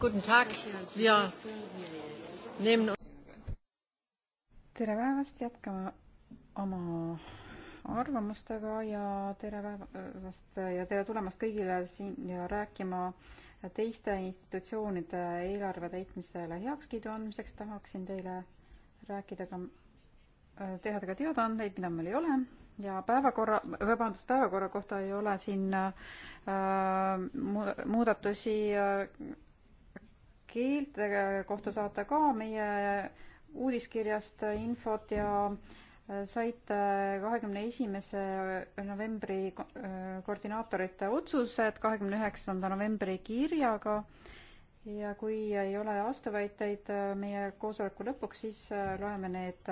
Guten Tag. Wir nehmen tere päevast, jätkame oma arvamustega ja tere päevast ja tere tulemast kõigile siin ja rääkima teiste institutsioonide eelarve täitmisele heakskiidu andmiseks tahaksin teile rääkida ka, teha ka teadaandeid, mida meil ei ole ja päevakorra, vabandust, päevakorra kohta ei ole siin äh, muudatusi äh, keelte kohta saate ka meie uudiskirjast infot ja äh, saite kahekümne esimese novembri äh, koordinaatorite otsused kahekümne üheksanda novembri kirjaga ja kui ei ole vastuväiteid äh, meie koosoleku lõpuks, siis loeme need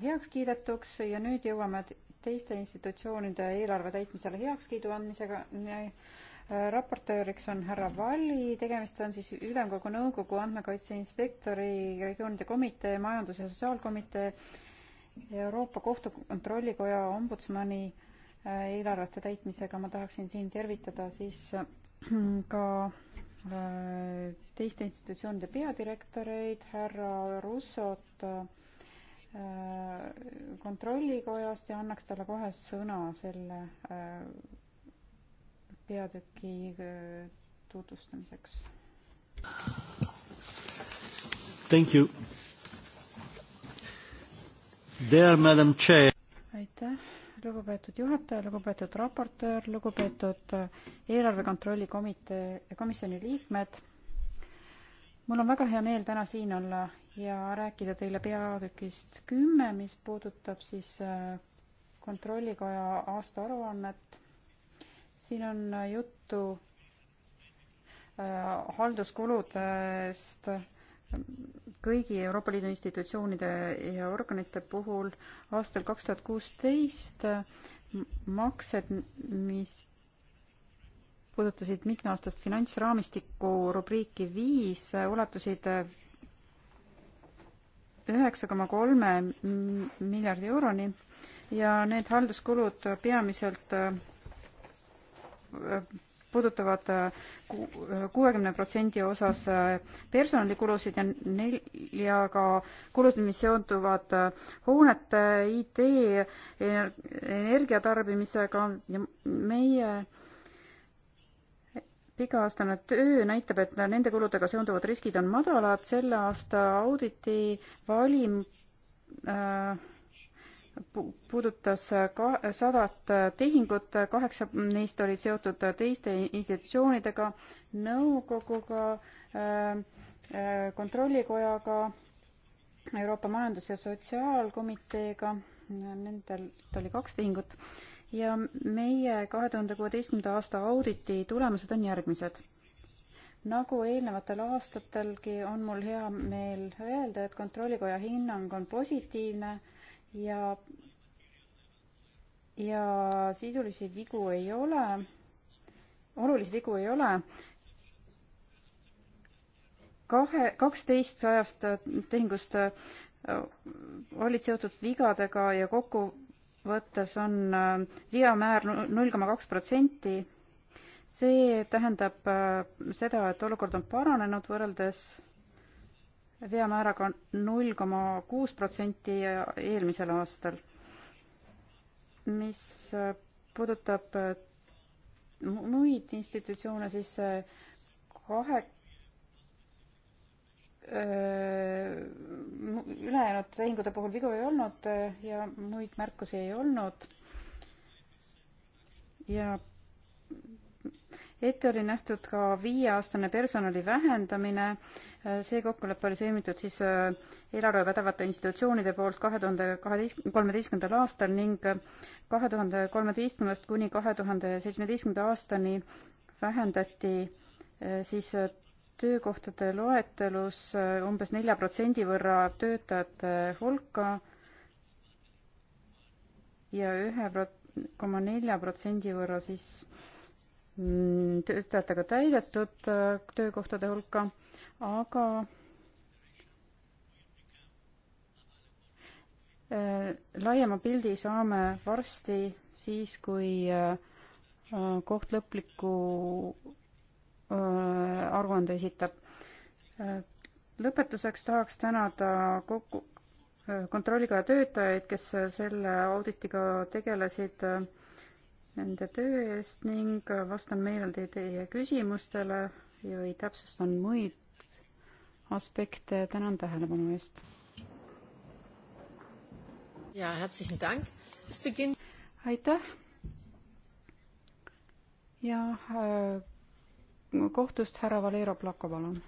heaks kiidetuks ja nüüd jõuame teiste institutsioonide eelarve täitmisele heakskiidu andmisega Äh, raportööriks on härra Valli, tegemist on siis Ülemkogu Nõukogu andmekaitse inspektori, regioonide komitee, majandus- ja sotsiaalkomitee, Euroopa Kohtu Kontrollikoja ombudsmani äh, eelarvete täitmisega, ma tahaksin siin tervitada siis äh, ka teiste institutsioonide peadirektoreid, härra Russot kontrollikojast ja annaks talle kohe sõna selle peatüki äh, tutvustamiseks. Thank you. Dear Madam Chair. aitäh, lugupeetud juhataja, lugupeetud raportöör, lugupeetud äh, eelarve kontrolli komitee, komisjoni liikmed. mul on väga hea meel täna siin olla ja rääkida teile peatükist kümme, mis puudutab siis äh, kontrollikoja aastaaruannet siin on juttu äh, halduskuludest kõigi Euroopa Liidu institutsioonide ja organite puhul aastal kaks tuhat kuusteist maksed, mis puudutasid mitmeaastast finantsraamistikku rubriiki viis, ulatusid üheksa koma kolme miljardi euroni ja need halduskulud peamiselt puudutavad äh, äh, kuuekümne protsendi osas äh, personalikulusid ja nel- ja ka kulusid, mis seonduvad hoonete IT energiatarbimisega ja meie pikaaastane töö näitab, et nende kuludega seonduvad riskid on madalad, selle aasta auditi valim äh, puudutas ka sadat tehingut, kaheksa neist olid seotud teiste institutsioonidega, nõukoguga, äh, äh, kontrollikojaga, Euroopa Majandus- ja Sotsiaalkomiteega, nendelt oli kaks tehingut, ja meie kahe tuhande kuueteistkümnenda aasta auditi tulemused on järgmised. nagu eelnevatel aastatelgi, on mul hea meel öelda, et Kontrollikoja hinnang on positiivne ja, ja sisulisi vigu ei ole, olulisi vigu ei ole. kahe, kaksteist sajast tehingust äh, olid seotud vigadega ja kokkuvõttes on äh, veamäär null koma kaks protsenti. see tähendab äh, seda, et olukord on paranenud võrreldes veamääraga null koma kuus protsenti eelmisel aastal. mis puudutab äh, muid institutsioone, siis äh, kahe äh, ülejäänud tehingute puhul vigu ei olnud ja muid märkusi ei olnud. ja ette oli nähtud ka viieaastane personali vähendamine Äh, see kokkulepe oli sõlmitud siis äh, eelarve pädevate institutsioonide poolt kahe tuhande kaheteist, kolmeteistkümnendal aastal ning äh, kahe tuhande kolmeteistkümnendast kuni kahe tuhande seitsmeteistkümnenda aastani vähendati siis töökohtade loetelus umbes nelja protsendi võrra töötajate hulka ja ühe koma nelja protsendi võrra siis Mm, töötajatega täidetud äh, töökohtade hulka, aga äh, laiema pildi saame varsti siis, kui äh, koht lõpliku aruande esitab. lõpetuseks tahaks tänada kokku kontrollikoja töötajaid, kes selle auditiga tegelesid nende töö eest ning äh, vastan meeleldi teie küsimustele ja ei täpsustan muid aspekte. tänan tähelepanu eest. ja, aitäh. ja äh, kohtust härra Valero Plako, palun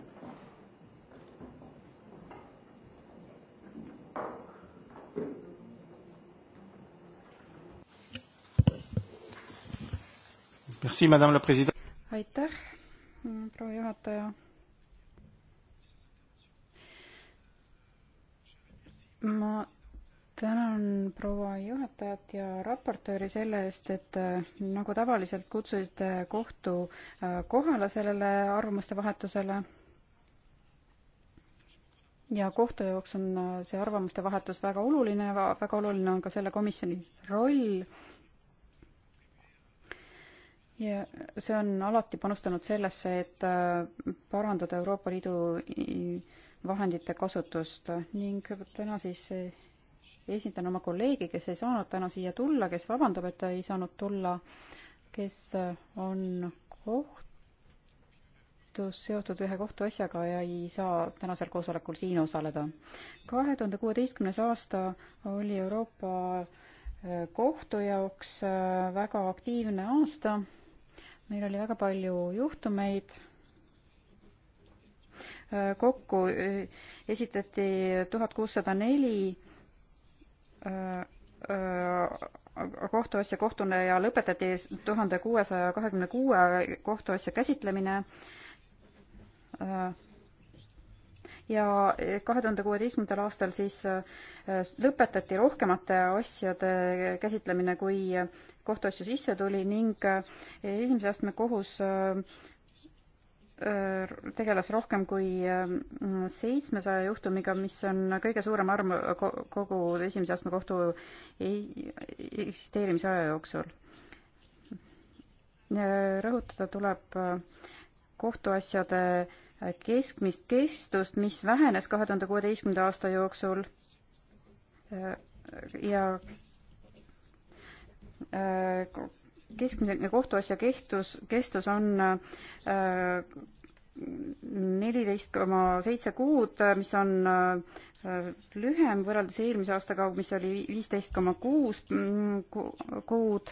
aitäh, proua juhataja. ma tänan proua juhatajat ja raportööri selle eest, et äh, nagu tavaliselt kutsusite kohtu äh, kohale sellele arvamuste vahetusele. ja kohtu jaoks on äh, see arvamuste vahetus väga oluline, väga oluline on ka selle komisjoni roll ja see on alati panustanud sellesse, et äh, parandada Euroopa Liidu vahendite kasutust ning täna siis esindan oma kolleegi, kes ei saanud täna siia tulla, kes vabandab, et ta ei saanud tulla, kes äh, on kohtus seotud ühe kohtuasjaga ja ei saa tänasel koosolekul siin osaleda. kahe tuhande kuueteistkümnes aasta oli Euroopa äh, kohtu jaoks väga aktiivne aasta meil oli väga palju juhtumeid. Äh, kokku äh, esitati tuhat kuussada neli äh, kohtuasja kohtune ja lõpetati tuhande kuuesaja kahekümne kuue kohtuasja käsitlemine ja eh, kahe tuhande kuueteistkümnendal aastal siis eh, lõpetati rohkemate asjade käsitlemine, kui eh, kohtuasju sisse tuli ning esimese astme kohus tegeles rohkem kui seitsmesaja juhtumiga, mis on kõige suurem arv kogu esimese astme kohtu eksisteerimise aja jooksul. rõhutada tuleb kohtuasjade keskmist kestust, mis vähenes kahe tuhande kuueteistkümnenda aasta jooksul ja äh, keskmine kohtuasja kestus, kestus on äh, neliteist koma seitse kuud, mis on äh, lühem võrreldes eelmise aastaga, mis oli viisteist koma kuus mm, kuud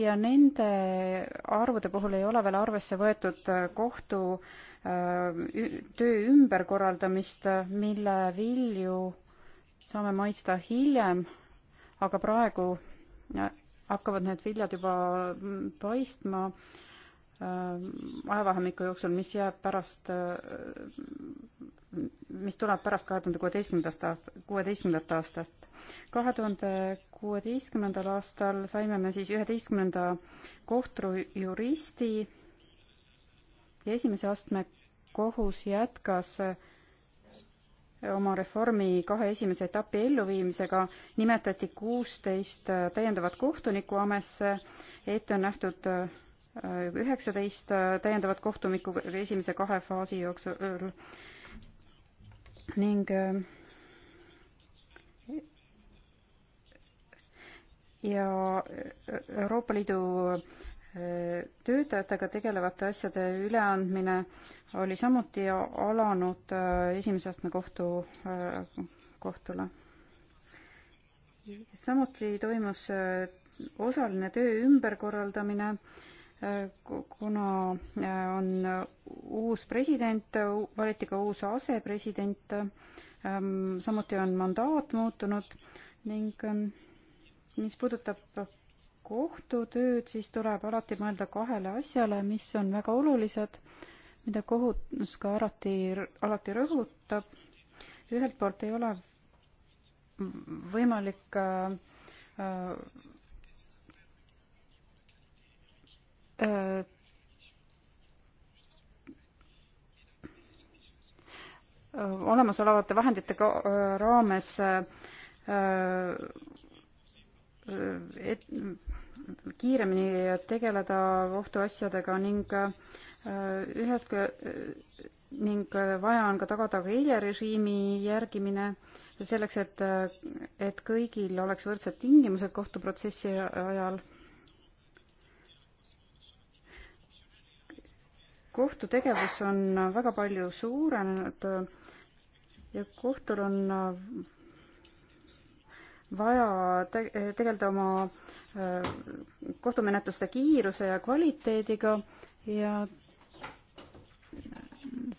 ja nende arvude puhul ei ole veel arvesse võetud kohtu äh, Äh, töö ümberkorraldamist, mille vilju saame maitsta hiljem, aga praegu äh, hakkavad need viljad juba mm, paistma äh, ajavahemiku jooksul, mis jääb pärast, mis tuleb pärast kahe tuhande kuueteistkümnendast aast-, kuueteistkümnendat aastat. kahe tuhande kuueteistkümnendal aastal saime me siis üheteistkümnenda kohtujuristi ja esimese astme kohus jätkas eh, oma reformi kahe esimese etapi elluviimisega nimetati kuusteist eh, täiendavat kohtunikku amesse, ette on nähtud eh, üheksateist täiendavat kohtunikku esimese kahe faasi jooksul ning ja Euroopa Liidu töötajatega tegelevate asjade üleandmine oli samuti alanud äh, esimese astme kohtu, äh, kohtule. samuti toimus äh, osaline töö ümberkorraldamine, kuna on uus president, valiti ka uus asepresident, ähm, samuti on mandaat muutunud ning ähm, mis puudutab kohtutööd, siis tuleb alati mõelda kahele asjale, mis on väga olulised, mida kohus ka alati, alati rõhutab. ühelt poolt ei ole võimalik äh, äh, olemasolevate vahendite ka, äh, raames äh, äh et kiiremini tegeleda kohtuasjadega ning äh, ühest ning vaja on ka tagada ka eilrežiimi järgimine selleks, et, et kõigil oleks võrdsed tingimused kohtuprotsessi ajal kohtutegevus on väga palju suurenenud ja kohtul on vaja te tegeleda oma äh, kohtumenetluste kiiruse ja kvaliteediga ja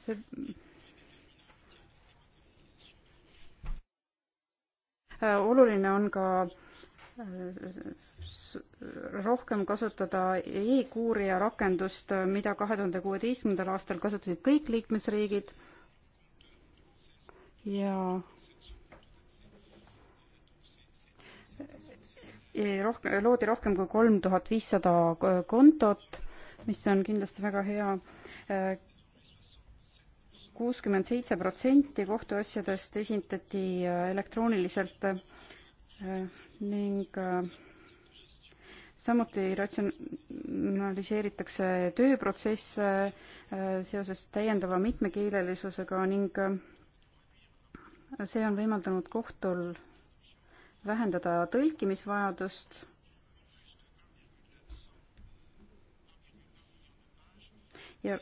see äh, oluline on ka äh, rohkem kasutada e-kuurija rakendust, mida kahe tuhande kuueteistkümnendal aastal kasutasid kõik liikmesriigid ja rohkem, loodi rohkem kui kolm tuhat viissada äh, kontot, mis on kindlasti väga hea. Äh, kuuskümmend seitse protsenti kohtuasjadest esindati äh, elektrooniliselt ning samuti ratsionaliseeritakse tööprotsesse seoses täiendava mitmekeelelisusega ning see on võimaldanud kohtul vähendada tõlkimisvajadust. ja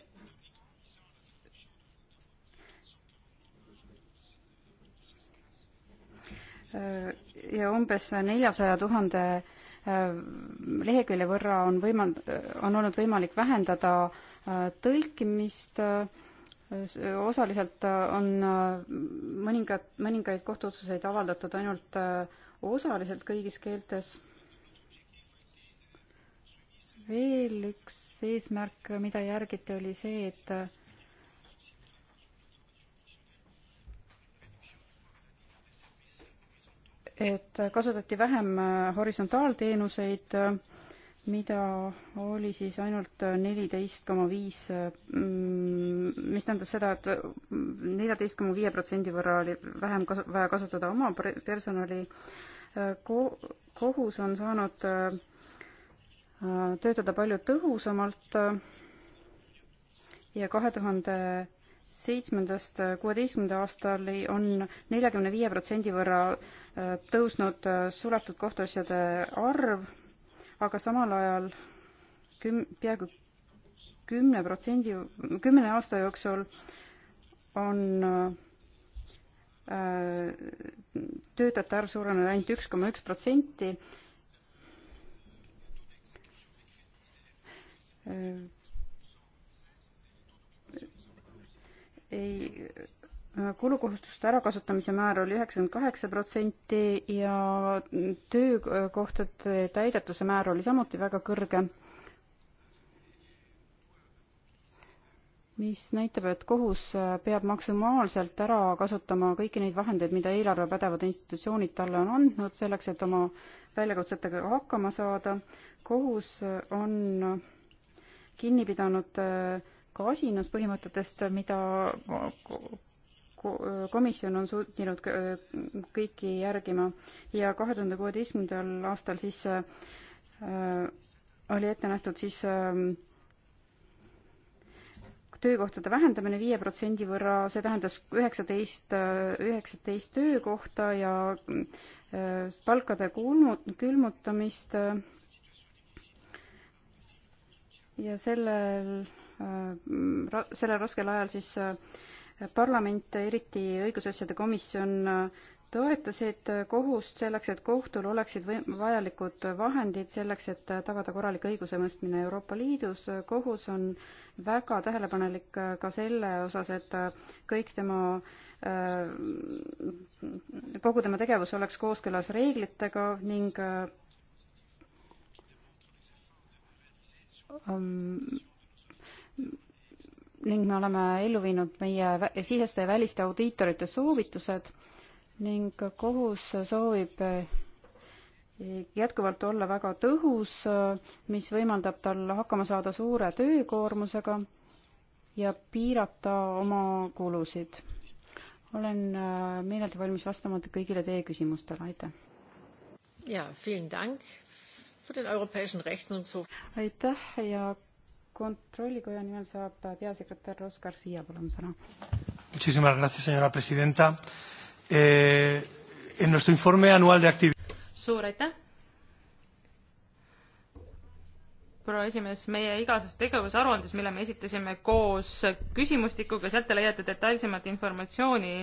ja umbes neljasaja tuhande äh, lehekülje võrra on võimald-, on olnud võimalik vähendada äh, tõlkimist, äh, osaliselt on mõningad, mõningaid kohtuotsuseid avaldatud ainult äh, osaliselt kõigis keeltes. veel üks eesmärk, mida järgiti, oli see, et et kasutati vähem horisontaalteenuseid mida oli siis ainult neliteist koma viis, mm, mis tähendas seda et, et neljateist koma viie protsendi võrra oli vähem kasu-, vaja kasutada oma personali. Ko-, kohus on saanud äh, töötada palju tõhusamalt ja kahe tuhande seitsmendast kuueteistkümnenda aastani on neljakümne viie protsendi võrra äh, tõusnud äh, suletud kohtuasjade arv aga samal ajal küm-, peaaegu kümne protsendi, kümne aasta jooksul on äh, töötajate arv suurenenud ainult üks koma üks protsenti. Äh, ei kulukohustuste ärakasutamise määr oli üheksakümmend kaheksa protsenti ja töökohtade täidetuse määr oli samuti väga kõrge, mis näitab, et kohus peab maksimaalselt ära kasutama kõiki neid vahendeid, mida eelarvepädevad institutsioonid talle on andnud, selleks et oma väljakutsetega hakkama saada. kohus on kinni pidanud äh, kasinuspõhimõtetest, mida komisjon on suutnud kõiki järgima ja kahe tuhande kuueteistkümnendal aastal siis äh, oli ette nähtud siis äh, töökohtade vähendamine viie protsendi võrra, see tähendas üheksateist, äh, üheksateist töökohta ja äh, palkade kulmut-, külmutamist äh, ja sellel, äh, sellel raskel ajal siis äh, parlament, eriti õigusasjade komisjon, toetasid kohust selleks, et kohtul oleksid või-, vajalikud vahendid selleks, et tagada korralik õigusemõistmine Euroopa Liidus. kohus on väga tähelepanelik ka selle osas, et kõik tema, äh, kogu tema tegevus oleks kooskõlas reeglitega ning um, ning me oleme ellu viinud meie siseste ja väliste audiitorite soovitused ning kohus soovib eh, jätkuvalt olla väga tõhus, mis võimaldab tal hakkama saada suure töökoormusega ja piirata oma kulusid. olen eh, meeleldi valmis vastama kõigile teie küsimustele, aitäh! jaa, vielen dank für den Europäischen Rechnungshof. aitäh ja kontrollikoja nimel saab peasekretär Oskar Siia, palun sõna. Muchísimas gracias, señora presidenta eh,. En nuestro informe anual de actividad. suur aitäh. proua esimees, meie igases tegevusaruandes, mille me esitasime koos küsimustikuga, sealt te leiate detailsemat informatsiooni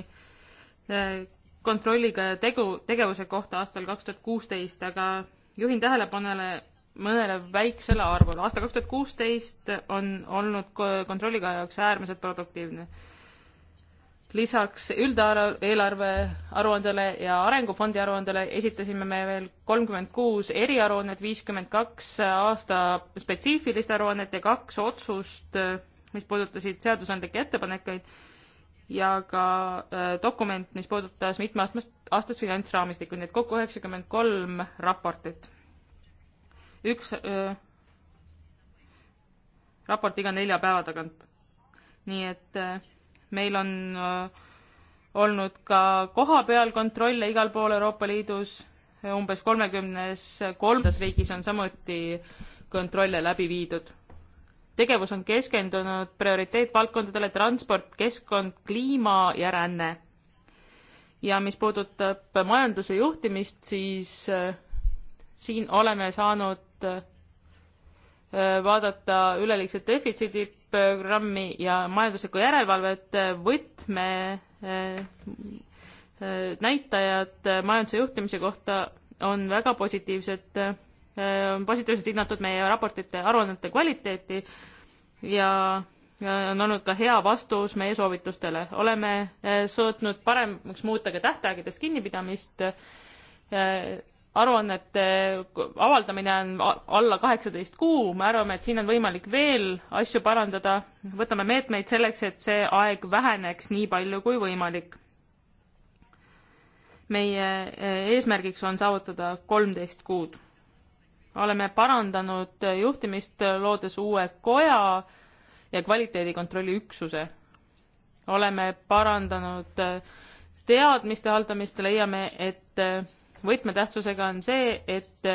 eh, kontrolliga tegu, tegevuse kohta aastal kaks tuhat kuusteist, aga juhin tähelepanele, mõnele väiksele arvule. aasta kaks tuhat kuusteist on olnud kontrolliga jaoks äärmiselt produktiivne. lisaks üldeelarve aruandele ja arengufondi aruandele esitasime me veel kolmkümmend kuus eriaruannet, viiskümmend kaks aasta spetsiifilist aruannet ja kaks otsust, mis puudutasid seadusandlikke ettepanekuid ja ka äh, dokument, mis puudutas mitmeaastast aastast finantsraamistikku, nii et kokku üheksakümmend kolm raportit üks öö, raport iga nelja päeva tagant. nii et öö, meil on öö, olnud ka kohapeal kontrolle igal pool Euroopa Liidus, umbes kolmekümnes kolmandas riigis on samuti kontrolle läbi viidud. tegevus on keskendunud prioriteetvaldkondadele transport, keskkond, kliima ja ränne. ja mis puudutab majanduse juhtimist, siis siin oleme saanud et äh, vaadata üleliigset defitsiidiprogrammi ja majanduslikku järelevalvet äh, võtme äh, näitajad majanduse juhtimise kohta on väga positiivsed, on positiivselt hinnatud meie raportite, aruannete kvaliteeti ja on olnud ka hea vastus meie soovitustele. oleme suutnud paremaks muuta ka tähtaegadest kinnipidamist aruannete avaldamine on alla kaheksateist kuu, me arvame, et siin on võimalik veel asju parandada, võtame meetmeid selleks, et see aeg väheneks nii palju kui võimalik. meie e, eesmärgiks on saavutada kolmteist kuud. oleme parandanud juhtimist, loodes uue koja ja kvaliteedikontrolli üksuse. oleme parandanud e, teadmiste haldamist, leiame, et e, võtmetähtsusega on see, et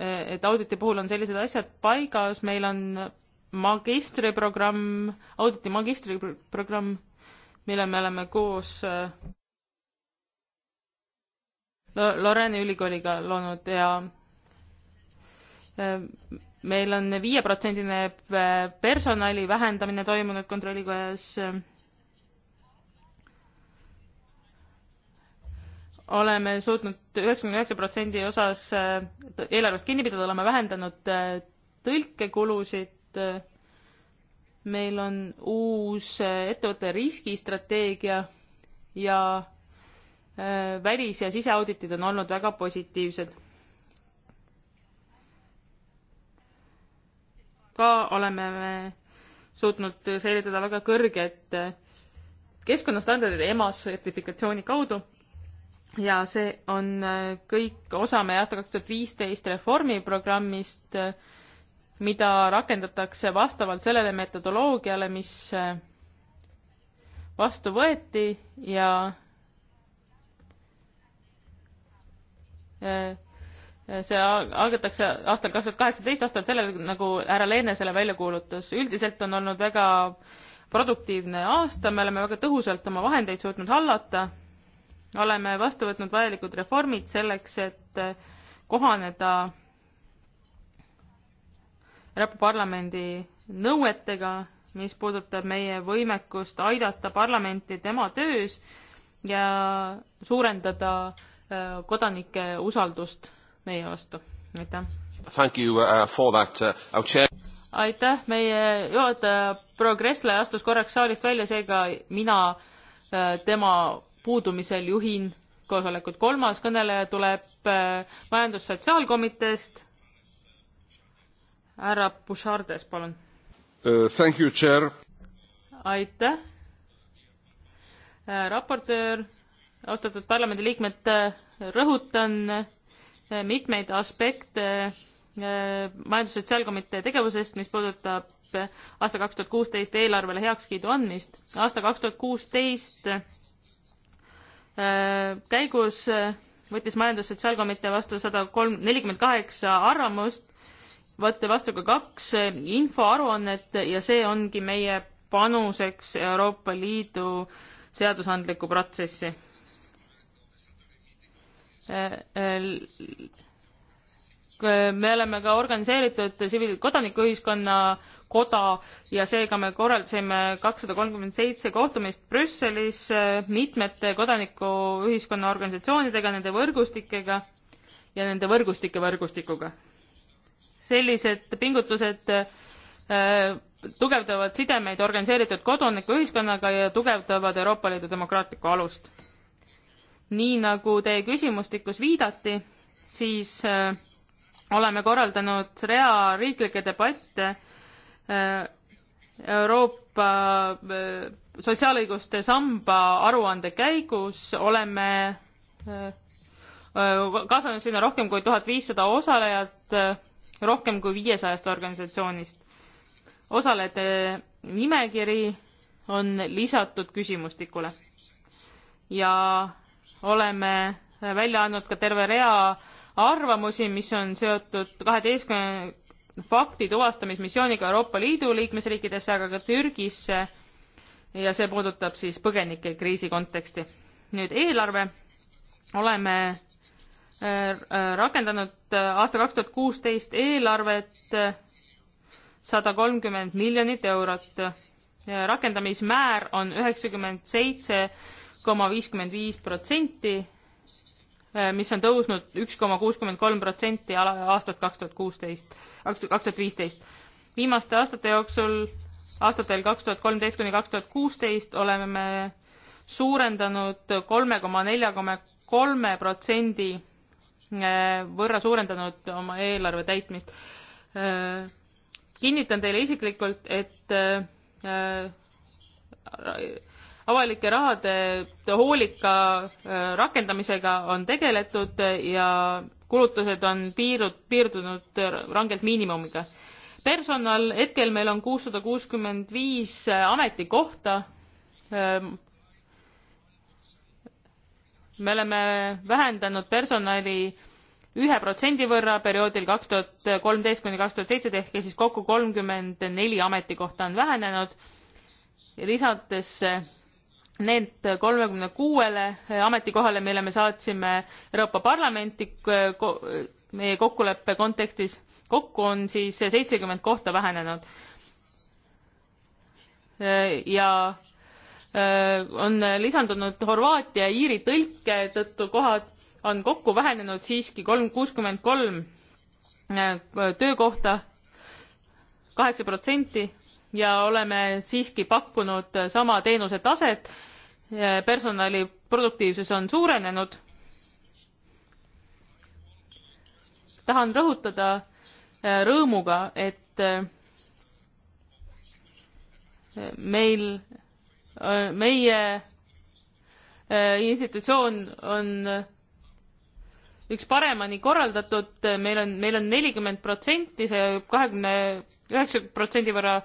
et auditi puhul on sellised asjad paigas, meil on magistriprogramm, auditi magistriprogramm, mille me oleme koos Loreni ülikooliga loonud ja meil on viieprotsendine eh, personali vähendamine toimunud kontrollikojas oleme suutnud üheksakümne üheksa protsendi osas äh, eelarvest kinni pidada, oleme vähendanud äh, tõlkekulusid, äh, meil on uus ettevõtte riskistrateegia ja välis- ja siseauditid on olnud väga positiivsed. ka oleme me suutnud säilitada väga kõrged keskkonnastandardid EMAS sertifikatsiooni kaudu ja see on äh, kõik osa meie aasta kaks tuhat viisteist reformiprogrammist, äh, mida rakendatakse vastavalt sellele metodoloogiale, mis äh, vastu võeti ja see algatakse aastal kaks tuhat kaheksateist, vastavalt sellele, nagu härra Leene selle välja kuulutas. üldiselt on olnud väga produktiivne aasta, me oleme väga tõhusalt oma vahendeid suutnud hallata oleme vastu võtnud vajalikud reformid selleks, et eh, kohaneda Euroopa Parlamendi nõuetega, mis puudutab meie võimekust aidata parlamenti tema töös ja suurendada eh, kodanike usaldust meie vastu. aitäh! Uh, uh, aitäh, meie juhataja proua Kressle astus korraks saalist välja, seega mina eh, tema puudumisel juhin koosolekut. kolmas kõneleja tuleb äh, Majandus-Sotsiaalkomiteest. härra Bouchardes, palun uh,. Thank you, chair. aitäh. Äh, raportöör, austatud parlamendiliikmed, rõhutan mitmeid aspekte Majandus-Sotsiaalkomitee tegevusest, mis puudutab aasta kaks tuhat kuusteist eelarvele heakskiidu andmist. aasta kaks tuhat kuusteist Äh, käigus äh, võttis Majandus-Sotsiaalkomitee vastu sada kolm, nelikümmend kaheksa arvamust, võeti vastu ka kaks äh, infoaruannet ja see ongi meie panuseks Euroopa Liidu seadusandlikku protsessi me oleme ka organiseeritud tsiviil-, kodanikuühiskonna koda ja seega me korraldasime kakssada kolmkümmend seitse kohtumist Brüsselis mitmete kodanikuühiskonna organisatsioonidega, nende võrgustikega ja nende võrgustike võrgustikuga. sellised pingutused äh, tugevdavad sidemeid organiseeritud kodanikuühiskonnaga ja tugevdavad Euroopa Liidu demokraatlikku alust. nii nagu teie küsimustikus viidati, siis äh, oleme korraldanud rea riiklikke debatte äh, Euroopa äh, sotsiaalõiguste samba aruande käigus, oleme äh, kaasanud sinna rohkem kui tuhat viissada osalejat rohkem kui viiesajast organisatsioonist. osalejate nimekiri on lisatud küsimustikule ja oleme välja andnud ka terve rea arvamusi, mis on seotud kaheteistkümne fakti tuvastamismissiooniga Euroopa Liidu liikmesriikidesse, aga ka Türgisse ja see puudutab siis põgenikekriisi konteksti. nüüd eelarve, oleme äh, rakendanud äh, aasta kaks tuhat kuusteist eelarvet äh, sada kolmkümmend miljonit eurot. rakendamismäär on üheksakümmend seitse koma viiskümmend viis protsenti Eh, mis on tõusnud üks koma kuuskümmend kolm protsenti aastast kaks tuhat kuusteist, kaks tuhat viisteist. viimaste aastate jooksul, aastatel kaks tuhat kolmteist kuni kaks tuhat kuusteist oleme me suurendanud kolme koma nelja koma kolme protsendi eh, võrra suurendanud oma eelarve täitmist. Eh, kinnitan teile isiklikult, et avalike rahade hoolika äh, rakendamisega on tegeletud ja kulutused on piirud, piirdunud rangelt miinimumiga. personal, hetkel meil on kuussada kuuskümmend viis äh, ametikohta. Ähm, me oleme vähendanud personali ühe protsendi võrra perioodil kaks tuhat kolmteist kuni kaks tuhat seitseteist ehk siis kokku kolmkümmend neli ametikohta on vähenenud, lisades äh, need kolmekümne kuuele ametikohale, mille me saatsime Euroopa Parlamenti äh, meie kokkuleppe kontekstis, kokku on siis seitsekümmend kohta vähenenud. Äh, ja äh, on lisandunud Horvaatia ja Iiri tõlke tõttu kohad on kokku vähenenud siiski kolm, kuuskümmend kolm töökohta, kaheksa protsenti ja oleme siiski pakkunud sama teenuse taset personali produktiivsus on suurenenud. tahan rõhutada äh, rõõmuga, et äh, meil, äh, meie institutsioon on üks paremini korraldatud, meil on, meil on nelikümmend protsenti, see kahekümne üheksa protsendi võrra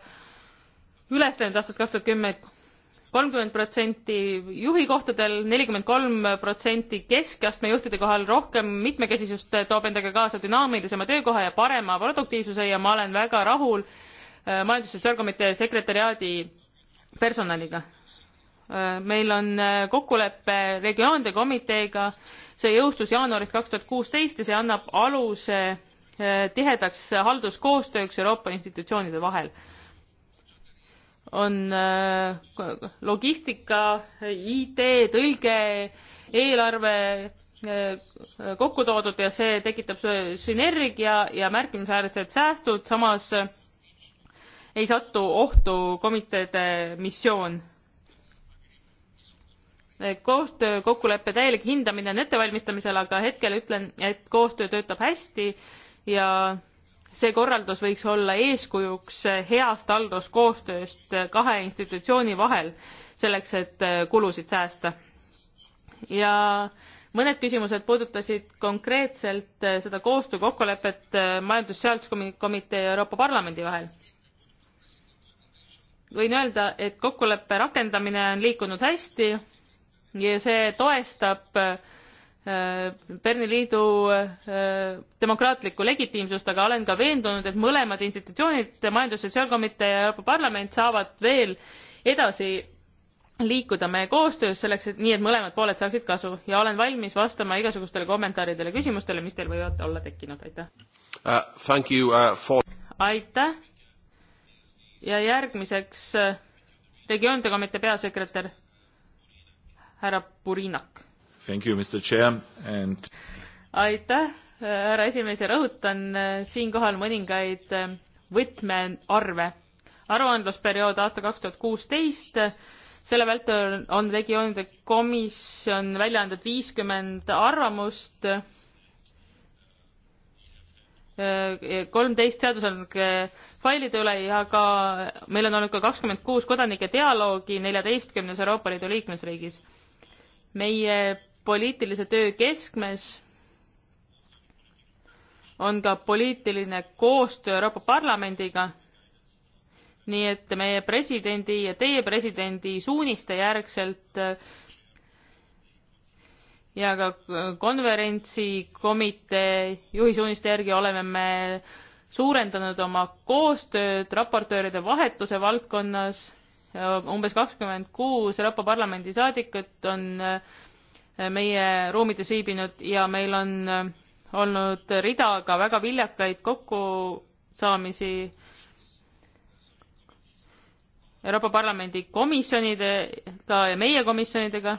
üles läinud aastast kaks tuhat kümme kolmkümmend protsenti juhikohtadel, nelikümmend kolm protsenti keskastme juhtide kohal, rohkem mitmekesisust toob endaga kaasa dünaamilisema töökoha ja parema produktiivsuse ja ma olen väga rahul äh, majandus- ja sotsiaalkomitee sekretäriaadi personaliga. Äh, meil on äh, kokkulepe regioonide komiteega, see jõustus jaanuarist kaks tuhat kuusteist ja see annab aluse tihedaks halduskoostööks Euroopa institutsioonide vahel on äh, logistika, IT, tõlge, eelarve äh, kokku toodud ja see tekitab sünergia ja märkimisväärsed säästud, samas äh, ei satu ohtu komiteede missioon. koostöö kokkuleppe täielik hindamine on ettevalmistamisel, aga hetkel ütlen, et koostöö töötab hästi ja see korraldus võiks olla eeskujuks heast halduskoostööst kahe institutsiooni vahel, selleks et kulusid säästa. ja mõned küsimused puudutasid konkreetselt seda koostöökokkulepet Majandus-Sealtskomitee ja Euroopa Parlamendi vahel. võin öelda, et kokkuleppe rakendamine on liikunud hästi ja see toestab äh, Äh, Berni liidu äh, demokraatlikku legitiimsust, aga olen ka veendunud, et mõlemad institutsioonid, Majandus- ja Sotsiaalkomitee ja Euroopa Parlament saavad veel edasi liikuda meie koostöös selleks, et nii, et mõlemad pooled saaksid kasu ja olen valmis vastama igasugustele kommentaaridele, küsimustele, mis teil võivad olla tekkinud, aitäh uh,! Thank you uh, for aitäh! ja järgmiseks uh, regioonide komitee peasekretär härra Purinak And... aitäh, härra esimees ja rõhutan äh, siinkohal mõningaid äh, võtmearve. aruandlusperiood aasta kaks tuhat kuusteist, äh, selle vältel on regioonide komisjon välja andnud viiskümmend arvamust, kolmteist seadusandlike failide üle ja ka meil on olnud ka kakskümmend kuus kodanike dialoogi neljateistkümnes Euroopa Liidu liikmesriigis meie poliitilise töö keskmes on ka poliitiline koostöö Euroopa Parlamendiga. nii et meie presidendi ja teie presidendi suuniste järgselt ja ka konverentsikomitee juhisuuniste järgi oleme me suurendanud oma koostööd raportööride vahetuse valdkonnas. umbes kakskümmend kuus Euroopa Parlamendi saadikut on äh, meie ruumides viibinud ja meil on äh, olnud rida ka väga viljakaid kokkusaamisi Euroopa Parlamendi komisjonidega ja meie komisjonidega,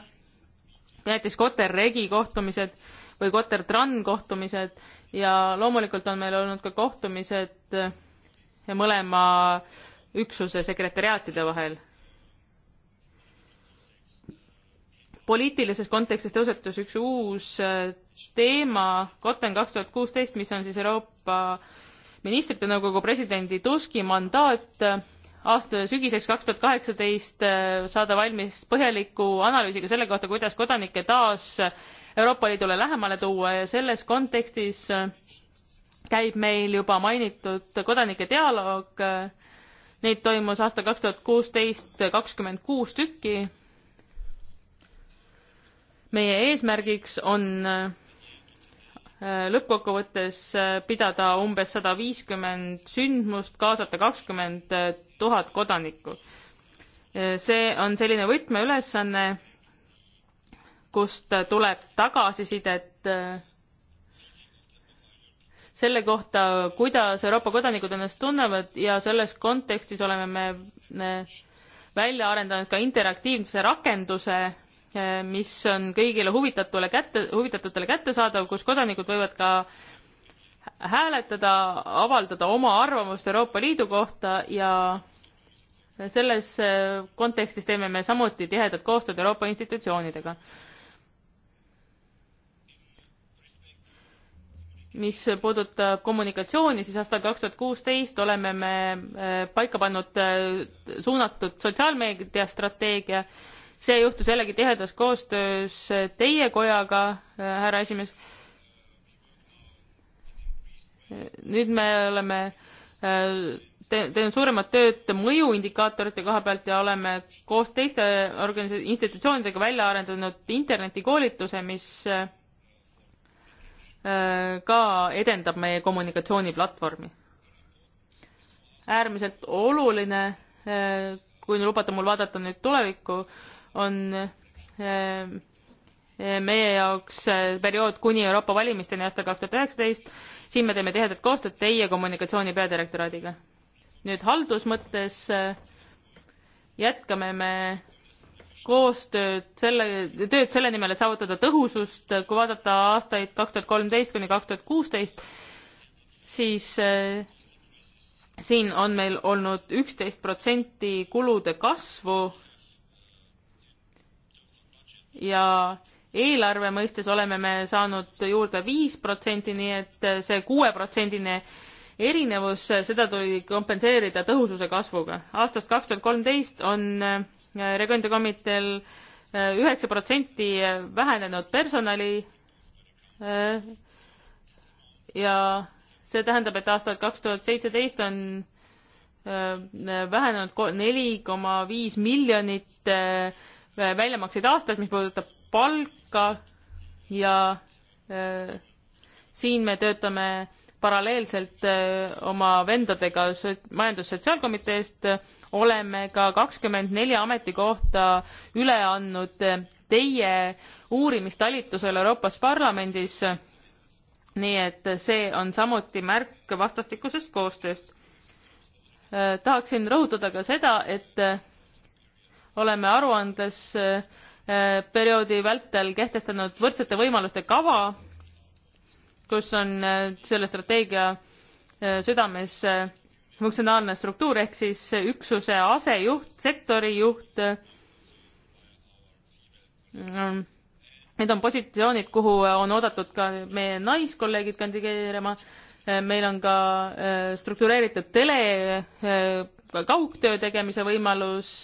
näiteks Koter Regi kohtumised või Koter Tran kohtumised ja loomulikult on meil olnud ka kohtumised äh, mõlema üksuse sekretäriaatide vahel poliitilises kontekstis tõusetus üks uus äh, teema, Kotten kaks tuhat kuusteist, mis on siis Euroopa ministrite nõukogu presidendi Tuski mandaat äh, aasta sügiseks kaks tuhat kaheksateist äh, saada valmis põhjaliku analüüsiga selle kohta, kuidas kodanikke taas Euroopa Liidule lähemale tuua ja selles kontekstis käib meil juba mainitud kodanike dialoog. Neid toimus aastal kaks tuhat kuusteist kakskümmend kuus tükki meie eesmärgiks on äh, lõppkokkuvõttes äh, pidada umbes sada viiskümmend sündmust, kaasata kakskümmend äh, tuhat kodanikku. see on selline võtmeülesanne, kust tuleb tagasisidet selle kohta, kuidas Euroopa kodanikud ennast tunnevad ja selles kontekstis oleme me välja arendanud ka interaktiivse rakenduse Eh, mis on kõigile huvitatule kätte, huvitatutele kättesaadav, kus kodanikud võivad ka hääletada, avaldada oma arvamust Euroopa Liidu kohta ja selles eh, kontekstis teeme me samuti tihedat koostööd Euroopa institutsioonidega. mis puudutab kommunikatsiooni, siis aastal kaks tuhat kuusteist oleme me eh, paika pannud suunatud sotsiaalmeedia strateegia, see juhtus jällegi tihedas koostöös teie kojaga, härra esimees. nüüd me oleme äh, teinud suuremat tööd mõjuindikaatorite koha pealt ja oleme koos teiste organisa-, institutsioonidega välja arendanud internetikoolituse, mis äh, ka edendab meie kommunikatsiooniplatvormi. äärmiselt oluline, äh, kui lubate mul vaadata nüüd tulevikku, on eh, meie jaoks eh, periood kuni Euroopa valimisteni aastal kaks tuhat üheksateist. siin me teeme tihedat koostööd teie kommunikatsiooni peadirektoraadiga. nüüd haldusmõttes eh, jätkame me koostööd selle, tööd selle nimel, et saavutada tõhusust, kui vaadata aastaid kaks tuhat kolmteist kuni kaks tuhat kuusteist, siis äh, siin on meil olnud üksteist protsenti kulude kasvu ja eelarve mõistes oleme me saanud juurde viis protsenti, nii et see kuueprotsendine erinevus, seda tuli kompenseerida tõhususe kasvuga. aastast kaks tuhat kolmteist on äh, Regende komiteel äh, üheksa protsenti vähenenud personali äh, ja see tähendab, et aastal kaks tuhat seitseteist on vähenenud neli koma viis miljonit Äh, väljamakseid aastas, mis puudutab palka ja äh, siin me töötame paralleelselt äh, oma vendadega majandus-sotsiaalkomiteest, oleme ka kakskümmend neli ametikohta üle andnud äh, teie uurimistalitusel Euroopas Parlamendis. nii et see on samuti märk vastastikusest koostööst äh,. tahaksin rõhutada ka seda, et äh, oleme aruandes eh, perioodi vältel kehtestanud võrdsete võimaluste kava, kus on eh, selle strateegia eh, südames funktsionaalne struktuur ehk siis üksuse asejuht, sektori juht. Mm, need on positsioonid, kuhu on oodatud ka meie naiskolleegid kandideerima. meil on ka struktureeritud tele kaugtöö tegemise võimalus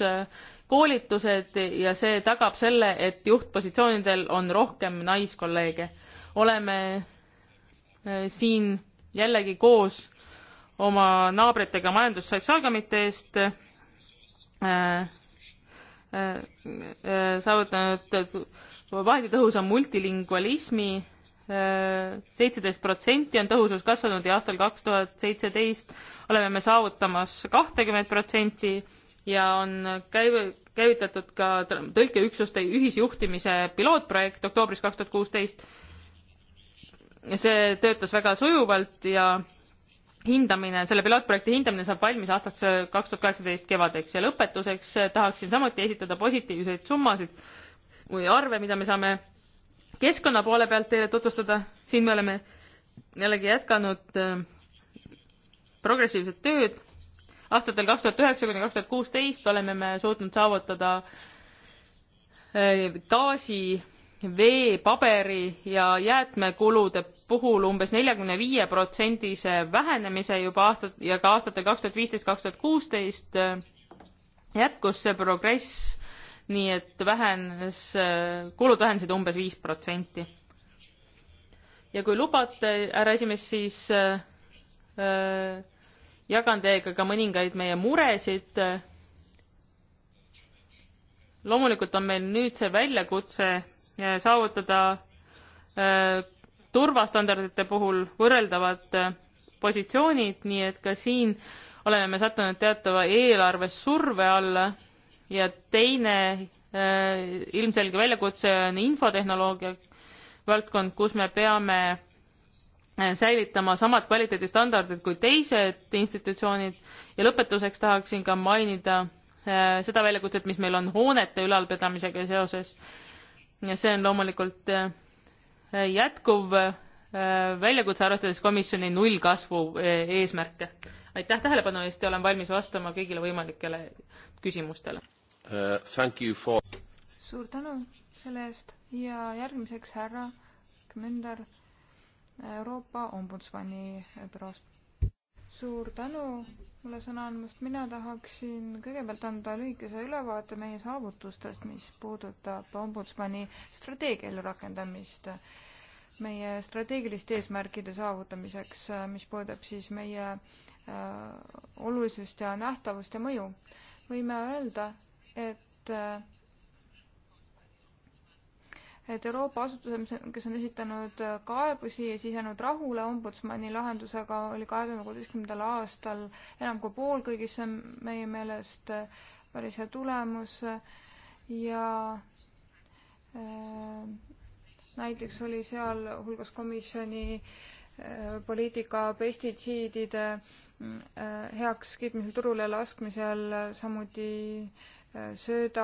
koolitused ja see tagab selle, et juhtpositsioonidel on rohkem naiskolleege. oleme eh, siin jällegi koos oma naabritega Majandus-Sotsiaalkomiteest eh, eh, saavutanud vahetitõhusa multilingualismi, seitseteist protsenti on tõhusus kasvanud ja aastal kaks tuhat seitseteist oleme me saavutamas kahtekümmet protsenti ja on käiv-, käivitatud ka tõlkeüksuste ühisjuhtimise pilootprojekt oktoobris kaks tuhat kuusteist. see töötas väga sujuvalt ja hindamine, selle pilootprojekti hindamine saab valmis aastaks äh, kaks tuhat kaheksateist kevadeks ja lõpetuseks äh, tahaksin samuti esitada positiivseid summasid või arve, mida me saame keskkonna poole pealt teile tutvustada. siin me oleme jällegi jätkanud äh, progressiivset tööd aastatel kaks tuhat üheksa kuni kaks tuhat kuusteist oleme me suutnud saavutada eh, gaasi, vee, paberi ja jäätmekulude puhul umbes neljakümne viie protsendise vähenemise juba aastat ja ka aastatel kaks tuhat viisteist, kaks tuhat kuusteist eh, jätkus see progress, nii et vähenes, eh, kulud vähenesid umbes viis protsenti. ja kui lubate, härra esimees, siis äh, jagan teiega ka mõningaid meie muresid. loomulikult on meil nüüd see väljakutse eh, saavutada eh, turvastandardite puhul võrreldavad eh, positsioonid, nii et ka siin oleme me sattunud teatava eelarvesurve alla ja teine ilmselge väljakutse on infotehnoloogia valdkond, kus me peame Äh, säilitama samad kvaliteedistandardid kui teised institutsioonid ja lõpetuseks tahaksin ka mainida äh, seda väljakutset, mis meil on hoonete ülalpidamisega seoses. ja see on loomulikult äh, jätkuv äh, väljakutse, arvestades komisjoni nullkasvu äh, eesmärke. aitäh tähelepanu eest ja olen valmis vastama kõigile võimalikele küsimustele uh,. For... suur tänu selle eest ja järgmiseks härra Kmender Euroopa Ombudsmani büroost. suur tänu mulle sõna andmast, mina tahaksin kõigepealt anda lühikese ülevaate meie saavutustest, mis puudutab Ombudsmani strateegia ellurakendamist meie strateegiliste eesmärkide saavutamiseks, mis puudutab siis meie äh, olulisust ja nähtavust ja mõju. võime öelda, et äh, et Euroopa asutused, kes on esitanud kaebusi ja siis jäänud rahule ombudsmani lahendusega, oli kahe tuhande kuueteistkümnendal aastal enam kui pool kõigist, see on meie meelest päris hea tulemus ja äh, näiteks oli sealhulgas komisjoni äh, poliitika pestitsiidide äh, heakskiitmisel turule laskmisel, samuti äh, sööda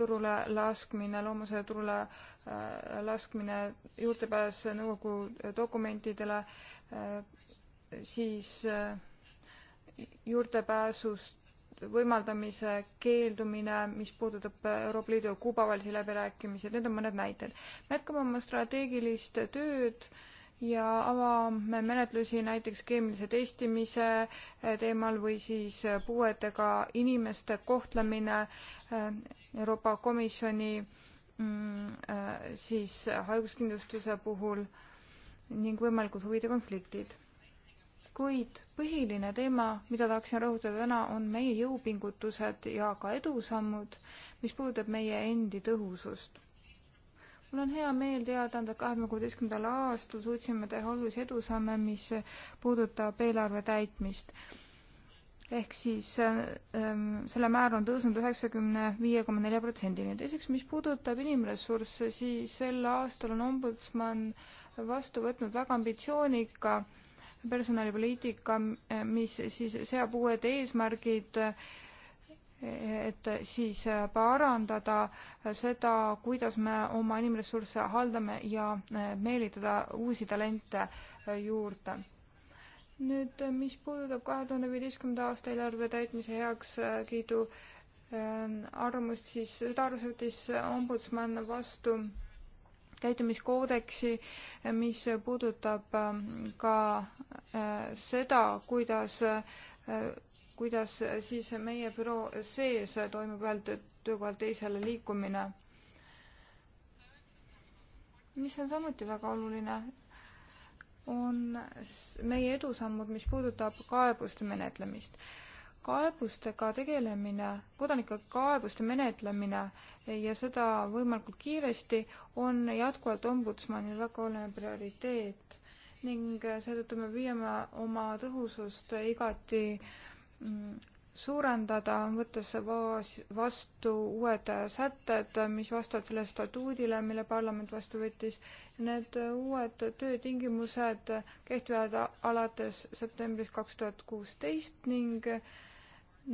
turule laskmine, loomuse turule äh, laskmine, juurdepääs nõukogu dokumentidele, äh, siis äh, juurdepääsust võimaldamise keeldumine, mis puudutab Euroopa Liidu ja Kuuba vahelisi läbirääkimisi, need on mõned näited. me jätkame oma strateegilist tööd äh, ja avame menetlusi näiteks keemilise testimise eh, teemal või siis eh, puuetega inimeste kohtlemine eh, Euroopa Komisjoni mm, siis haiguskindlustuse puhul ning võimalikud huvide konfliktid. kuid põhiline teema, mida tahaksin rõhutada täna, on meie jõupingutused ja ka edusammud, mis puudutab meie endi tõhusust mul on hea meel teada anda, et kahe tuhande kuueteistkümnendal aastal suutsime teha olulisi edusamme, mis puudutab eelarve täitmist ehk siis ähm, selle määr on tõusnud üheksakümne viie koma nelja protsendini. teiseks, mis puudutab inimressursse, siis sel aastal on ombudsman vastu võtnud väga ambitsioonika personalipoliitika, mis siis seab uued eesmärgid äh, et siis parandada seda, kuidas me oma inimressursse haldame ja eh, meelitada uusi talente eh, juurde. nüüd, mis puudutab kahe tuhande viieteistkümnenda aasta eelarve täitmise heakskiidu eh, arvamust, siis seda arvamust võttis ombudsman vastu käitumiskoodeksi, mis puudutab ka seda, kuidas kuidas siis meie büroo sees toimub ühelt töökohalt teisele liikumine, mis on samuti väga oluline, on meie edusammud, mis puudutab kaebuste menetlemist. kaebustega tegelemine, kodanike kaebuste menetlemine ja seda võimalikult kiiresti on jätkuvalt ombudsmanil väga oluline prioriteet ning seetõttu me püüame oma tõhusust igati äh, suurendada, võttes vaas, vastu uued sätted, mis vastavad sellele statuudile, mille parlament vastu võttis. Need uued töötingimused kehtivad alates septembrist kaks tuhat kuusteist ning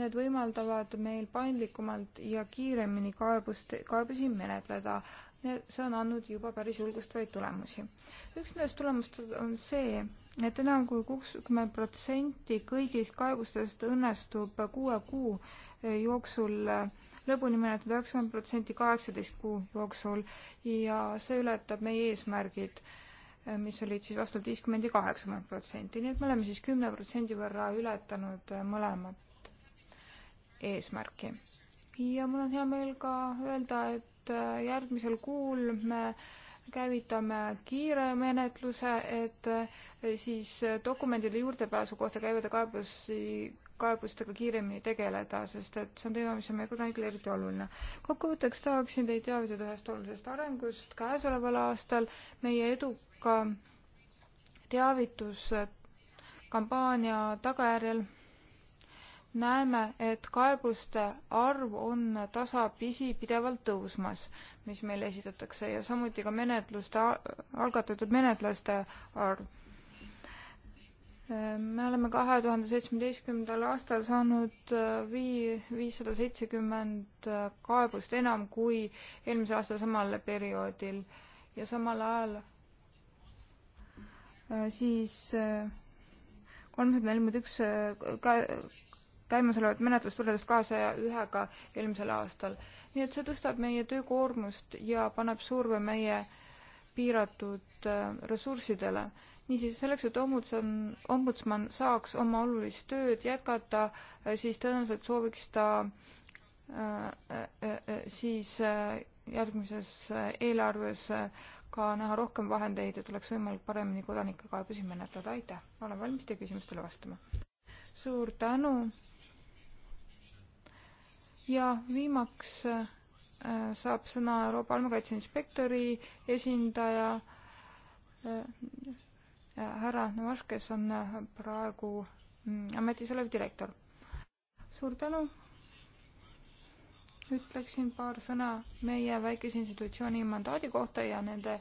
need võimaldavad meil paindlikumalt ja kiiremini kaebust, kaebusi menetleda. see on andnud juba päris julgustavaid tulemusi. üks nendest tulemustest on see, et enam kui kuuskümmend protsenti kõigist kaebustest õnnestub kuue kuu jooksul lõpuni menetleda, üheksakümmend protsenti kaheksateist kuu jooksul ja see ületab meie eesmärgid, mis olid siis vastavalt viiskümmend ja kaheksakümmend protsenti, nii et me oleme siis kümne protsendi võrra ületanud mõlemat eesmärki. ja mul on hea meel ka öelda, et järgmisel kuul me äh, käivitame kiire menetluse, et eh, siis dokumendile juurdepääsu kohta käivate kaebusi, kaebustega kiiremini tegeleda, sest et see on teema, mis on meie kodanikele eriti oluline. kokkuvõtteks tahaksin teid teavitada ühest olulisest arengust käesoleval aastal meie eduka teavituskampaania eh, tagajärjel näeme, et kaebuste arv on tasapisi pidevalt tõusmas, mis meile esitatakse ja samuti ka menetluste, algatatud menetluste arv. me oleme kahe tuhande seitsmeteistkümnendal aastal saanud äh, vii-, viissada seitsekümmend äh, kaebust enam kui eelmise aasta samal perioodil ja samal ajal äh, siis kolmsada nelikümmend üks käimasolevat menetlust võrreldes kahesaja ühega eelmisel aastal. nii et see tõstab meie töökoormust ja paneb surve meie piiratud äh, ressurssidele. niisiis, selleks, et ombudsman, ombudsman saaks oma olulist tööd jätkata, äh, siis tõenäoliselt sooviks ta äh, äh, äh siis äh, järgmises eelarves ka näha rohkem vahendeid, et oleks võimalik paremini kodanike kaebusi menetleda. aitäh, olen valmis teie küsimustele vastama suur tänu. ja viimaks äh, saab sõna Euroopa andmekaitse inspektori esindaja äh, äh, härra Navaš, kes on praegu mm, ametis olev direktor. suur tänu. ütleksin paar sõna meie väikese institutsiooni mandaadi kohta ja nende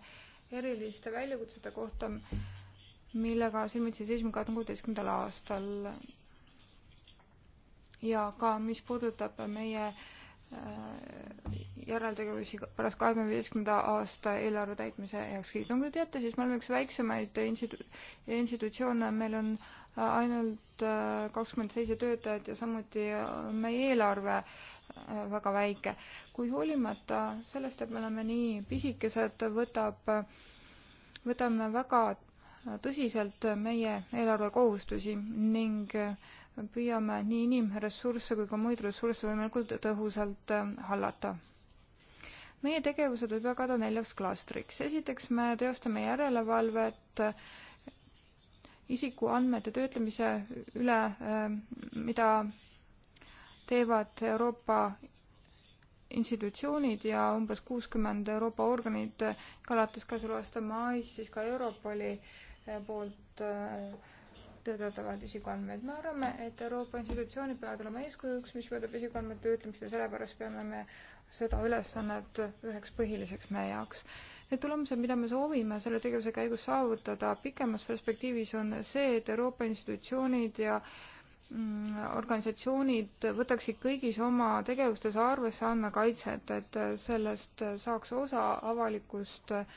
eriliste väljakutsete kohta, millega silmitsi seisime kahe tuhande kuueteistkümnendal aastal ja ka mis puudutab meie äh, järeltegevusi pärast kahekümne viieteistkümnenda aasta eelarve täitmise heakskiidu. nagu te teate, siis me oleme üks väiksemaid institu-, institutsioone, meil on äh, ainult äh, kakskümmend seitse töötajat ja samuti on meie eelarve väga väike. kui hoolimata sellest, et me oleme nii pisikesed, võtab, võtame väga tõsiselt meie eelarvekohustusi ning äh, püüame nii inimressursse kui ka muid ressursse võimalikult tõhusalt äh, hallata. meie tegevused võib jagada neljaks klastriks. esiteks me teostame järelevalvet äh, isikuandmete töötlemise üle, äh, mida teevad Euroopa institutsioonid ja umbes kuuskümmend Euroopa organit, alates käesoleva aasta mais siis ka Europoli poolt äh, töötlevad isikuandmeid. me arvame, et Euroopa institutsioonid peavad olema eeskujuks, mis puudutab isikuandmete töötlemist ja sellepärast peame me seda ülesannet üheks põhiliseks meie jaoks. Need tulemused, mida me soovime selle tegevuse käigus saavutada pikemas perspektiivis, on see, et Euroopa institutsioonid ja mm, organisatsioonid võtaksid kõigis oma tegevustes arvesse andmekaitset, et sellest saaks osa avalikust äh,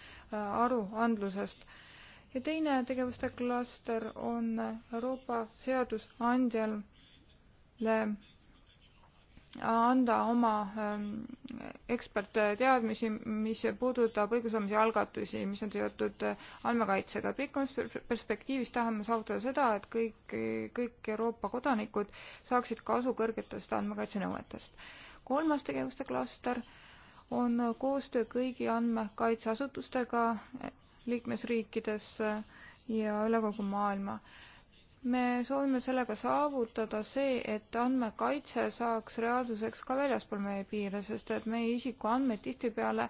aruandlusest ja teine tegevuste klaster on Euroopa seadusandjale äh, anda oma ähm, ekspertteadmisi, mis puudutab õigusloomise algatusi, mis on seotud äh, andmekaitsega. pikemas perspektiivis tahame saavutada seda, et kõik, kõik Euroopa kodanikud saaksid kasu kõrgetest andmekaitsenõuetest. kolmas tegevuste klaster on koostöö kõigi andmekaitseasutustega liikmesriikides ja üle kogu maailma. me soovime sellega saavutada see, et andmekaitse saaks reaalsuseks ka väljaspool meie piire, sest et meie isikuandmed tihtipeale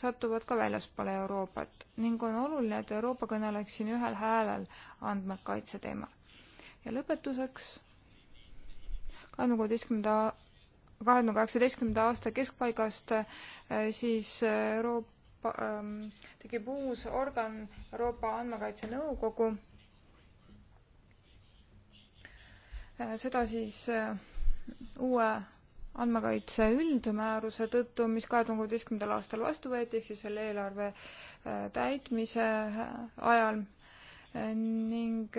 satuvad ka väljaspoole Euroopat ning on oluline, et Euroopa kõneleks siin ühel häälel andmekaitse teemal. ja lõpetuseks kahe tuhande kuueteistkümnenda kahe tuhande kaheksateistkümnenda aasta keskpaigast eh, siis Euroopa Ähm, tekib uus organ, Euroopa Andmekaitse Nõukogu. Äh, seda siis äh, uue andmekaitse üldmääruse tõttu, mis kahe tuhande kuueteistkümnendal aastal vastu võeti, ehk siis selle eelarve äh, täitmise ajal ning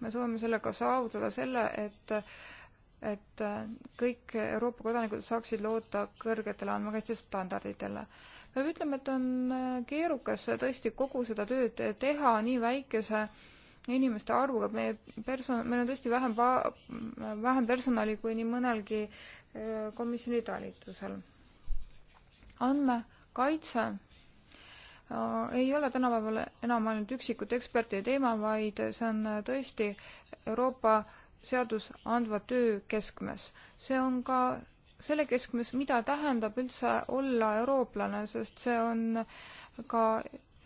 me soovime sellega saavutada selle, et et kõik Euroopa kodanikud saaksid loota kõrgetele andmekaitse standarditele peab ütlema, et on äh, keerukas tõesti kogu seda tööd teha nii väikese inimeste arvuga, meie person-, meil on tõesti vähem pa-, vähem personali kui nii mõnelgi äh, komisjoni talitusel. andmekaitse äh, ei ole tänapäeval enam ainult üksikute ekspertide teema, vaid see on tõesti Euroopa seadusandva töö keskmes. see on ka selle keskmes, mida tähendab üldse olla eurooplane, sest see on ka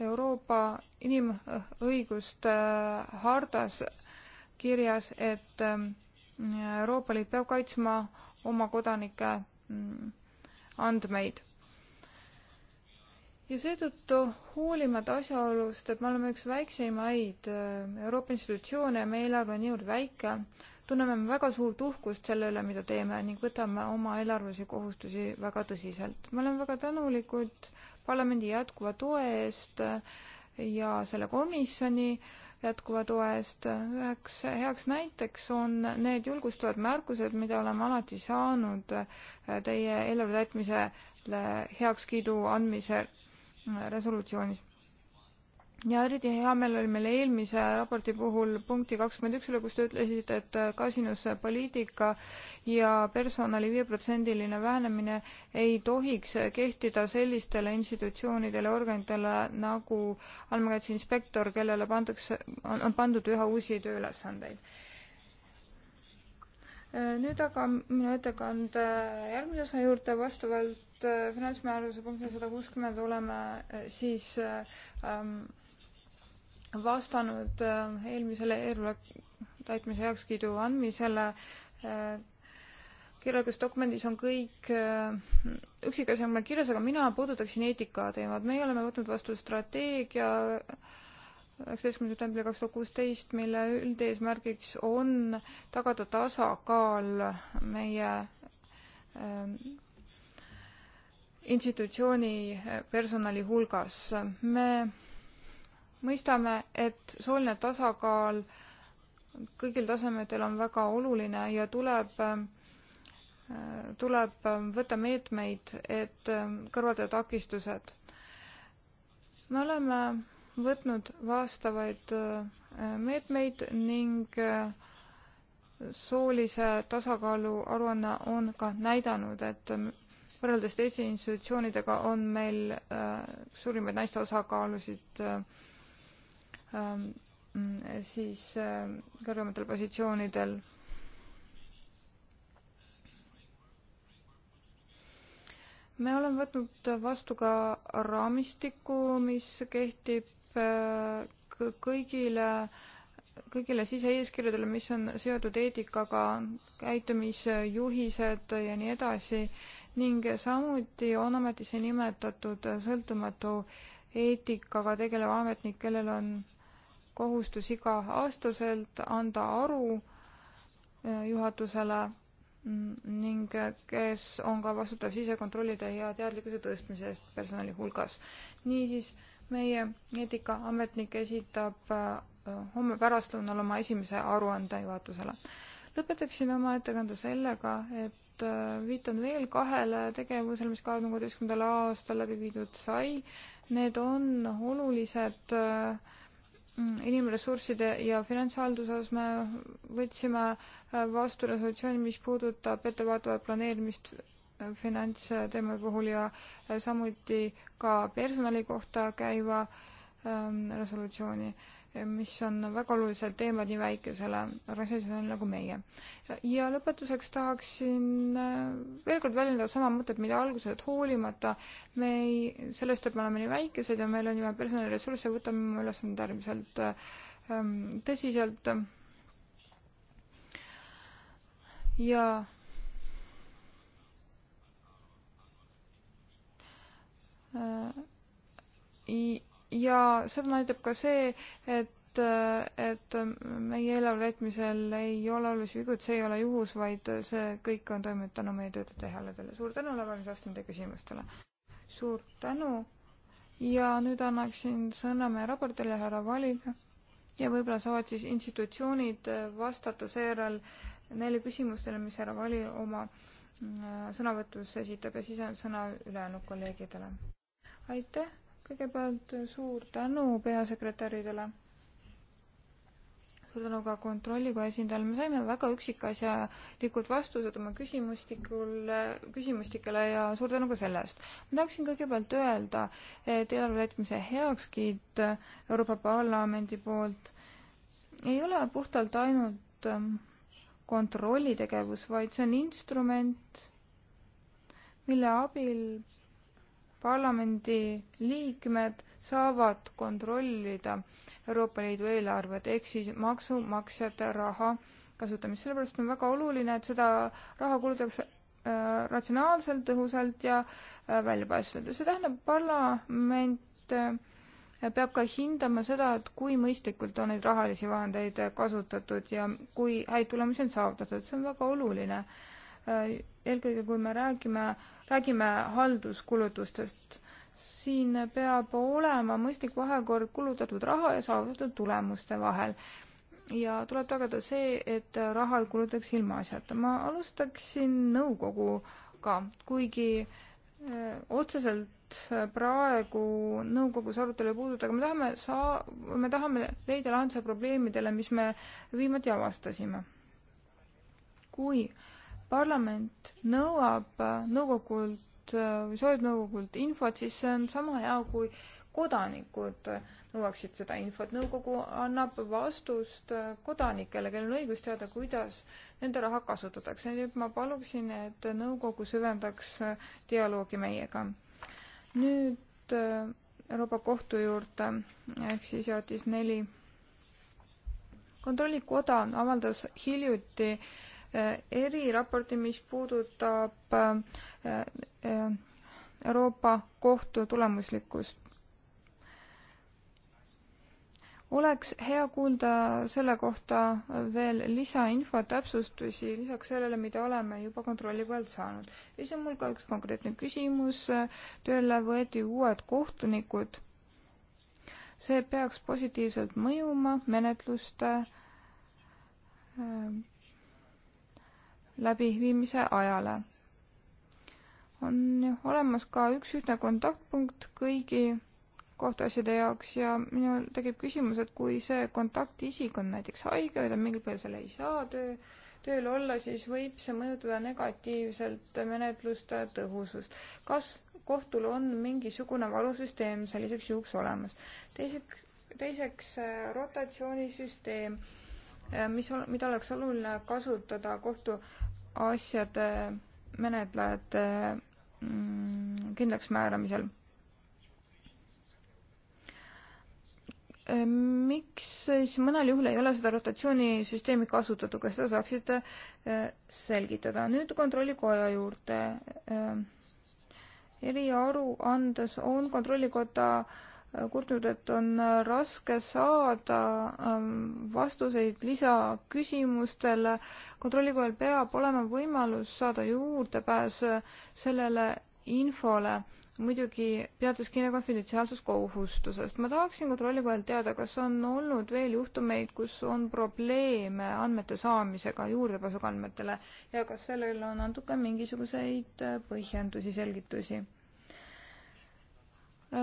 Euroopa inimõiguste hardas kirjas, et mm, Euroopa Liit peab kaitsma oma kodanike mm, andmeid. ja seetõttu hoolimata asjaolust, et me oleme üks väikseimaid mm, Euroopa institutsioone ja meie eelarve on niivõrd väike, tunneme me väga suurt uhkust selle üle, mida teeme ning võtame oma eelarvelisi kohustusi väga tõsiselt. me oleme väga tänulikud parlamendi jätkuva toe eest ja selle komisjoni jätkuva toe eest. üheks heaks näiteks on need julgustavad märkused, mida oleme alati saanud teie eelarve täitmisele heakskiidu andmise resolutsioonis ja eriti hea meel oli meil eelmise raporti puhul punkti kakskümmend üks üle, kus te ütlesite, et kasinuspoliitika ja personali viieprotsendiline vähenemine ei tohiks kehtida sellistele institutsioonidele ja organitele nagu andmekaitse inspektor, kellele pandakse, on pandud üha uusi tööülesandeid. nüüd aga minu ettekande järgmise osa juurde vastavalt äh, finantsmääruse punktile sada kuuskümmend oleme äh, siis äh, ähm, vastanud äh, eelmisele eelarve täitmise heakskiidu andmisele. Äh, kirjalikus dokumendis on kõik äh, üksikasjalikumalt kirjas, aga mina puudutaksin eetikateemat. meie oleme võtnud vastu strateegia üheksateistkümnenda septembri kaks tuhat kuusteist, mille üldeesmärgiks on tagada tasakaal meie institutsiooni personali hulgas. me mõistame, et sooline tasakaal kõigil tasemetel on väga oluline ja tuleb, äh, tuleb äh, võtta meetmeid, et äh, kõrvaldada takistused. me oleme võtnud vastavaid meetmeid ning soolise tasakaalu aruanne on ka näidanud, et võrreldes teiste institutsioonidega on meil äh, suurimaid naiste osakaalusid äh, Ähm, siis ähm, kõrgematel positsioonidel. me oleme võtnud vastu ka raamistiku, mis kehtib äh, kõigile, kõigile siseeeskirjadele, mis on seotud eetikaga, käitumisjuhised ja nii edasi ning samuti on ametisse nimetatud sõltumatu eetikaga tegelev ametnik, kellel on kohustus iga-aastaselt anda aru äh, juhatusele mm, ning äh, kes on ka vastutav sisekontrollide ja teadlikkuse tõstmise eest personali hulgas. niisiis, meie eetikaametnik esitab äh, homme pärastlõunal oma esimese aruande juhatusele. lõpetaksin oma ettekande sellega, et viitan veel kahele tegevusele, mis kahe tuhande kuueteistkümnendal aastal läbi viidud sai. Need on olulised äh, Mm, inimressursside ja finantshalduses me võtsime äh, vastu resolutsiooni, mis puudutab ettevaatavat planeerimist äh, finantsteema puhul ja äh, samuti ka personali kohta käiva äh, Ähm, resolutsiooni, mis on väga olulised teemad nii väikesele organisatsioonile nagu meie. ja lõpetuseks tahaksin äh, veel kord väljendada sama mõtet, mida alguses, et hoolimata me ei, sellest, et me oleme nii väikesed ja meil on nii vähe personaliressursse, võtame oma ülesanded äärmiselt äh, ähm, tõsiselt. ja äh, ja seda näitab ka see, et et meie eelarve täitmisel ei ole olulisi vigu, et see ei ole juhus, vaid see kõik on toimunud tänu meie töötajate hääledele. suur tänu, olen valmis vastama teie küsimustele. suur tänu ja nüüd annaksin sõna meie raportile härra Valile ja võib-olla saavad siis institutsioonid vastata seejärel neile küsimustele, mis härra Vali oma äh, sõnavõtus esitab ja siis on sõna ülejäänud kolleegidele. aitäh kõigepealt suur tänu peasekretäridele. suur tänu ka kontrollikoja esindajale, me saime väga üksikasjalikud vastused oma küsimustikule, küsimustikele ja suur tänu ka selle eest. ma tahaksin kõigepealt öelda, et eelarve täitmise heakskiit Euroopa Parlamendi poolt ei ole puhtalt ainult ähm, kontrollitegevus, vaid see on instrument, mille abil parlamendi liikmed saavad kontrollida Euroopa Liidu eelarvet ehk siis maksumaksjate raha kasutamist. sellepärast on väga oluline, et seda raha kulutatakse äh, ratsionaalselt, tõhusalt ja äh, väljapaistvalt ja see tähendab, parlament äh, peab ka hindama seda, et kui mõistlikult on neid rahalisi vahendeid äh, kasutatud ja kui häid tulemusi on saavutatud, see on väga oluline. Äh, eelkõige, kui me räägime äh, räägime halduskulutustest, siin peab olema mõistlik vahekord kulutatud raha ja saavutatud tulemuste vahel. ja tuleb tagada see, et raha ei kulutaks ilmaasjata. ma alustaksin nõukoguga, kuigi öö, eh, otseselt praegu nõukogus arutelu ei puuduta, aga me tahame saa-, me tahame leida lahenduse probleemidele, mis me viimati avastasime. kui öö, parlament nõuab nõukogult äh, või soovib nõukogult infot, siis see on sama hea, kui kodanikud nõuaksid seda infot. nõukogu annab vastust äh, kodanikele, kellel on õigus teada, kuidas nende raha kasutatakse. nüüd ma paluksin, et nõukogu süvendaks äh, dialoogi meiega. nüüd Euroopa Kohtu juurde ehk siis jaotis neli. kontrollikoda avaldas hiljuti äh, Äh, eriraporti, mis puudutab äh, äh, Euroopa Kohtu tulemuslikkust. oleks hea kuulda selle kohta veel lisainfo täpsustusi lisaks sellele, mida oleme juba kontrolli pealt saanud. ja siis on mul ka üks konkreetne küsimus. tööle võeti uued kohtunikud. see peaks positiivselt mõjuma menetluste läbiviimise ajale. on olemas ka üks ühtne kontaktpunkt kõigi kohtuasjade jaoks ja minul tekib küsimus, et kui see kontaktisik on näiteks haige või ta mingil põhjusel ei saa töö, tööl olla, siis võib see mõjutada negatiivselt menetluste tõhusust. kas kohtul on mingisugune valusüsteem selliseks juhuks olemas? teiseks, teiseks äh, rotatsioonisüsteem, äh, mis, mida oleks oluline kasutada kohtu asjade menetlejate mm, kindlaksmääramisel. miks siis mõnel juhul ei ole seda rotatsioonisüsteemi kasutatud, kas seda saaksite eh, selgitada? nüüd Kontrollikoja juurde. Eh, eriaruandes on Kontrollikoda äh, kurtnud, et on raske saada ähm, vastuseid lisaküsimustele. kontrollikojal peab olema võimalus saada juurdepääs sellele infole, muidugi peates kinni konfidentsiaalsuskohustusest. ma tahaksin kontrollikojalt teada, kas on olnud veel juhtumeid, kus on probleeme andmete saamisega, juurdepääsuga andmetele ja kas sellel on natuke mingisuguseid põhjendusi, selgitusi?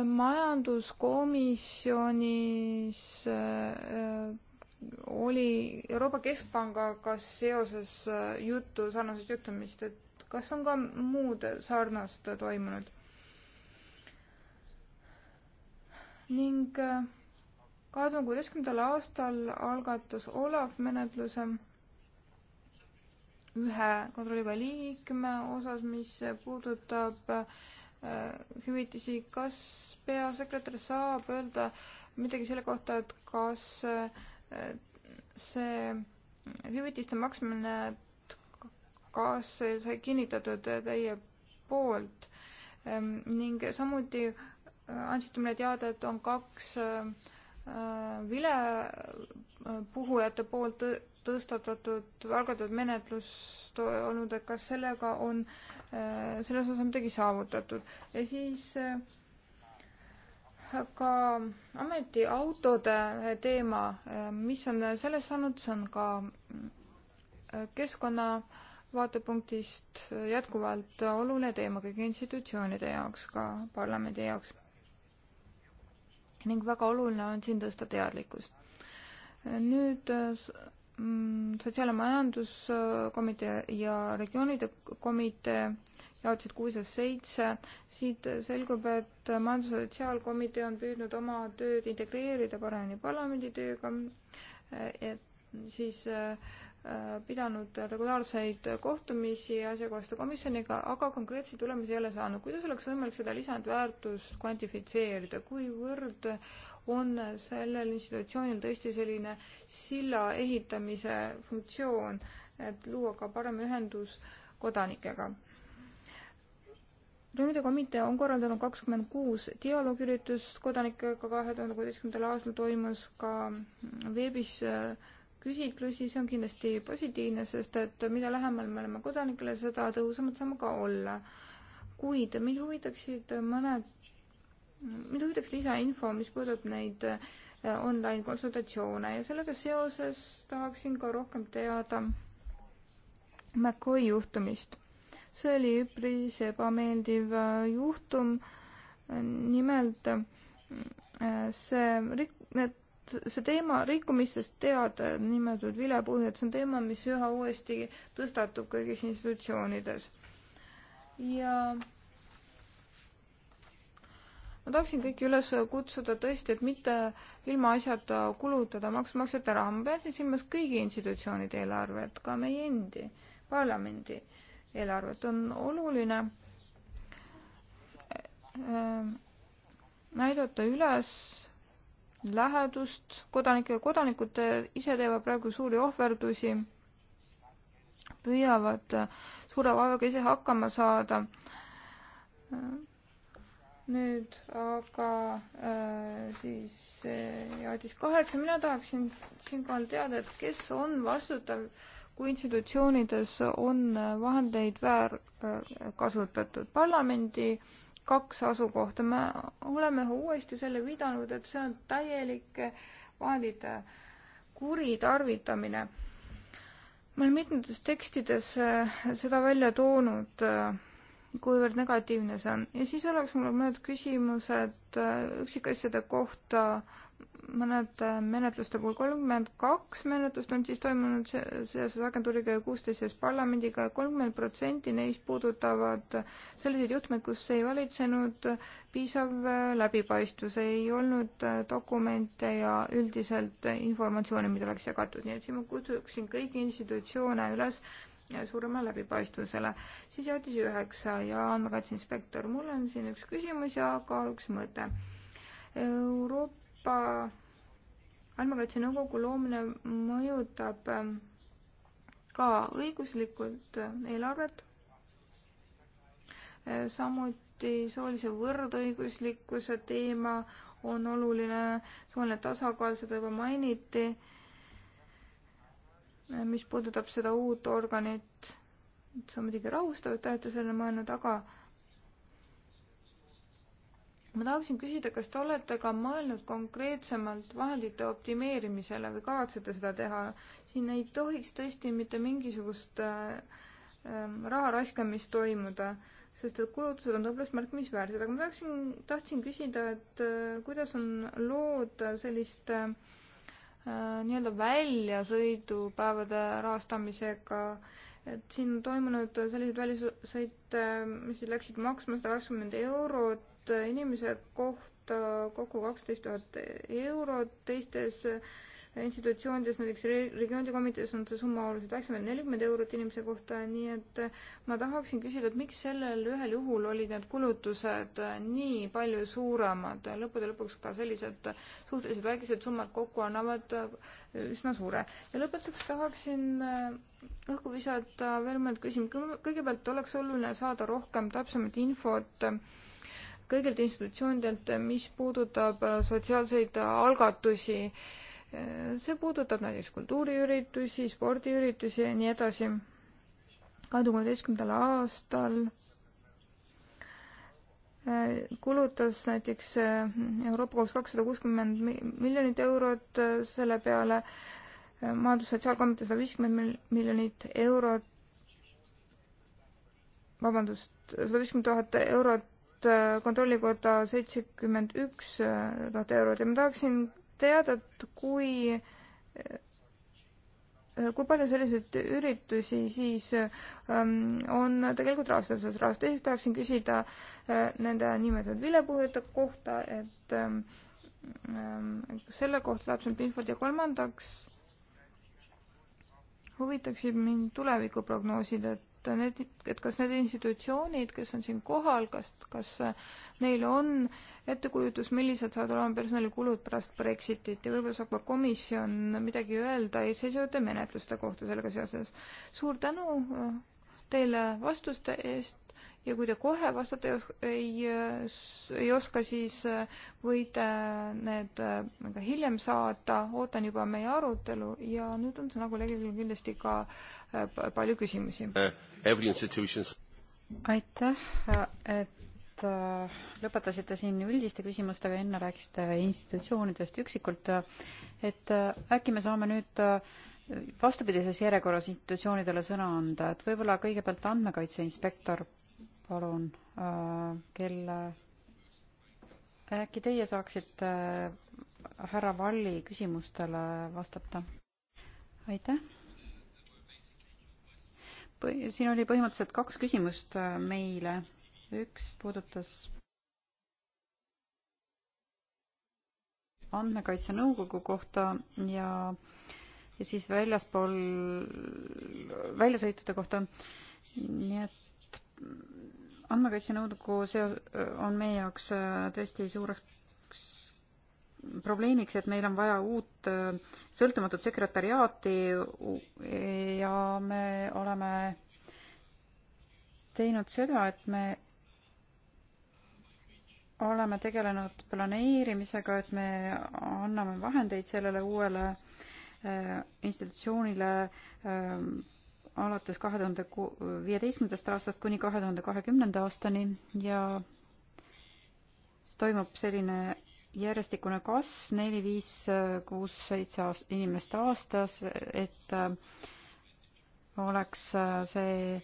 majanduskomisjonis äh, oli Euroopa Keskpangaga seoses äh, juttu sarnasest juhtumist, et kas on ka muud sarnast toimunud? ning äh, kahe tuhande kuueteistkümnendal aastal algatas Olav menetluse ühe kontrolliga liikme osas, mis puudutab äh, Äh, hüvitisi, kas peasekretär saab öelda midagi selle kohta, et kas äh, see hüvitiste maksmine, et kas see sai kinnitatud teie poolt ähm, ning samuti äh, andsite mulle teada, et on kaks vilepuhujate poolt tõstatatud, algatatud menetlust olnud, et kas sellega on äh, Äh, selles osas on midagi saavutatud. ja siis äh, ka ametiautode äh, teema, mis on sellest saanud, see on ka keskkonna vaatepunktist jätkuvalt oluline teema kõigi institutsioonide jaoks, ka parlamendi jaoks. ning väga oluline on siin tõsta teadlikkust. nüüd Mm, sotsiaal- ja majanduskomitee ja regioonide komitee jaotasid kuusteist seitse. siit selgub, et majandus- ja sotsiaalkomitee on püüdnud oma tööd integreerida paremini parlamendi tööga, eh, et siis eh, pidanud regulaarseid kohtumisi asjakohaste komisjoniga, aga konkreetseid tulemusi ei ole saanud. kuidas oleks võimalik seda lisandväärtust kvantifitseerida, kuivõrd on sellel institutsioonil tõesti selline silla ehitamise funktsioon, et luua ka parem ühendus kodanikega. Rühmide komitee on korraldanud kakskümmend kuus dialoogiüritust kodanikega, kahe tuhande kuueteistkümnendal aastal toimus ka veebis äh, küsitlusi, see on kindlasti positiivne, sest et mida lähemal me oleme kodanikele, seda tõhusamad saame ka olla. kuid mind huvitaksid mõned mind huvitaks lisainfo, mis puudutab neid äh, online konsultatsioone ja sellega seoses tahaksin ka rohkem teada McCoy juhtumist. see oli üpris ebameeldiv äh, juhtum. Äh, nimelt see rik-, need, see teema rikkumistest teada nimetatud vilepuhjad, see on teema, mis üha uuesti tõstatub kõigis institutsioonides. ja ma tahaksin kõiki üles kutsuda tõesti, et mitte ilmaasjata kulutada maksumaksjate raha, ma pean siin silmas kõigi institutsioonide eelarvet, ka meie endi, parlamendi eelarvet, on oluline ähm, näidata üles lähedust kodanike, kodanikud ise teevad praegu suuri ohverdusi, püüavad suure vaevaga ise hakkama saada nüüd aga äh, siis äh, jaadis kaheksa, mina tahaksin siinkohal teada, et kes on vastutav, kui institutsioonides on äh, vahendeid väärkasutatud. Äh, parlamendi kaks asukohta, me oleme uuesti selle viidanud, et see on täielik vahendite kuritarvitamine. ma olen mitmetes tekstides seda välja toonud äh, kuivõrd negatiivne see on. ja siis oleks mul mõned küsimused äh, üksikasjade kohta, mõned äh, menetluste puhul, kolmkümmend kaks menetlust on siis toimunud seoses agentuuriga ja kuusteist seoses parlamendiga, kolmkümmend protsenti neist puudutavad selliseid juhtumeid, kus ei valitsenud piisav äh, läbipaistvus, ei olnud dokumente ja üldiselt informatsiooni, mida oleks jagatud, nii et siin ma kutsuksin kõiki institutsioone üles suurema läbipaistvusele. siis jõudis üheksa ja andmekaitse inspektor, mul on siin üks küsimus ja ka üks mõte. Euroopa andmekaitse nõukogu loomine mõjutab ähm, ka õiguslikult eelarvet, äh, samuti soolise võrdõiguslikkuse teema on oluline, sooline tasakaal, seda juba mainiti Eh, mis puudutab seda uut organit, see on muidugi rahustav, et te olete sellele mõelnud, aga ma tahaksin küsida, kas te olete ka mõelnud konkreetsemalt vahendite optimeerimisele või kavatsete seda teha? siin ei tohiks tõesti mitte mingisugust äh, raha raiskamist toimuda, sest et kulutused on tõepoolest märkimisväärsed, aga ma tahaksin, tahtsin küsida, et äh, kuidas on lood selliste äh, Äh, nii-öelda väljasõidupäevade rahastamisega, et siin on toimunud selliseid väljasõite, mis siis läksid maksma sada kakskümmend eurot inimese kohta, kokku kaksteist tuhat eurot, teistes äh, institutsioonides, näiteks regioonide komitees on see summa oluliselt väiksem, nelikümmend eurot inimese kohta, nii et ma tahaksin küsida, et miks sellel ühel juhul olid need kulutused nii palju suuremad, lõppude lõpuks ka sellised suhteliselt väikesed summad kokku annavad üsna suure. ja lõpetuseks tahaksin äh, õhku visata veel mõned küsimused, kõigepealt oleks oluline saada rohkem täpsemat infot äh, kõigilt institutsioonidelt, mis puudutab äh, sotsiaalseid algatusi äh, see puudutab näiteks kultuuriüritusi, spordiüritusi ja nii edasi. kahe tuhande kuueteistkümnendal aastal äh, kulutas näiteks äh, Euroopa Kohus kakssada kuuskümmend miljonit eurot äh, selle peale, majandus-sotsiaalkomitee sada viiskümmend miljonit eurot, vabandust, sada viiskümmend tuhat eurot, kontrollikoda seitsekümmend üks tuhat eurot ja ma tahaksin teada, et kui, eh, kui palju selliseid üritusi siis ähm, on tegelikult rahastatud rahast. teiseks tahaksin küsida äh, nende nimetatud vilepuhujate kohta, et ähm, ähm selle kohta täpselt infot ja kolmandaks huvitaksid mind tulevikuprognoosid, et et need, et kas need institutsioonid, kes on siin kohal, kas, kas neil on ettekujutus, millised saavad olema personalikulud pärast Brexitit ja võib-olla saab ka komisjon midagi öelda eelseisvate menetluste kohta sellega seoses. suur tänu teile vastuste eest ja kui te kohe vastata ei, os ei, ei oska, siis äh, võite äh, need äh, ka hiljem saata, ootan juba meie arutelu ja nüüd on sõna kolleegidel kindlasti ka palju küsimusi. Uh, aitäh, et lõpetasite siin üldiste küsimustega, enne rääkisite institutsioonidest üksikult, et äkki me saame nüüd vastupidises järjekorras institutsioonidele sõna anda, et võib-olla kõigepealt andmekaitse inspektor palun äh, kella. äkki teie saaksite äh, härra Valli küsimustele vastata? aitäh. siin oli põhimõtteliselt kaks küsimust äh, meile. üks puudutas andmekaitse nõukogu kohta ja, ja siis väljaspool väljasõitude kohta. nii et andmekaitse nõukogu seo-, on meie jaoks äh, tõesti suureks probleemiks, et meil on vaja uut äh, sõltumatut sekretariaati ja me oleme teinud seda, et me oleme tegelenud planeerimisega, et me anname vahendeid sellele uuele äh, institutsioonile ähm, alates kahe tuhande viieteistkümnendast aastast kuni kahe tuhande kahekümnenda aastani ja siis toimub selline järjestikune kasv neli, viis, kuus, seitse inimest aastas, et äh, oleks äh, see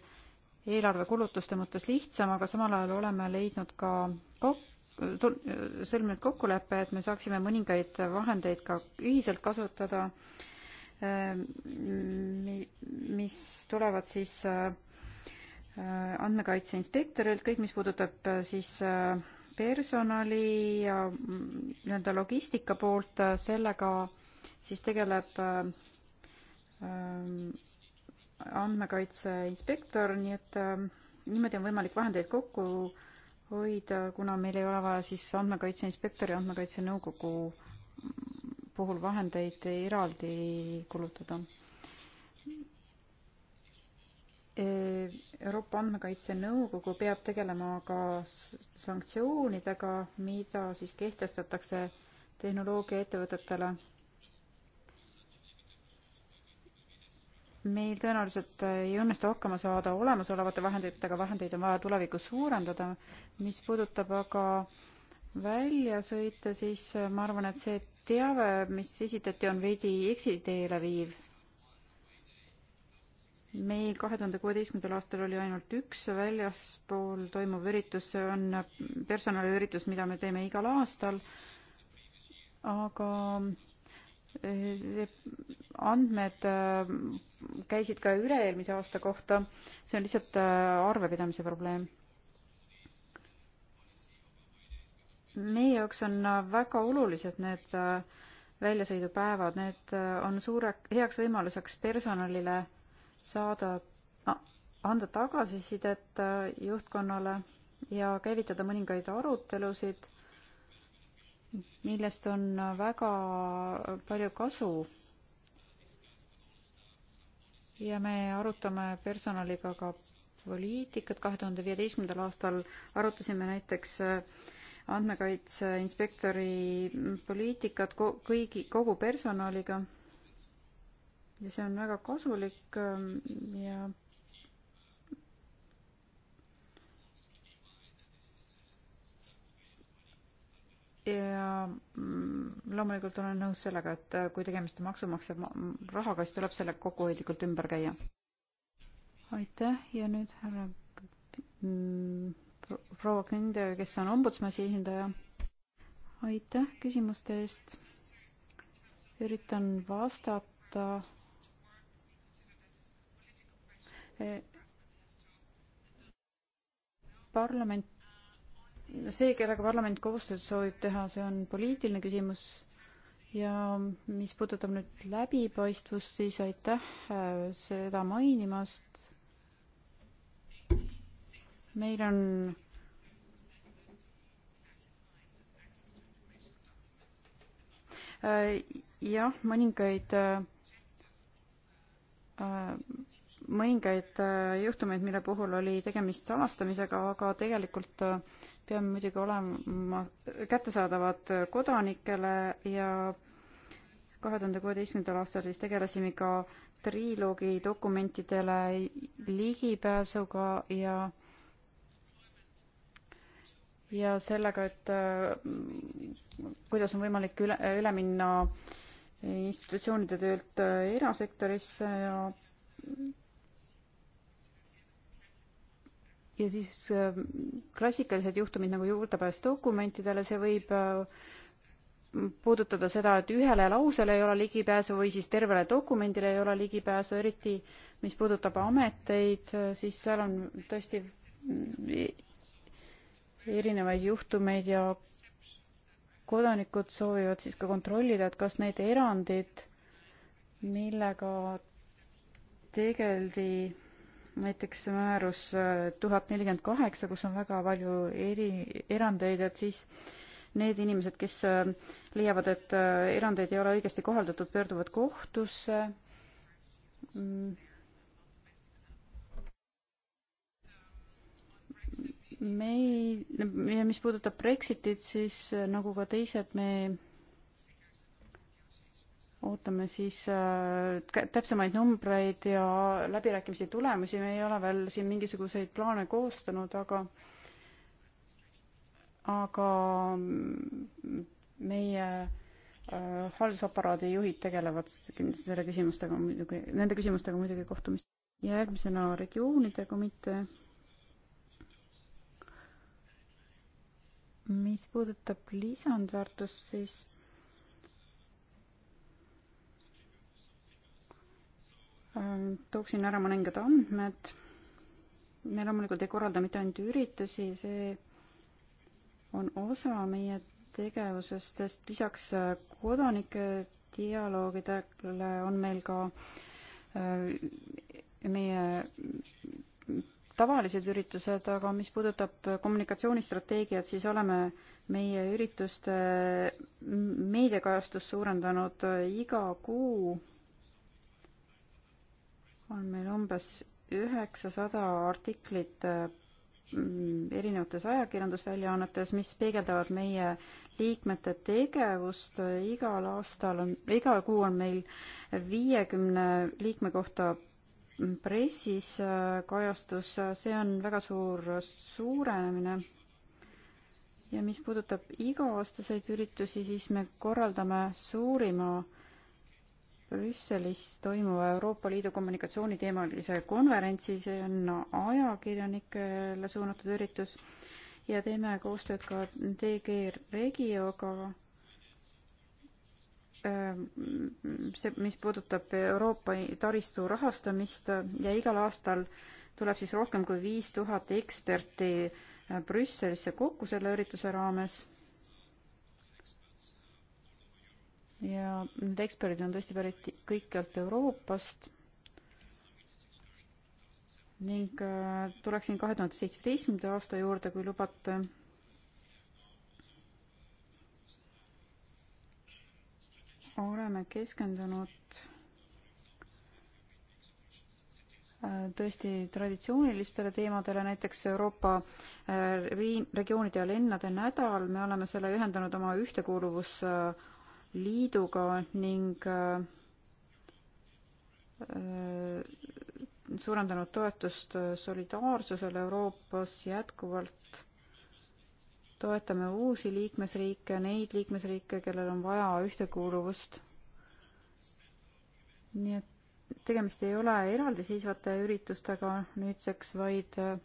eelarve kulutuste mõttes lihtsam, aga samal ajal oleme leidnud ka kok-, sõlminud kokkuleppe, et me saaksime mõningaid vahendeid ka ühiselt kasutada äh, Ähm, mis tulevad siis äh, andmekaitse inspektorilt, kõik, mis puudutab äh, siis äh, personali ja mm, nii-öelda logistika poolt, sellega siis tegeleb ähm, andmekaitse inspektor, nii et ähm, niimoodi on võimalik vahendeid kokku hoida, kuna meil ei ole vaja siis andmekaitse inspektori, andmekaitse nõukogu puhul vahendeid eraldi kulutada. Euroopa Andmekaitse Nõukogu peab tegelema ka sanktsioonidega, mida siis kehtestatakse tehnoloogiaettevõtetele. meil tõenäoliselt ei õnnestu hakkama saada olemasolevate vahenditega, vahendeid on vaja tulevikus suurendada, mis puudutab aga äh, välja sõita, siis äh, ma arvan, et see teave, mis esitati, on veidi eksiteele viiv. meil kahe tuhande kuueteistkümnendal aastal oli ainult üks väljaspool toimuv üritus, see on personaliüritus, mida me teeme igal aastal, aga äh, see andmed äh, käisid ka üle-eelmise aasta kohta, see on lihtsalt arvepidamise probleem meie jaoks on äh, väga olulised need äh, väljasõidupäevad, need äh, on suure, heaks võimaluseks personalile saada, anda tagasisidet juhtkonnale ja käivitada mõningaid arutelusid, millest on väga palju kasu. ja me arutame personaliga ka poliitikat, kahe tuhande viieteistkümnendal aastal arutasime näiteks äh, andmekaitse inspektori poliitikat kõigi, kogu personaliga. ja see on väga kasulik ähm, ja ja mm, loomulikult olen nõus sellega, et äh, kui tegemist on maksumaksja mm, rahaga, siis tuleb selle kokkuhoidlikult ümber käia. aitäh ja nüüd härra mm, proua Kende, kes on ombudsmasi esindaja. aitäh küsimuste eest. üritan vastata e. parlament, see, kellega parlament koostööd soovib teha, see on poliitiline küsimus ja mis puudutab nüüd läbipaistvust, siis aitäh eh, seda mainimast meil on äh, jah, mõningaid äh, mõningaid äh, juhtumeid, mille puhul oli tegemist salastamisega, aga tegelikult peame muidugi olema kättesaadavad kodanikele ja kahe tuhande kuueteistkümnendal aastal siis tegelesime ka triloogi dokumentidele ligipääsuga ja äh, ja sellega, et äh, kuidas on võimalik üle, üle minna institutsioonide töölt äh, erasektorisse ja ja siis äh, klassikalised juhtumid nagu juurdepääs dokumentidele, see võib puudutada seda, et ühele lausele ei ole ligipääsu või siis tervele dokumendile ei ole ligipääsu, eriti mis puudutab ameteid, siis seal on tõesti mm, erinevaid juhtumeid ja kodanikud soovivad siis ka kontrollida, et kas need erandid, millega tegeldi näiteks määrus tuhat nelikümmend kaheksa, kus on väga palju eri, erandeid, et siis need inimesed, kes äh, leiavad, et äh, erandeid ei ole õigesti kohaldatud, pöörduvad kohtusse. Mm. meil, ja mis puudutab Brexitit, siis äh, nagu ka teised, me ootame siis äh, täpsemaid numbreid ja läbirääkimisi tulemusi, me ei ole veel siin mingisuguseid plaane koostanud, aga aga mm, meie äh, haldusaparaadi juhid tegelevad selle küsimustega muidugi, nende küsimustega muidugi kohtumist. järgmisena regioonide komitee mis puudutab lisandväärtust, siis ähm, tooksin ära mõningad andmed. me loomulikult ei korralda mitte ainult üritusi, see on osa meie tegevusest, sest lisaks äh, kodanike dialoogidele on meil ka äh, meie tavalised üritused, aga mis puudutab kommunikatsioonistrateegiat, siis oleme meie ürituste äh, meediakajastust suurendanud iga kuu on meil umbes üheksasada artiklit äh, erinevates ajakirjandusväljaannetes, mis peegeldavad meie liikmete tegevust. igal aastal on, igal kuu on meil viiekümne liikme kohta pressis äh, kajastus, äh, see on väga suur suurenemine. ja mis puudutab iga-aastaseid üritusi, siis me korraldame suurima Brüsselis toimuva Euroopa Liidu kommunikatsiooniteemalise konverentsi, see on ajakirjanikele suunatud üritus ja teeme koostööd ka DG Regioga Ähm, see, mis puudutab Euroopa taristu rahastamist äh, ja igal aastal tuleb siis rohkem kui viis tuhat eksperti äh, Brüsselisse kokku selle ürituse raames. ja need eksperdid on tõesti pärit kõikjalt Euroopast ning äh, tuleksin kahe tuhande seitsmeteistkümnenda aasta juurde, kui lubate oleme keskendunud äh, tõesti traditsioonilistele teemadele, näiteks Euroopa äh, regioonide ja linnade nädal, me oleme selle ühendanud oma ühtekuuluvusliiduga ning äh, suurendanud toetust solidaarsusele Euroopas jätkuvalt toetame uusi liikmesriike, neid liikmesriike, kellel on vaja ühtekuuluvust. nii et tegemist ei ole eraldiseisvate üritustega nüüdseks, vaid äh,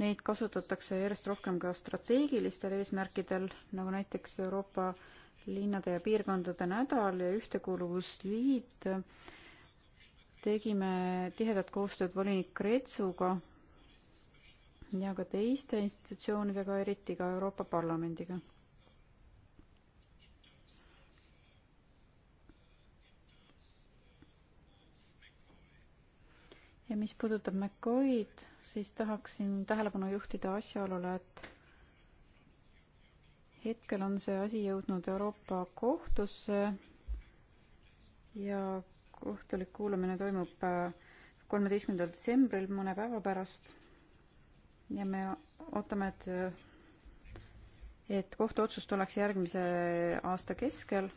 neid kasutatakse järjest rohkem ka strateegilistel eesmärkidel, nagu näiteks Euroopa linnade ja piirkondade nädal ja Ühtekuuluvusliit. tegime tihedat koostööd volinik Kretsuga ja ka teiste institutsioonidega, eriti ka Euroopa Parlamendiga. ja mis puudutab McCoy'd, siis tahaksin tähelepanu juhtida asjaolule, et hetkel on see asi jõudnud Euroopa kohtusse ja kohtulik kuulamine toimub kolmeteistkümnendal detsembril, mõne päeva pärast ja me ootame, et, et kohtuotsus tuleks järgmise aasta keskel.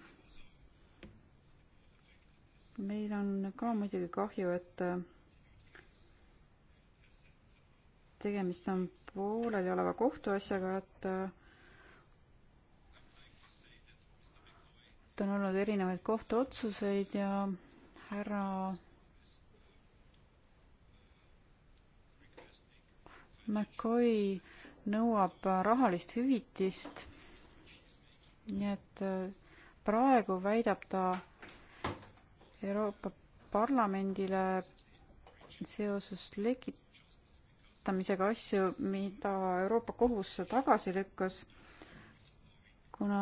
meil on ka muidugi kahju, et tegemist on poolelioleva kohtuasjaga, et et on olnud erinevaid kohtuotsuseid ja härra McCoy nõuab rahalist hüvitist. nii et äh, praegu väidab ta Euroopa Parlamendile seoses lekitamisega asju, mida Euroopa Kohus tagasi lükkas, kuna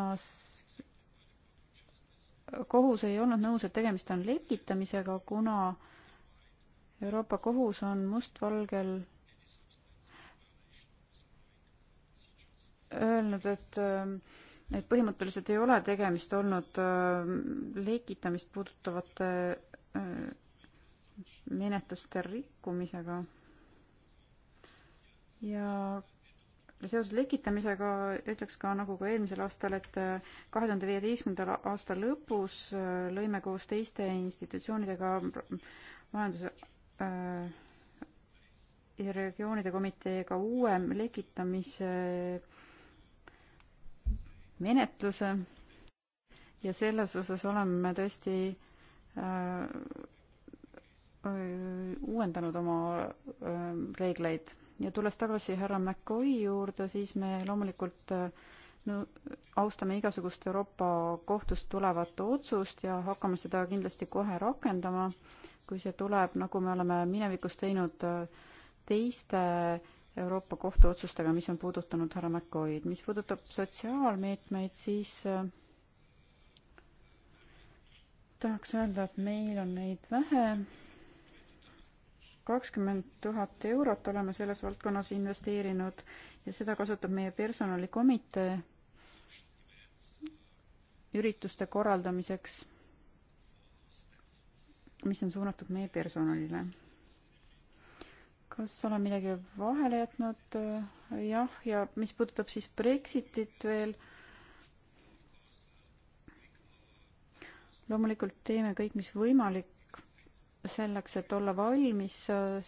kohus ei olnud nõus, et tegemist on lekitamisega, kuna Euroopa Kohus on mustvalgel öelnud, et ähm, et põhimõtteliselt ei ole tegemist olnud ähm, lekitamist puudutavate äh, menetluste rikkumisega. ja seoses lekitamisega ütleks ka nagu ka eelmisel aastal, et äh, kahe tuhande viieteistkümnenda aasta lõpus äh, lõime koos teiste institutsioonidega majanduse äh, ja regioonide komiteega uue lekitamise äh, menetluse ja selles osas oleme me tõesti äh, uuendanud oma äh, reegleid ja tulles tagasi härra McCoy juurde, siis me loomulikult äh, no, austame igasugust Euroopa kohtust tulevat otsust ja hakkame seda kindlasti kohe rakendama, kui see tuleb, nagu me oleme minevikus teinud äh, teiste äh, Euroopa Kohtu otsustega, mis on puudutanud härra McCoy'd. mis puudutab sotsiaalmeetmeid, siis äh, tahaks öelda, et meil on neid vähe. kakskümmend tuhat eurot oleme selles valdkonnas investeerinud ja seda kasutab meie personalikomitee ürituste korraldamiseks, mis on suunatud meie personalile kas olen midagi vahele jätnud? jah, ja mis puudutab siis Brexitit veel, loomulikult teeme kõik, mis võimalik selleks, et olla valmis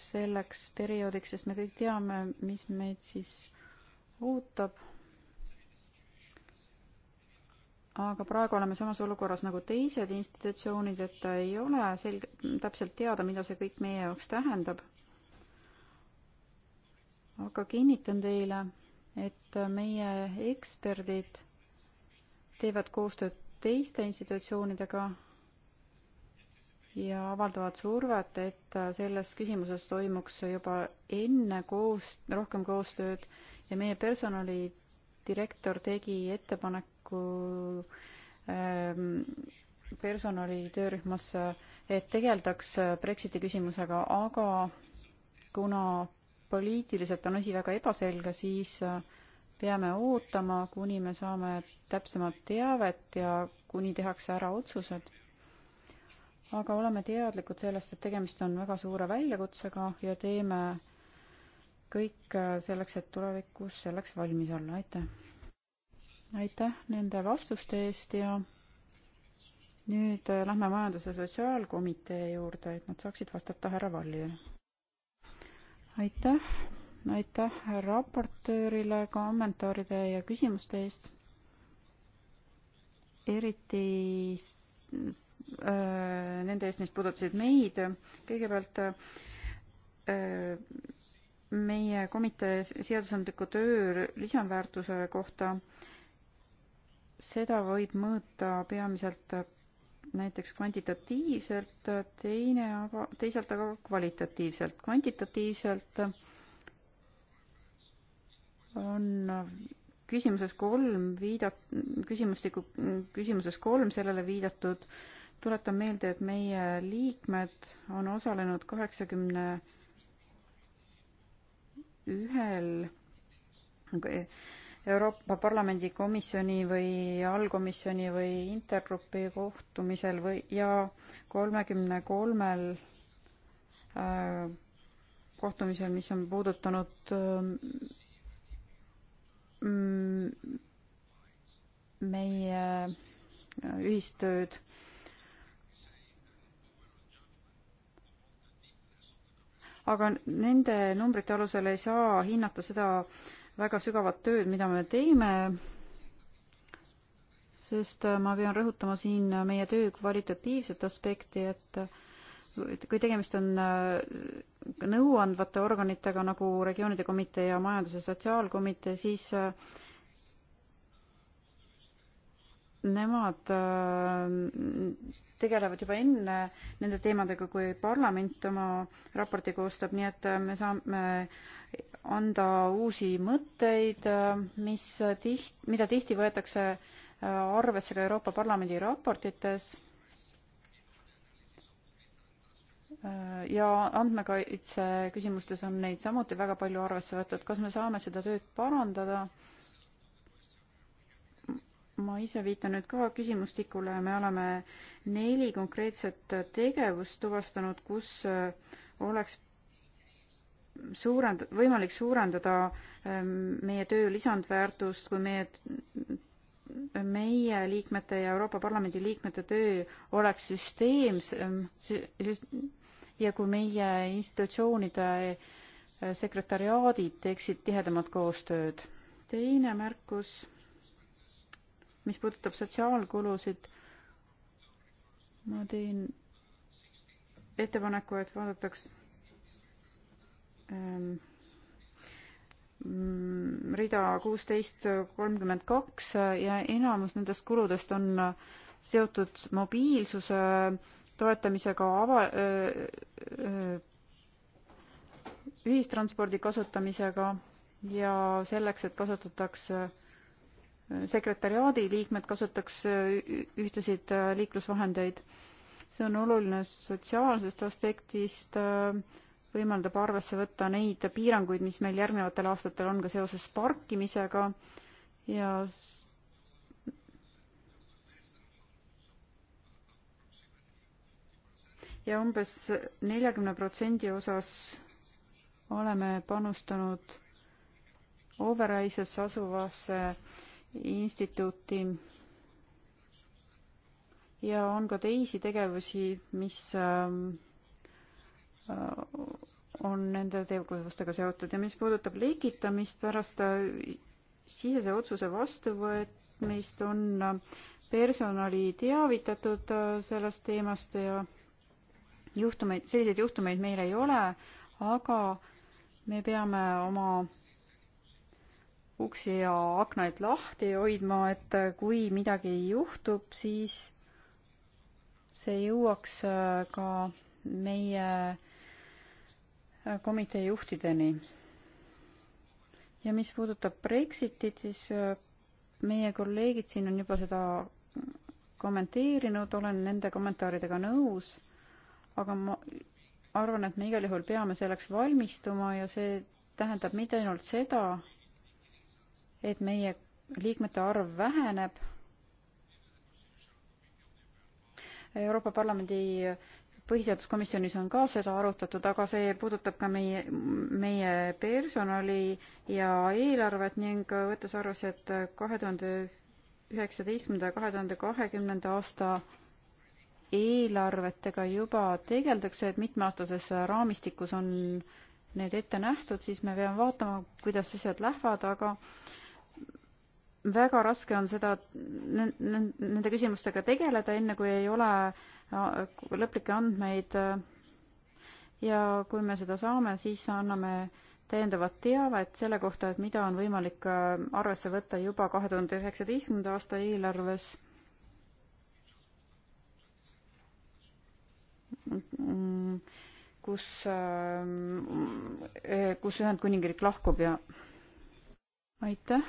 selleks perioodiks, sest me kõik teame, mis meid siis ootab. aga praegu oleme samas olukorras nagu teised institutsioonid, et ei ole selge, täpselt teada, mida see kõik meie jaoks tähendab aga kinnitan teile, et meie eksperdid teevad koostööd teiste institutsioonidega ja avaldavad survet, et selles küsimuses toimuks juba enne koos, rohkem koostööd ja meie personalidirektor tegi ettepaneku ähm, personali töörühmas, et tegeldaks Brexiti küsimusega, aga kuna poliitiliselt on asi väga ebaselge, siis äh, peame ootama, kuni me saame täpsemat teavet ja kuni tehakse ära otsused. aga oleme teadlikud sellest, et tegemist on väga suure väljakutsega ja teeme kõik äh, selleks, et tulevikus selleks valmis olla, aitäh! aitäh nende vastuste eest ja nüüd äh, lähme Majandus- ja Sotsiaalkomitee juurde, et nad saaksid vastata härra Vallile aitäh, aitäh raportöörile kommentaaride ja küsimuste eest. eriti äh, nende eest, mis puudutasid meid. kõigepealt äh, meie komitee seadusandliku töö lisandväärtuse kohta, seda võib mõõta peamiselt näiteks kvantitatiivselt, teine aga, teisalt aga kvalitatiivselt. kvantitatiivselt on küsimuses kolm viidat-, küsimustiku, küsimuses kolm sellele viidatud. tuletan meelde, et meie liikmed on osalenud kaheksakümne ühel Euroopa Parlamendi komisjoni või allkomisjoni või intergrupi kohtumisel või ja kolmekümne kolmel äh, kohtumisel, mis on puudutanud äh, mm, meie äh, ühistööd aga nende numbrite alusel ei saa hinnata seda väga sügavat tööd, mida me teeme, sest äh, ma pean rõhutama siin meie töö kvalitatiivset aspekti, et kui tegemist on äh, nõuandvate organitega nagu regioonide komitee ja majandus- ja sotsiaalkomitee, siis äh, nemad tegelevad juba enne nende teemadega, kui parlament oma raporti koostab, nii et me saame anda uusi mõtteid, mis tiht-, mida tihti võetakse äh, arvesse ka Euroopa Parlamendi raportites äh, ja andmekaitse küsimustes on neid samuti väga palju arvesse võetud, kas me saame seda tööd parandada? ma ise viitan nüüd ka küsimustikule, me oleme neli konkreetset tegevust tuvastanud, kus äh, oleks suurend-, võimalik suurendada ähm, meie töö lisandväärtust, kui meie, meie liikmete ja Euroopa Parlamendi liikmete töö oleks süsteemsem ähm, ja kui meie institutsioonide äh, sekretariaadid teeksid tihedamat koostööd. teine märkus, mis puudutab sotsiaalkulusid, ma teen ettepaneku, et vaadataks Ehm, mm, rida kuusteist kolmkümmend kaks äh, ja enamus nendest kuludest on äh, seotud mobiilsuse äh, toetamisega ava-, ühistranspordi kasutamisega ja selleks, et kasutatakse sekretäriaadi liikmed kasutaks ühtesid liiklusvahendeid. see on oluline sotsiaalsest aspektist, võimaldab arvesse võtta neid piiranguid, mis meil järgnevatel aastatel on ka seoses parkimisega ja ja umbes neljakümne protsendi osas oleme panustanud Overaises asuvasse instituuti ja on ka teisi tegevusi, mis ähm, Äh, on nende tegevustega seotud ja mis puudutab lekitamist pärast äh, sisese otsuse vastuvõtmist, on äh, personali teavitatud sellest teemast ja juhtumeid, selliseid juhtumeid meil ei ole, aga me peame oma uksi ja aknaid lahti hoidma, et kui midagi juhtub, siis see jõuaks ka meie äh, komitee juhtideni. ja mis puudutab Brexitit, siis äh, meie kolleegid siin on juba seda kommenteerinud, olen nende kommentaaridega nõus, aga ma arvan, et me igal juhul peame selleks valmistuma ja see tähendab mitte ainult seda, et meie liikmete arv väheneb, Euroopa Parlamendi põhiseaduskomisjonis on ka seda arutatud, aga see puudutab ka meie, meie personali ja eelarvet ning võttes arvesse, et kahe tuhande üheksateistkümnenda ja kahe tuhande kahekümnenda aasta eelarvetega juba tegeldakse, et mitmeaastases raamistikus on need ette nähtud, siis me peame vaatama, kuidas asjad lähevad, aga väga raske on seda, nende küsimustega tegeleda, enne kui ei ole Äh, lõplikke andmeid äh, ja kui me seda saame, siis anname täiendavat teavet selle kohta, et mida on võimalik äh, arvesse võtta juba kahe tuhande üheksateistkümnenda aasta eelarves. kus, kus Ühendkuningriik lahkub ja aitäh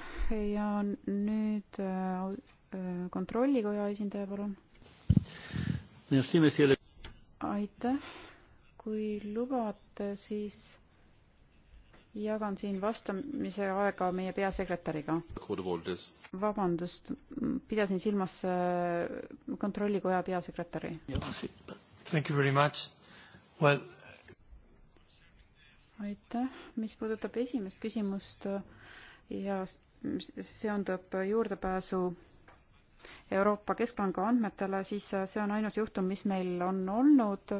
ja nüüd kontrollikoja esindaja, palun aitäh, kui lubate, siis jagan siin vastamise aega meie peasekretäriga. vabandust, pidasin silmas äh, kontrollikoja peasekretäri. Well... aitäh, mis puudutab esimest küsimust ja seondub juurdepääsu Euroopa Keskpanga andmetele, siis äh, see on ainus juhtum, mis meil on olnud.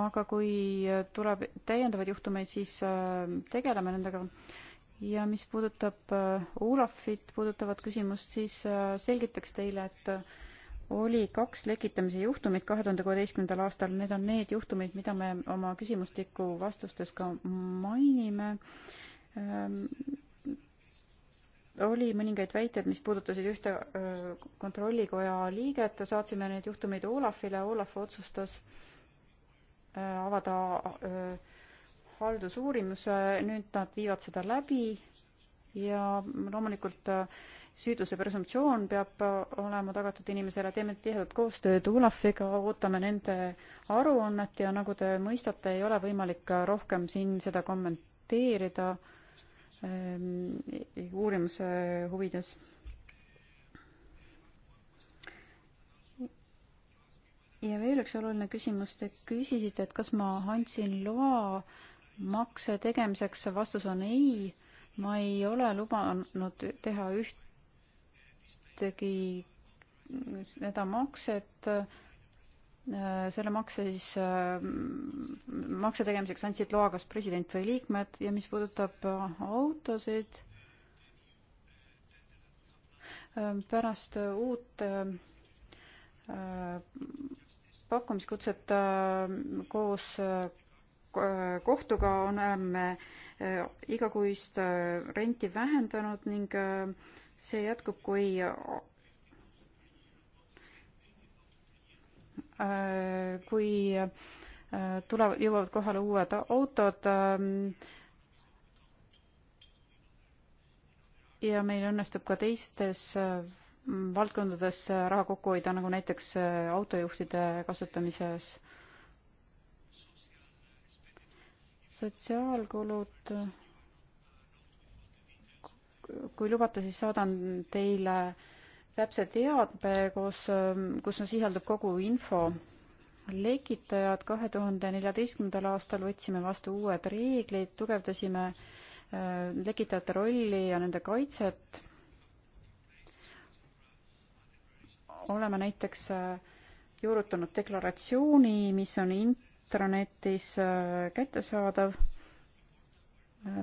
aga kui tuleb täiendavaid juhtumeid, siis äh, tegeleme nendega. ja mis puudutab äh, Olafit puudutavat küsimust, siis selgitaks teile, et oli kaks lekitamise juhtumit kahe tuhande kuueteistkümnendal aastal, need on need juhtumid, mida me oma küsimustiku vastustes ka mainime. Ähm, oli mõningaid väiteid, mis puudutasid ühte kontrollikoja liiget, saatsime need juhtumeid Olafile, Olaf otsustas avada haldusuurimuse, nüüd nad viivad seda läbi ja loomulikult süüduse presumptsioon peab olema tagatud inimesele, teeme tihedat koostööd Olafiga, ootame nende aruannet ja nagu te mõistate, ei ole võimalik rohkem siin seda kommenteerida Ehm, uurimuse huvides. ja veel üks oluline küsimus, te küsisite, et kas ma andsin loa makse tegemiseks, vastus on ei. ma ei ole lubanud teha ühtegi seda makset Äh, selle makse siis, äh, makse tegemiseks andsid loa kas president või liikmed ja mis puudutab äh, autosid, pärast uut pakkumiskutset koos kohtuga oleme igakuist renti vähendanud ning see jätkub, kui kui äh, tulevad, jõuavad kohale uued autod ähm, ja meil õnnestub ka teistes äh, valdkondades raha kokku hoida, nagu näiteks äh, autojuhtide kasutamises. sotsiaalkulud, kui lubate, siis saadan teile äh, täpse teabe, kus, kus on sisaldub kogu info. lekitajad kahe tuhande neljateistkümnendal aastal võtsime vastu uued reeglid, tugevdasime äh, lekitajate rolli ja nende kaitset. oleme näiteks äh, juurutanud deklaratsiooni, mis on intranetis äh, kättesaadav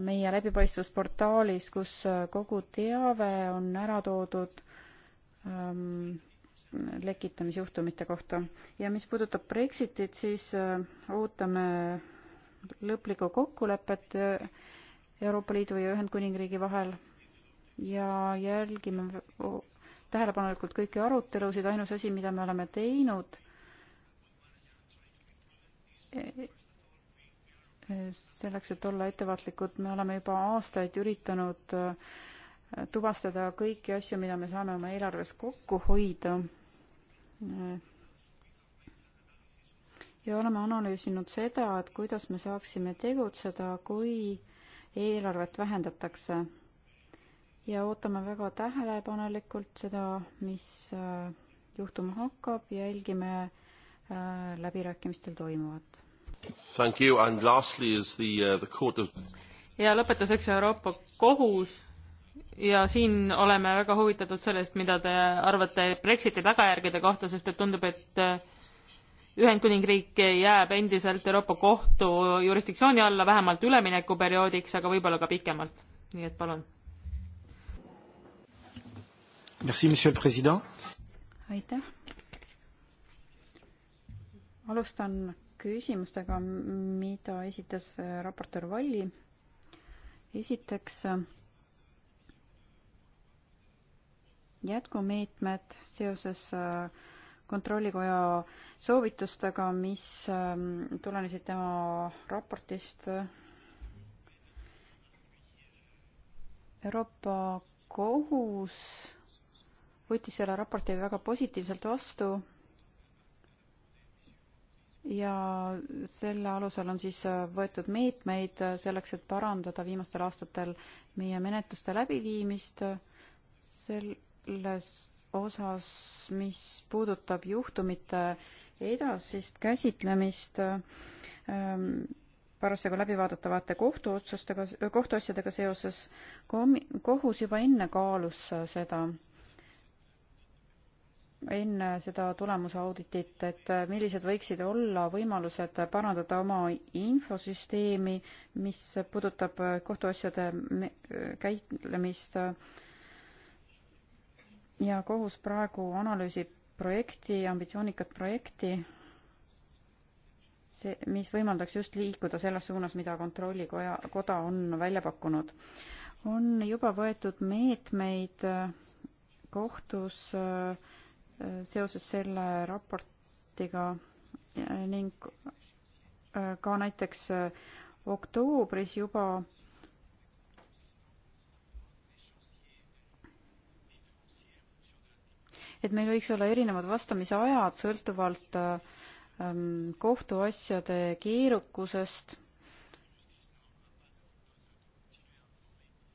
meie läbipaistvusportaalis, kus kogu teave on ära toodud ähm, lekitamisjuhtumite kohta. ja mis puudutab Brexitit, siis äh, ootame lõplikku kokkulepet äh, Euroopa Liidu ja Ühendkuningriigi vahel ja jälgime tähelepanelikult kõiki arutelusid, ainus asi, mida me oleme teinud, e, e, selleks, et olla ettevaatlikud, me oleme juba aastaid üritanud äh, tuvastada kõiki asju, mida me saame oma eelarves kokku hoida. ja oleme analüüsinud seda, et kuidas me saaksime tegutseda, kui eelarvet vähendatakse. ja ootame väga tähelepanelikult seda, mis äh, juhtuma hakkab, jälgime äh, läbirääkimistel toimuvat. Thank you and lastly is the uh,, the court of ja lõpetuseks Euroopa Kohus ja siin oleme väga huvitatud sellest, mida te arvate Brexiti tagajärgede kohta, sest et tundub, et äh, Ühendkuningriik jääb endiselt Euroopa Kohtu jurisdiktsiooni alla vähemalt üleminekuperioodiks, aga võib-olla ka pikemalt. nii et palun. aitäh. alustan küsimustega, mida esitas äh, raportöör Valli. esiteks jätkumeetmed seoses äh, kontrollikoja soovitustega, mis ähm, tulenesid tema raportist. Euroopa Kohus võttis selle raporti väga positiivselt vastu ja selle alusel on siis äh, võetud meetmeid selleks, et parandada viimastel aastatel meie menetluste läbiviimist sel selles osas, mis puudutab juhtumite edasist käsitlemist ähm, parasjagu läbivaadatavate kohtuotsustega, kohtuasjadega seoses, kohus juba enne kaalus seda, enne seda tulemuse auditit, et millised võiksid olla võimalused parandada oma infosüsteemi, mis puudutab kohtuasjade käitlemist äh, ja kohus praegu analüüsib projekti, ambitsioonikat projekti, see, mis võimaldaks just liikuda selles suunas, mida Kontrollikoja, koda on välja pakkunud. on juba võetud meetmeid äh, kohtus äh, seoses selle raportiga ning äh, ka näiteks oktoobris juba et meil võiks olla erinevad vastamise ajad sõltuvalt äh, ähm, kohtuasjade keerukusest.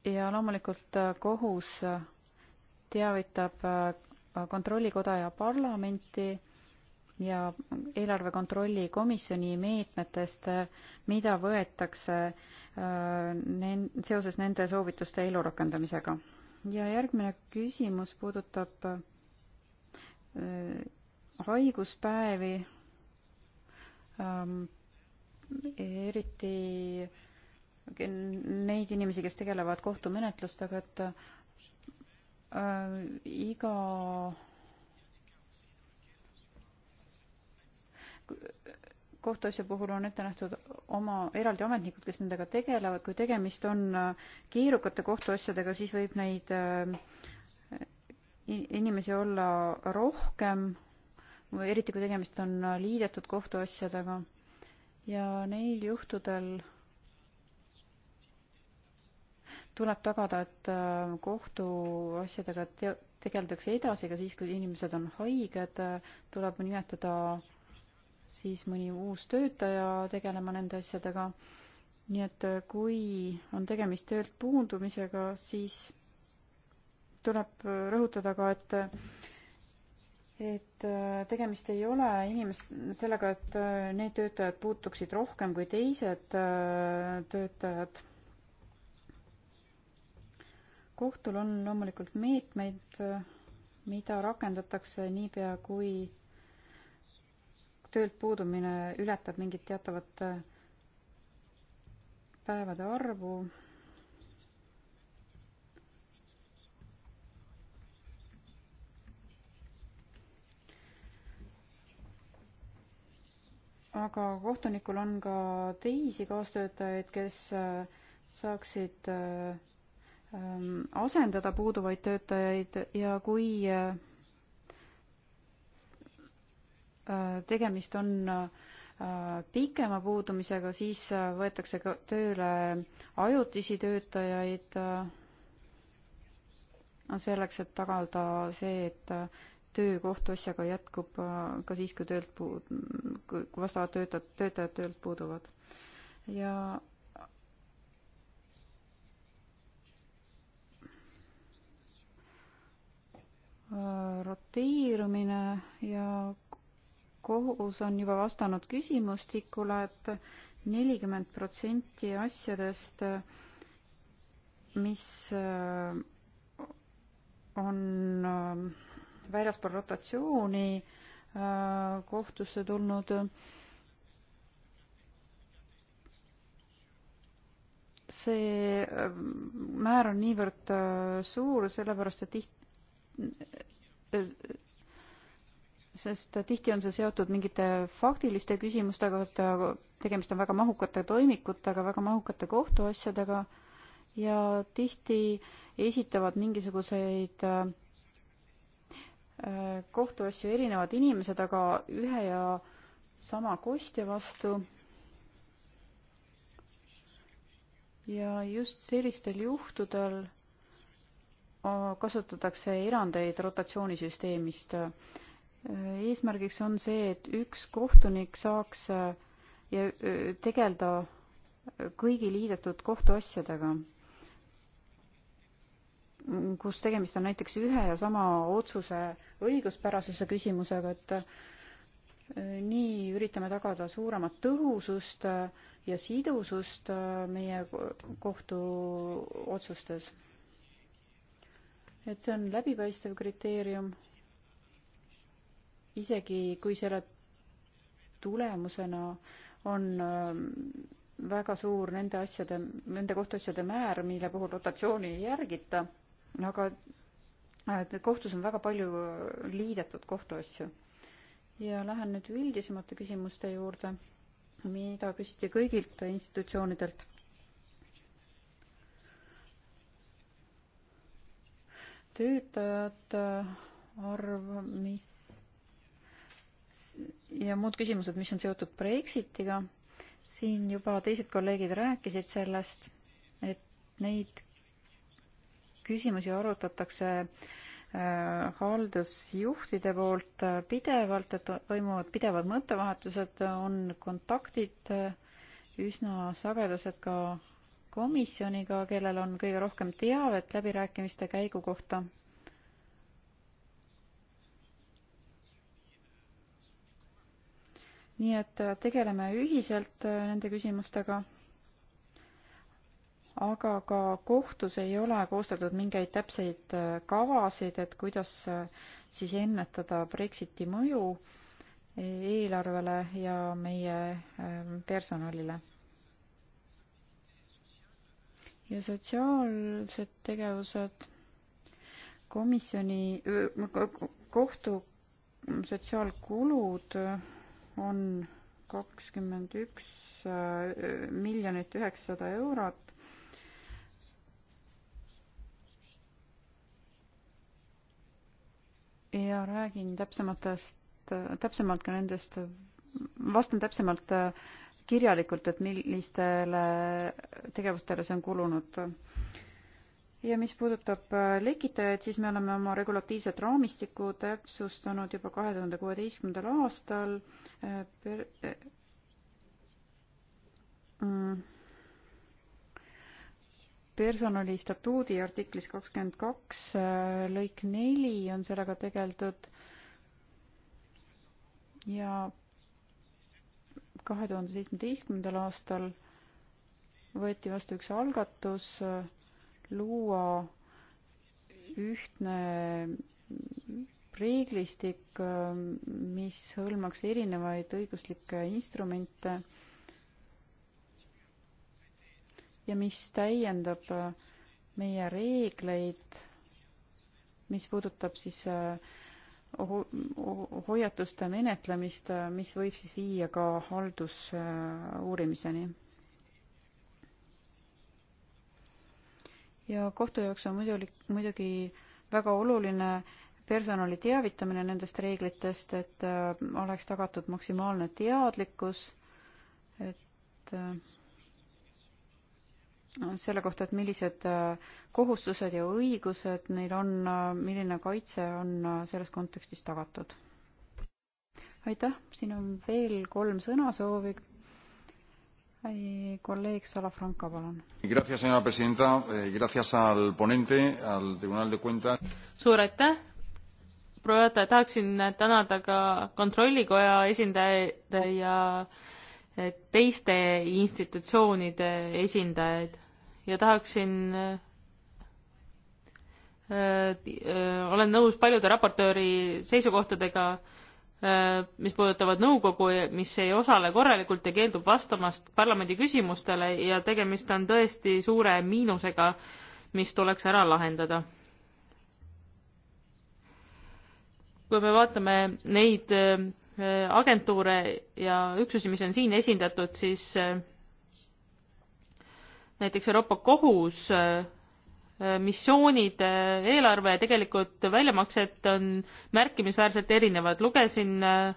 ja loomulikult äh, kohus äh, teavitab kontrollikoda ja parlamenti ja eelarve kontrolli komisjoni meetmetest, mida võetakse nen-, seoses nende soovituste ellurakendamisega. ja järgmine küsimus puudutab Äh, haiguspäevi, ähm, eriti neid inimesi, kes tegelevad kohtumenetlustega, et äh, iga kohtuasja puhul on ette nähtud oma eraldi ametnikud, kes nendega tegelevad, kui tegemist on äh, keerukate kohtuasjadega, siis võib neid inimesi olla rohkem, eriti kui tegemist on liidetud kohtuasjadega ja neil juhtudel tuleb tagada, et äh, kohtuasjadega te-, tegeldakse edasi ka siis, kui inimesed on haiged, tuleb nimetada siis mõni uus töötaja tegelema nende asjadega. nii et äh, kui on tegemist töölt puudumisega, siis tuleb rõhutada ka, et et äh, tegemist ei ole inimest-, sellega, et äh, need töötajad puutuksid rohkem kui teised äh, töötajad. kohtul on loomulikult meetmeid, mida rakendatakse niipea, kui töölt puudumine ületab mingit teatavat päevade arvu aga kohtunikul on ka teisi kaastöötajaid, kes äh, saaksid äh, ähm, asendada puuduvaid töötajaid ja kui äh, tegemist on pikema puudumisega, siis võetakse ka tööle ajutisi töötajaid selleks, et tagada see, et töö kohtuasjaga jätkub äh, ka siis, kui töölt puu-, kui vastavad töötajad, töötajad töölt puuduvad. ja äh, roteerumine ja kohus on juba vastanud küsimustikule et, et nelikümmend protsenti asjadest, mis äh, on väljaspool rotatsiooni äh, kohtusse tulnud. see äh, määr on niivõrd äh, suur, sellepärast et tiht-, sest tihti on see seotud mingite faktiliste küsimustega, et tegemist on väga mahukate toimikutega, väga mahukate kohtuasjadega ja tihti esitavad mingisuguseid äh, kohtuasju erinevad inimesed, aga ühe ja sama kostja vastu. ja just sellistel juhtudel äh, kasutatakse erandeid rotatsioonisüsteemist. Äh, eesmärgiks on see, et üks kohtunik saaks äh, ja tegeleda kõigi liidetud kohtuasjadega kus tegemist on näiteks ühe ja sama otsuse õiguspärasuse küsimusega, et äh, nii üritame tagada suuremat tõhusust äh, ja sidusust äh, meie kohtuotsustes. et see on läbipaistev kriteerium, isegi kui selle tulemusena on väga suur nende asjade, nende kohtuasjade määr, mille puhul rotatsiooni ei järgita aga äh, kohtus on väga palju äh, liidetud kohtuasju. ja lähen nüüd üldisemate küsimuste juurde, mida küsiti kõigilt institutsioonidelt. töötajate arv, mis ja muud küsimused, mis on seotud Brexitiga, siin juba teised kolleegid rääkisid sellest, et neid küsimusi arutatakse äh, haldusjuhtide poolt äh, pidevalt, et toimuvad pidevad mõttevahetused, on kontaktid äh, üsna sagedased ka komisjoniga, kellel on kõige rohkem teavet läbirääkimiste käigu kohta. nii et tegeleme ühiselt nende küsimustega aga ka kohtus ei ole koostatud mingeid täpseid äh, kavasid, et kuidas äh, siis ennetada Brexiti mõju e, eelarvele ja meie ähm, personalile. ja sotsiaalsed tegevused, komisjoni, kohtu sotsiaalkulud äh, on kakskümmend üks miljonit üheksasada eurot, ja räägin täpsematest, täpsemalt ka nendest, vastan täpsemalt äh, kirjalikult, et millistele tegevustele see on kulunud. ja mis puudutab äh, lekitajaid, siis me oleme oma regulatiivset raamistikku täpsustanud juba kahe tuhande kuueteistkümnendal aastal äh, per... Mm personali statuudi artiklis kakskümmend kaks äh, lõik neli on sellega tegeldud ja kahe tuhande seitsmeteistkümnendal aastal võeti vastu üks algatus äh, luua ühtne reeglistik, äh, mis hõlmaks erinevaid õiguslikke instrumente ja mis täiendab äh, meie reegleid, mis puudutab siis ho äh, hoiatuste menetlemist, äh, mis võib siis viia ka haldusuurimiseni. ja kohtu jaoks on muidugi, muidugi väga oluline personali teavitamine nendest reeglitest, et oleks tagatud maksimaalne teadlikkus, et äh, selle kohta, et millised äh, kohustused ja õigused neil on, äh, milline kaitse on äh, selles kontekstis tagatud. aitäh, siin on veel kolm sõnasoovi. kolleeg Salafranca, palun. Eh, suur aitäh, proua juhataja, tahaksin tänada ka Kontrollikoja esindajaid ja eh, teiste institutsioonide esindajaid ja tahaksin äh, äh, olen nõus paljude raportööri seisukohtadega, äh, mis puudutavad nõukogu, mis ei osale korralikult ja keeldub vastamast parlamendi küsimustele ja tegemist on tõesti suure miinusega, mis tuleks ära lahendada. kui me vaatame neid agentuure ja üksusi, mis on siin esindatud, siis näiteks Euroopa Kohus äh, missioonide äh, eelarve ja tegelikult väljamaksed on märkimisväärselt erinevad. lugesin äh,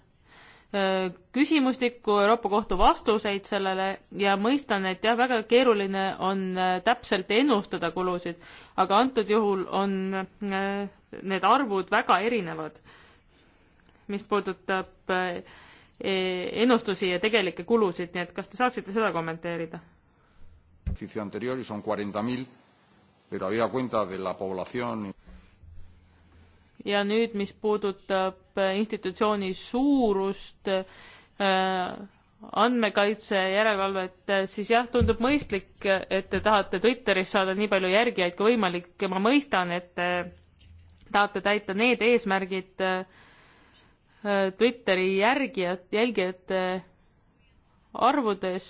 küsimustikku, Euroopa Kohtu vastuseid sellele ja mõistan, et jah, väga keeruline on täpselt ennustada kulusid, aga antud juhul on need arvud väga erinevad, mis puudutab e-, ennustusi ja tegelikke kulusid, nii et kas te saaksite seda kommenteerida? anterior y son 40.000, pero había cuenta de la población. ja nüüd, mis puudutab äh, institutsiooni suurust äh,, andmekaitse järelevalvet, äh, siis jah, tundub mõistlik, et te tahate Twitteris saada nii palju järgijaid kui võimalik ja ma mõistan, et te tahate täita need eesmärgid äh, Twitteri järgijad, jälgijate arvudes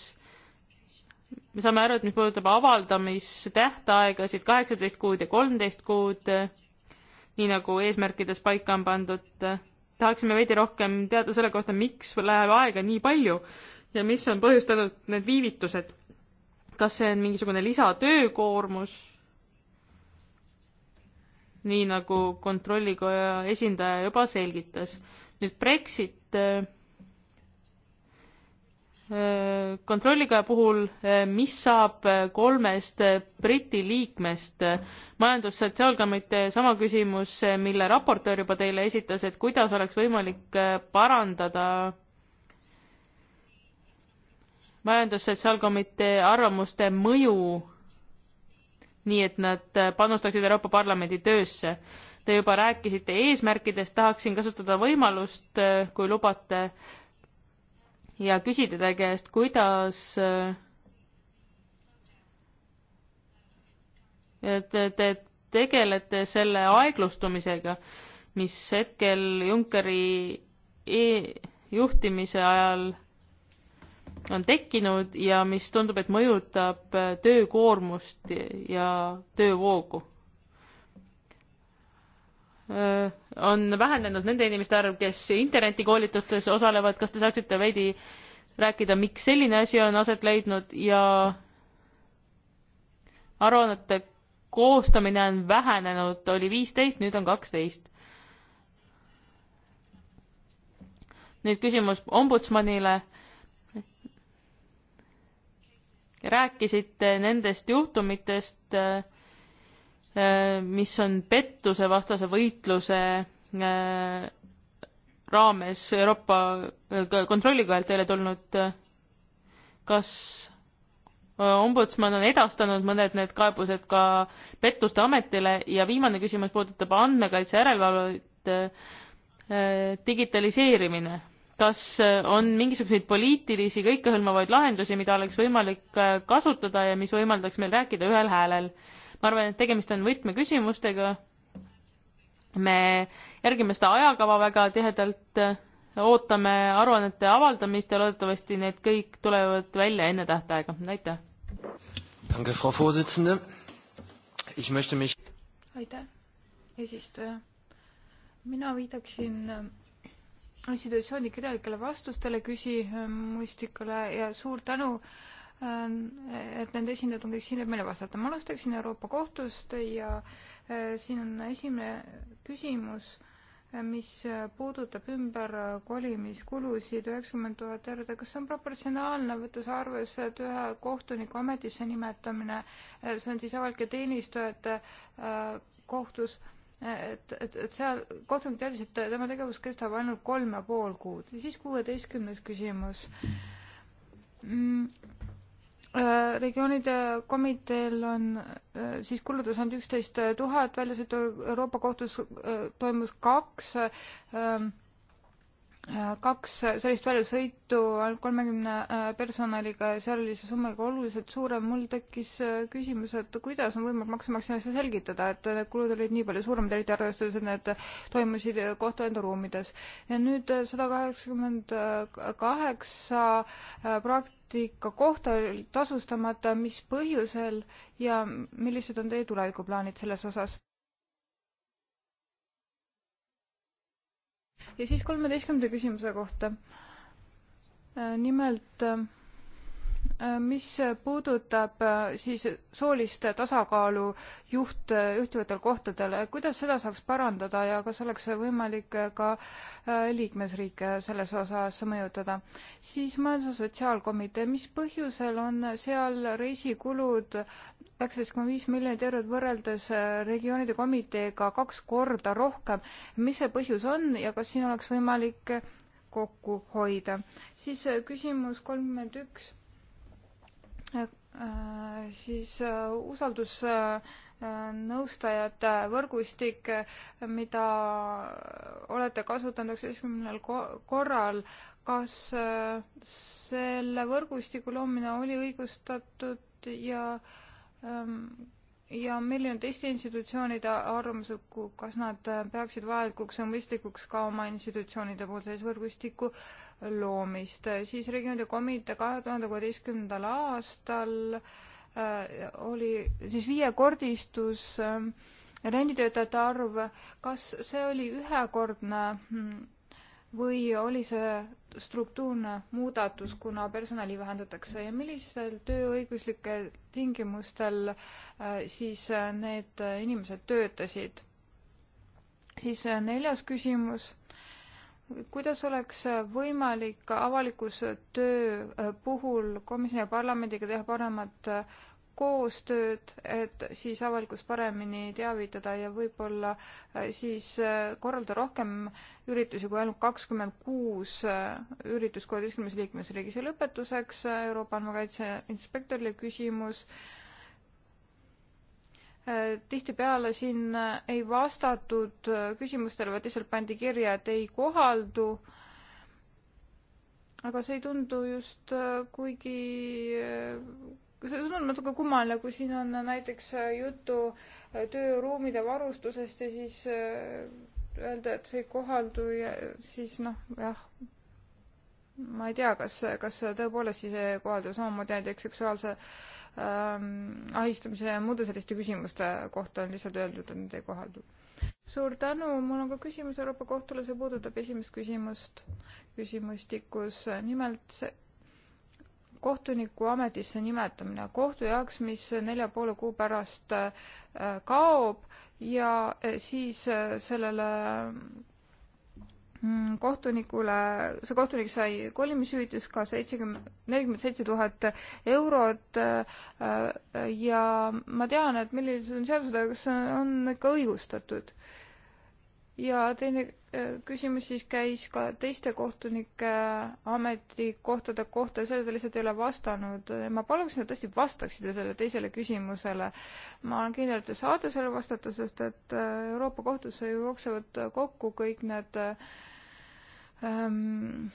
me saame aru, et mis puudutab avaldamistähtaegasid, kaheksateist kuud ja kolmteist kuud, nii nagu eesmärkides paika on pandud, tahaksime veidi rohkem teada selle kohta, miks läheb aega nii palju ja mis on põhjustanud need viivitused. kas see on mingisugune lisatöökoormus, nii nagu kontrollikoja esindaja juba selgitas. nüüd Brexit kontrollikoja puhul, mis saab kolmest Briti liikmest. majandus-sotsiaalkomitee sama küsimus, mille raportöör juba teile esitas, et kuidas oleks võimalik parandada majandus-sotsiaalkomitee arvamuste mõju, nii et nad panustaksid Euroopa Parlamendi töösse. Te juba rääkisite eesmärkidest, tahaksin kasutada võimalust, kui lubate ja küsida ta käest, kuidas äh, et te tegelete selle aeglustumisega, mis hetkel Junckeri e juhtimise ajal on tekkinud ja mis tundub, et mõjutab äh, töökoormust ja töövoogu Äh, on vähenenud nende inimeste arv, kes internetikoolitustes osalevad, kas te saaksite veidi rääkida, miks selline asi on aset leidnud ja aruannete koostamine on vähenenud, oli viisteist, nüüd on kaksteist. nüüd küsimus ombudsmanile. rääkisite nendest juhtumitest äh, Äh, mis on pettusevastase võitluse äh, raames Euroopa äh, Kontrollikojalt teile tulnud, kas ombudsman on edastanud mõned need kaebused ka pettuste ametile ja viimane küsimus puudutab andmekaitse järelevalvet, digitaliseerimine. kas on mingisuguseid poliitilisi kõikehõlmavaid lahendusi, mida oleks võimalik kasutada ja mis võimaldaks meil rääkida ühel häälel? ma arvan, et tegemist on võtmeküsimustega. me järgime seda ajakava väga tihedalt, ootame aruannete avaldamist ja loodetavasti need kõik tulevad välja enne tähtaega, aitäh. aitäh, eesistuja. mina viidaksin äh, institutsiooni kirjalikele vastustele küsimustikule äh, ja suur tänu äh, Ähm, et nende esindajad on kõik siin, et meile vastata. ma alustaksin Euroopa Kohtust ja äh, siin on esimene küsimus, äh, mis äh, puudutab ümberkolimiskulusid, üheksakümmend tuhat eurot, kas see on proportsionaalne, võttes arvesse, et ühe kohtuniku ametisse nimetamine, see on siis avalike teenistujate kohtus et, et, et seal kohtunik teadis, et tema tegevus kestab ainult kolm ja pool kuud ja siis kuueteistkümnes küsimus mm,. Äh, regioonide komiteel on äh, siis kuludes ainult üksteist tuhat, väljasõitu Euroopa kohtus äh, toimus kaks ähm, kaks sellist väljasõitu ainult kolmekümne äh, personaliga ja seal oli see summa ka oluliselt suurem. mul tekkis äh, küsimus, et kuidas on võimalik maksumaksjale seda selgitada, et need kulud olid nii palju suuremad, eriti arvestades, et need toimusid kohtuenda ruumides. ja nüüd äh, sada kaheksakümmend kaheksa praktika kohta tasustamata, mis põhjusel ja millised on teie tulevikuplaanid selles osas? ja siis kolmeteistkümnenda küsimuse kohta. Äh, nimelt äh, Äh, mis puudutab äh, siis soolist tasakaalu juht, äh, juhtivatel kohtadel, kuidas seda saaks parandada ja kas oleks võimalik ka liikmesriike selles osas mõjutada? siis Majandus- ja Sotsiaalkomitee, mis põhjusel on seal reisikulud üheksateist koma viis miljonit eurot võrreldes regioonide komiteega kaks korda rohkem, mis see põhjus on ja kas siin oleks võimalik kokku hoida? siis küsimus kolmkümmend üks Äh, äh, siis äh, usaldusnõustajate võrgustik, mida olete kasutanud üheksateistkümnel korral, kas selle võrgustiku loomine oli õigustatud ja ähm, ja milline on teiste institutsioonide arvamus, kas nad peaksid vajalikuks ja mõistlikuks ka oma institutsioonide poolt sellise võrgustiku äh, loomist, siis regioonide komitee kahe tuhande kuueteistkümnendal aastal äh, oli siis viiekordistus äh, renditöötajate arv, kas see oli ühekordne hmm, või oli see struktuurne muudatus, kuna personali vähendatakse ja millistel tööõiguslikel tingimustel äh, siis äh, need inimesed töötasid? siis äh, neljas küsimus kuidas oleks võimalik avalikus töö äh, puhul komisjoni ja parlamendiga teha paremat äh, koostööd, et siis avalikkust paremini teavitada ja võib-olla äh, siis korraldada rohkem üritusi kui ainult kakskümmend kuus üritust kuueteistkümnes liikmesriigis. ja lõpetuseks Euroopa Andmekaitse Inspektorile küsimus äh, Äh, tihtipeale siin äh, ei vastatud äh, küsimustele, vaid lihtsalt pandi kirja, et ei kohaldu. aga see ei tundu just kuigi, see tundub natuke kummaline, kui siin on näiteks juttu tööruumide varustusest ja siis öelda, et see ei kohaldu ja siis noh, jah, ma ei tea, kas, kas tõepoolest siis ei kohaldu samamoodi näiteks seksuaalse äh, ähm, ahistamise ja muude selliste küsimuste kohta on lihtsalt öeldud, et need ei kohaldu. suur tänu, mul on ka küsimus Euroopa Kohtule, see puudutab esimest küsimust küsimustikus, nimelt see kohtuniku ametisse nimetamine kohtu jaoks, mis nelja poole kuu pärast äh, kaob ja äh, siis äh, sellele Mm, kohtunikule, see kohtunik sai kolimishüvitist ka seitsekümmend, nelikümmend seitse tuhat eurot äh, ja ma tean, et millised on seadused, aga kas see on ikka õigustatud? ja teine äh, küsimus siis käis ka teiste kohtunike ametikohtade kohta, sellele ta lihtsalt ei ole vastanud. ma paluksin, et tõesti vastaksite sellele teisele küsimusele. ma olen kindel, et te saate sellele vastata, sest et äh, Euroopa kohtusse ju jooksevad kokku kõik need äh, Ehm,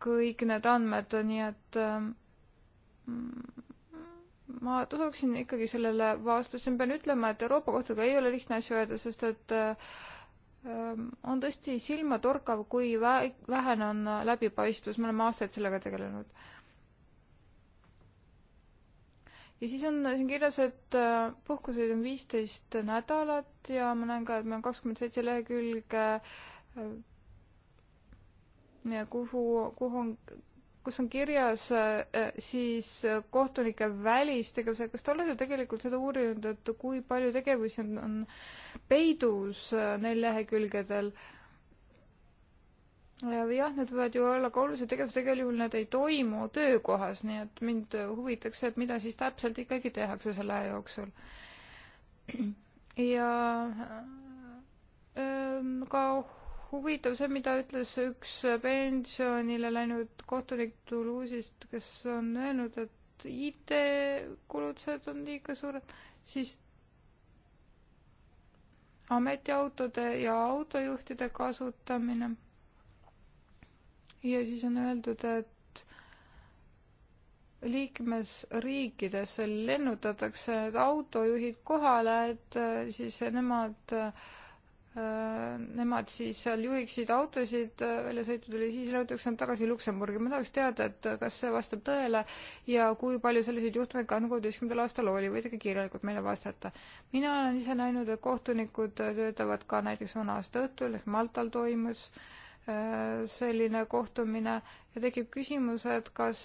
kõik need andmed, nii et ehm, ma tasuksin ikkagi sellele vastuse, ma pean ütlema, et Euroopa kohtuga ei ole lihtne asju öelda, sest et ehm, on tõesti silmatorkav, kui vä-, vähene on läbipaistvus, me oleme aastaid sellega tegelenud. ja siis on siin kirjas, et puhkuseid on viisteist nädalat ja ma näen ka, et meil on kakskümmend seitse lehekülge kuhu, kuhu on, kus on kirjas äh, siis äh, kohtunike välistegevuse, kas te olete tegelikult seda uurinud, et kui palju tegevusi on, on peidus äh, neil lehekülgedel? jah, need võivad ju olla ka olulised tegevused, igal juhul need ei toimu töökohas, nii et mind huvitaks, et mida siis täpselt ikkagi tehakse selle aja jooksul. ja öö, ka huvitav see, mida ütles üks pensionile läinud kohtunik Toulouse'ist, kes on öelnud, et IT-kulutused on liiga suured, siis ametiautode ja autojuhtide kasutamine. ja siis on öeldud, et liikmesriikides lennutatakse autojuhid kohale, et siis nemad äh, Äh, nemad siis seal juhiksid autosid äh, väljasõitudel ja siis nõutakse nad tagasi Luksemburgi. ma tahaks teada, et äh, kas see vastab tõele ja kui palju selliseid juhtumeid kahe tuhande kuueteistkümnendal aastal oli, võite ka kirjalikult meile vastata. mina olen ise näinud, et kohtunikud töötavad ka näiteks vana aasta õhtul ehk Maltal toimus äh, selline kohtumine ja tekib küsimus, et kas,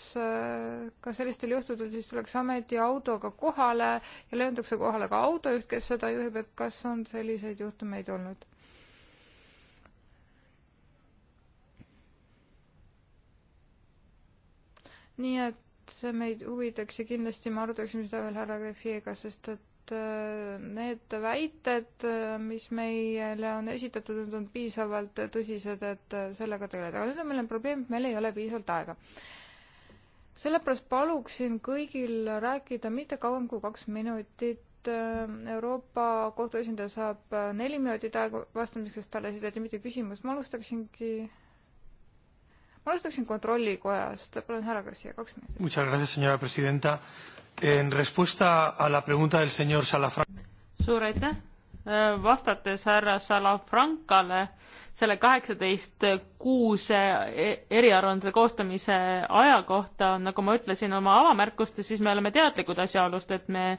kas sellistel juhtudel siis tuleks ameti autoga kohale ja lendatakse kohale ka autojuht, kes seda juhib, et kas on selliseid juhtumeid olnud? nii et see meid huvitaks ja kindlasti me arutaksime seda veel härra Grefiega, sest et Äh, need väited, äh, mis meile on esitatud, need on piisavalt tõsised, et äh, sellega tegeleda, aga nüüd on meil on probleem, et meil ei ole piisavalt aega. sellepärast paluksin kõigil rääkida mitte kauem kui kaks minutit, Euroopa Kohtu esindaja saab neli minutit aega vastamiseks, sest talle esitati mitu küsimust, ma alustaksingi ma alustaksin Kontrollikojast, palun härra Garcia, kaks minutit. En respuesta a la pregunta del señor Salafranca. suur aitäh, äh, vastates härra Salafrancale selle kaheksateist kuuse e-, eriaruande koostamise aja kohta, nagu ma ütlesin oma avamärkustes, siis me oleme teadlikud asjaolust, et me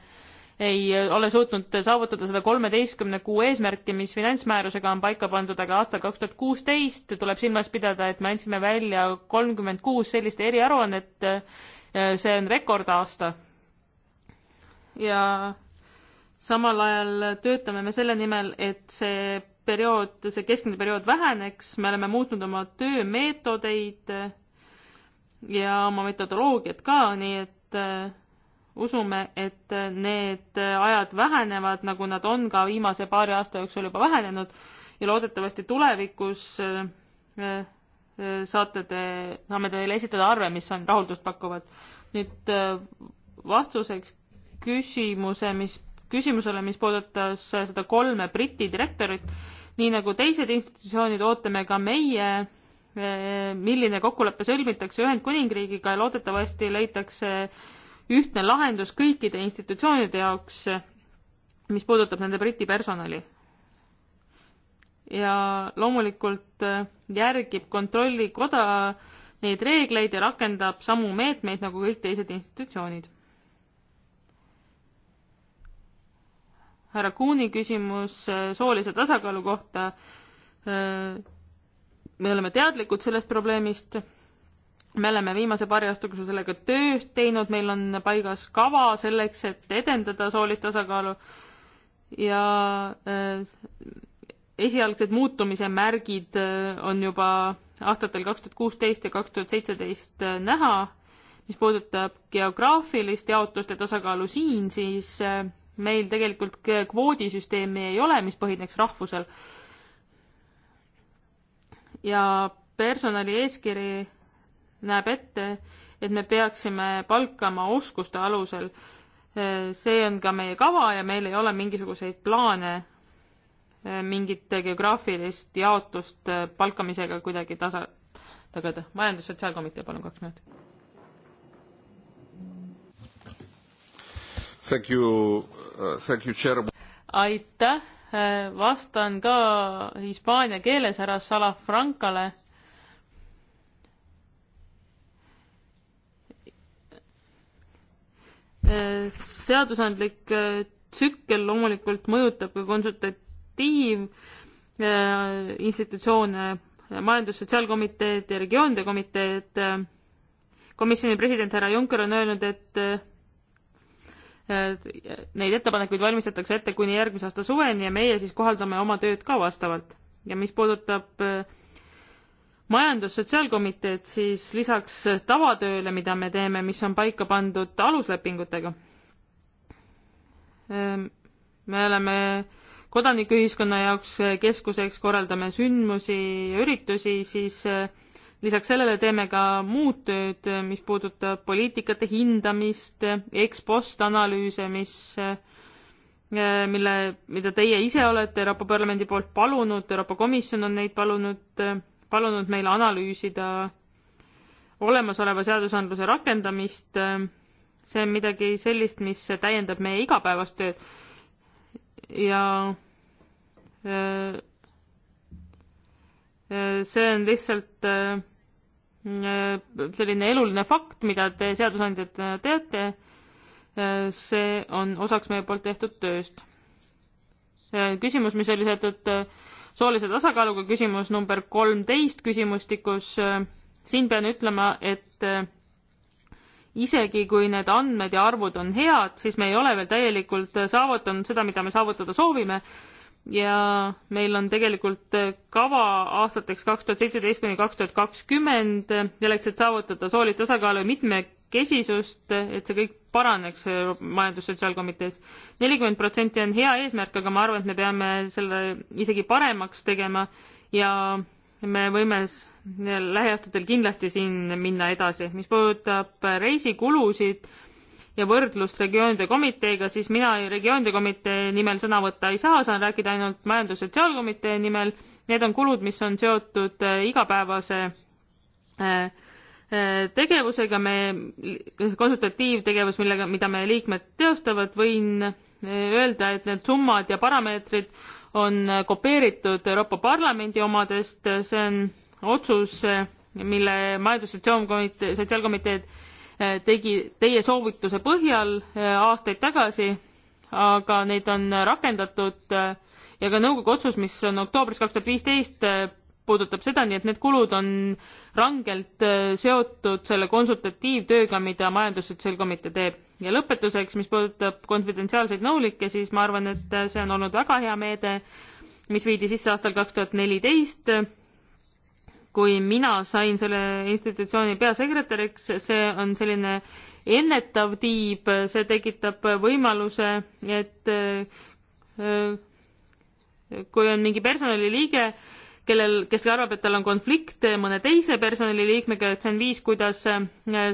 ei ole suutnud saavutada seda kolmeteistkümne kuu eesmärki, mis finantsmäärusega on paika pandud, aga aastal kaks tuhat kuusteist tuleb silmas pidada, et me andsime välja kolmkümmend kuus sellist eriaruannet. Äh, see on rekordaasta ja samal ajal töötame me selle nimel, et see periood, see keskmine periood väheneks, me oleme muutnud oma töömeetodeid ja oma metodoloogiat ka, nii et äh, usume, et äh, need ajad vähenevad, nagu nad on ka viimase paari aasta jooksul juba vähenenud ja loodetavasti tulevikus äh, saate te, saame teile esitada arve, mis on rahuldust pakkuvad. nüüd vastuseks küsimuse, mis, küsimusele, mis puudutas seda kolme Briti direktorit. nii nagu teised institutsioonid, ootame ka meie, eh, milline kokkulepe sõlmitakse Ühendkuningriigiga ja loodetavasti leitakse ühtne lahendus kõikide institutsioonide jaoks, mis puudutab nende Briti personali ja loomulikult eh, järgib Kontrollikoda neid reegleid ja rakendab samu meetmeid nagu kõik teised institutsioonid. härra Kuuni küsimus äh, soolise tasakaalu kohta. Äh, me oleme teadlikud sellest probleemist. me oleme viimase paari aasta jooksul sellega tööd teinud, meil on paigas kava selleks, et edendada soolist tasakaalu ja äh, esialgsed muutumise märgid on juba aastatel kaks tuhat kuusteist ja kaks tuhat seitseteist näha. mis puudutab geograafilist jaotust ja tasakaalu siin, siis meil tegelikult kvoodisüsteemi ei ole, mis põhineks rahvusel. ja personali eeskiri näeb ette, et me peaksime palkama oskuste alusel. see on ka meie kava ja meil ei ole mingisuguseid plaane eh, mingit geograafilist jaotust eh, palkamisega kuidagi tasa tagada. majandus- ja sotsiaalkomitee, palun kaks minutit Uh, aitäh, vastan ka hispaania keeles härra Salafrancale. seadusandlik äh, tsükkel loomulikult mõjutab ka konsultatiivinstitutsioone, äh, majandus-sotsiaalkomiteed ja regioonide komiteed. Äh, komisjoni president härra Juncker on öelnud, et Neid ettepanekuid valmistatakse ette kuni järgmise aasta suveni ja meie siis kohaldame oma tööd ka vastavalt. ja mis puudutab äh, majandus-sotsiaalkomiteed, siis lisaks tavatööle, mida me teeme, mis on paika pandud aluslepingutega, äh, me oleme kodanikuühiskonna jaoks äh, keskuseks, korraldame sündmusi ja üritusi, siis lisaks sellele teeme ka muud tööd, mis puudutab poliitikate hindamist, ekspost analüüse, mis, mille, mida teie ise olete Euroopa Parlamendi poolt palunud, Euroopa Komisjon on neid palunud, palunud meil analüüsida olemasoleva seadusandluse rakendamist. see on midagi sellist, mis täiendab meie igapäevast tööd ja äh, äh, see on lihtsalt äh, Äh, selline eluline fakt, mida te seadusandjatena äh, teate, äh, see on osaks meie poolt tehtud tööst. küsimus, mis oli seotud soolise tasakaaluga, küsimus number kolmteist küsimustikus, siin pean ütlema, et isegi kui need andmed ja arvud on head, siis me ei ole veel täielikult saavutanud seda, mida me saavutada soovime ja meil on tegelikult kava aastateks kaks tuhat seitseteist kuni kaks tuhat kakskümmend selleks, et saavutada soolist tasakaalu ja mitmekesisust, et see kõik paraneks Majandus-Sotsiaalkomitees. nelikümmend protsenti on hea eesmärk, aga ma arvan, et me peame selle isegi paremaks tegema ja me võime lähiaastatel kindlasti siin minna edasi. mis puudutab reisikulusid, ja võrdlust regioonide komiteega, siis mina regioonide komitee nimel sõna võtta ei saa, saan rääkida ainult majandus-sotsiaalkomitee nimel. Need on kulud, mis on seotud äh, igapäevase äh, äh, tegevusega, me, konsultatiivtegevus, millega, mida meie liikmed teostavad, võin öelda, et need summad ja parameetrid on kopeeritud Euroopa Parlamendi omadest, see on otsus, mille majandus- ja sotsiaalkomiteed Äh, tegi teie soovituse põhjal äh, aastaid tagasi, aga neid on rakendatud äh, ja ka nõukogu otsus, mis on oktoobris kaks tuhat viisteist, puudutab seda, nii et need kulud on rangelt seotud selle konsultatiivtööga, mida Majandussotsiaalkomitee teeb. ja lõpetuseks, mis puudutab konfidentsiaalseid nõulikke, siis ma arvan, et see on olnud väga hea meede, mis viidi sisse aastal kaks tuhat neliteist kui mina sain selle institutsiooni peasekretäriks, see on selline ennetav tiib, see tekitab võimaluse, et äh, kui on mingi personaliliige, kellel, kes arvab, et tal on konflikt mõne teise personaliliikmega, et see on viis, kuidas äh,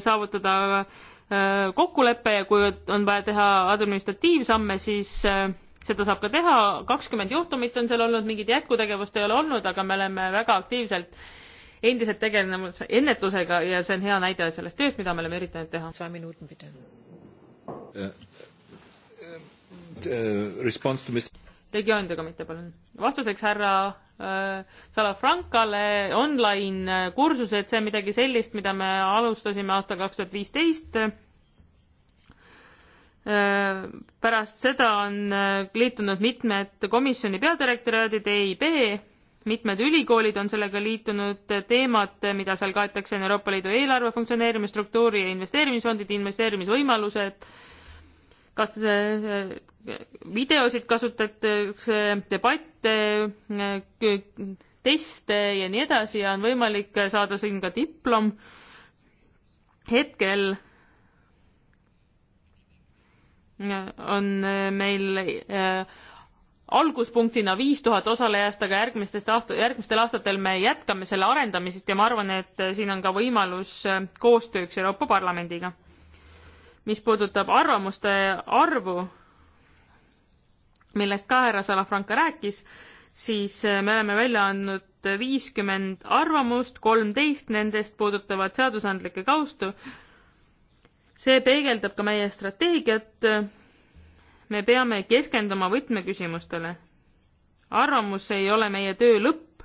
saavutada äh, kokkulepe ja kui on vaja teha administratiivsamme, siis seda saab ka teha, kakskümmend juhtumit on seal olnud, mingit jätkutegevust ei ole olnud, aga me oleme väga aktiivselt endiselt tegeleme ennetusega ja see on hea näide sellest tööst, mida me oleme üritanud teha. Äh, äh, regioonide komitee, palun. vastuseks härra äh, Salafrancale online kursused, see on midagi sellist, mida me alustasime aastal kaks tuhat viisteist pärast seda on liitunud mitmed komisjoni peadirektoraadid, EIB mitmed ülikoolid on sellega liitunud, teemad, mida seal kaetakse, on Euroopa Liidu eelarve funktsioneerimine, struktuuri ja investeerimisfondid, investeerimisvõimalused, kas äh, videosid kasutatakse, debatte, teste ja nii edasi ja on võimalik saada siin ka diplom. hetkel on meil äh, alguspunktina viis tuhat osalejast, aga järgmistest aast-, järgmistel aastatel me jätkame selle arendamisest ja ma arvan, et äh, siin on ka võimalus äh, koostööks Euroopa Parlamendiga. mis puudutab arvamuste arvu, millest ka härra Salafranca rääkis, siis äh, me oleme välja andnud viiskümmend arvamust, kolmteist nendest puudutavad seadusandlikke kaustu. see peegeldab ka meie strateegiat me peame keskenduma võtmeküsimustele. arvamus ei ole meie töö lõpp,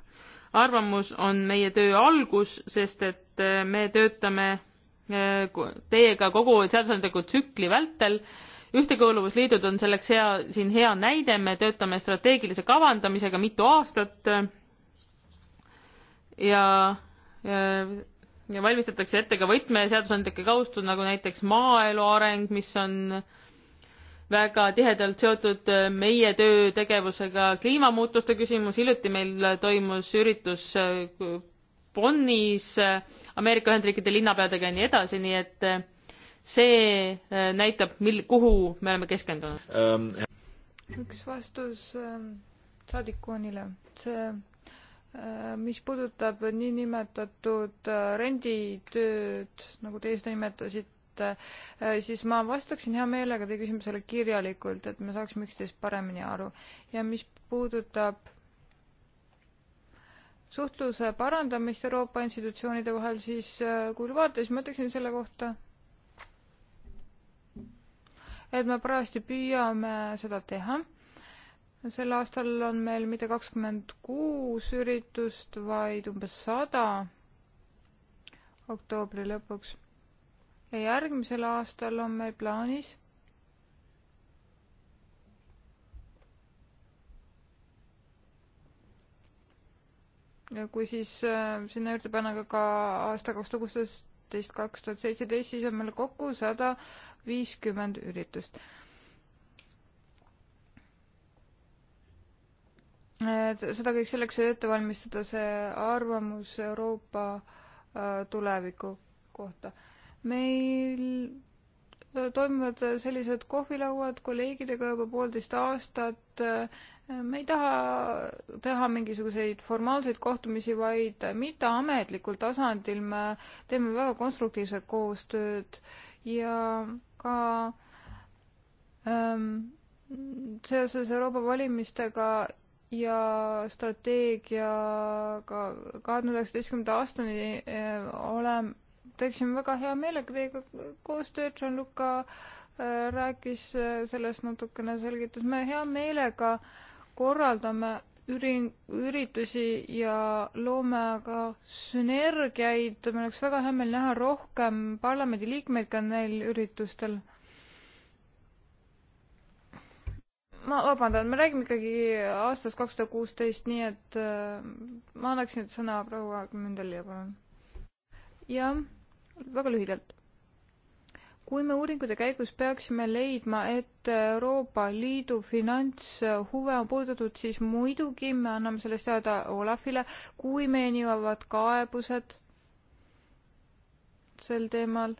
arvamus on meie töö algus, sest et äh, me töötame äh, teiega kogu seadusandliku tsükli vältel. ühtekuuluvusliidud on selleks hea, siin hea näide, me töötame strateegilise kavandamisega mitu aastat äh, ja, ja ja valmistatakse ette ka võtmeseadusandlikke kaustu, nagu näiteks maaelu areng, mis on äh, väga tihedalt seotud äh, meie töö tegevusega kliimamuutuste küsimus, hiljuti meil toimus üritus äh, Bonnis äh, Ameerika Ühendriikide linnapeadega ja nii edasi, nii et see näitab, mil-, kuhu me oleme keskendunud um,. üks vastus ähm, saadikuonile, see mis puudutab niinimetatud renditööd, nagu te eesnimetasite, Äh, siis ma vastaksin hea meelega teie küsimusele kirjalikult, et me saaksime üksteist paremini aru. ja mis puudutab suhtluse parandamist Euroopa institutsioonide vahel, siis äh, kui lubate, siis ma ütleksin selle kohta, et me parajasti püüame seda teha sel aastal on meil mitte kakskümmend kuus üritust, vaid umbes sada oktoobri lõpuks ja järgmisel aastal on meil plaanis ja kui siis äh, sinna juurde panna ka, ka aasta kaks tuhat kuusteist, kaks tuhat seitseteist, siis on meil kokku sada viiskümmend üritust. et seda kõik selleks, et ette valmistada see arvamus Euroopa äh, tuleviku kohta meil äh, toimuvad äh, sellised kohvilauad kolleegidega juba poolteist aastat. Äh, me ei taha teha mingisuguseid formaalseid kohtumisi, vaid mitteametlikul tasandil me teeme väga konstruktiivset koostööd ja ka ähm, seoses Euroopa valimistega ja strateegiaga kahe tuhande üheksateistkümnenda aastani oleme teeksime väga hea meelega teiega koostööd, Jean-Luca äh, rääkis äh, sellest natukene, selgitas, me hea meelega korraldame üri-, üritusi ja loome ka sünergiaid, meil oleks väga hea meel näha rohkem parlamendiliikmeid ka neil üritustel ma vabandan, me räägime ikkagi aastast kaks tuhat kuusteist, nii et äh, ma annaksin nüüd sõna proua Mündelile, palun. jah väga lühidalt. kui me uuringute käigus peaksime leidma, et Euroopa Liidu finantshuve on puudutatud, siis muidugi me anname sellest teada Olafile, kui meieni jõuavad kaebused sel teemal,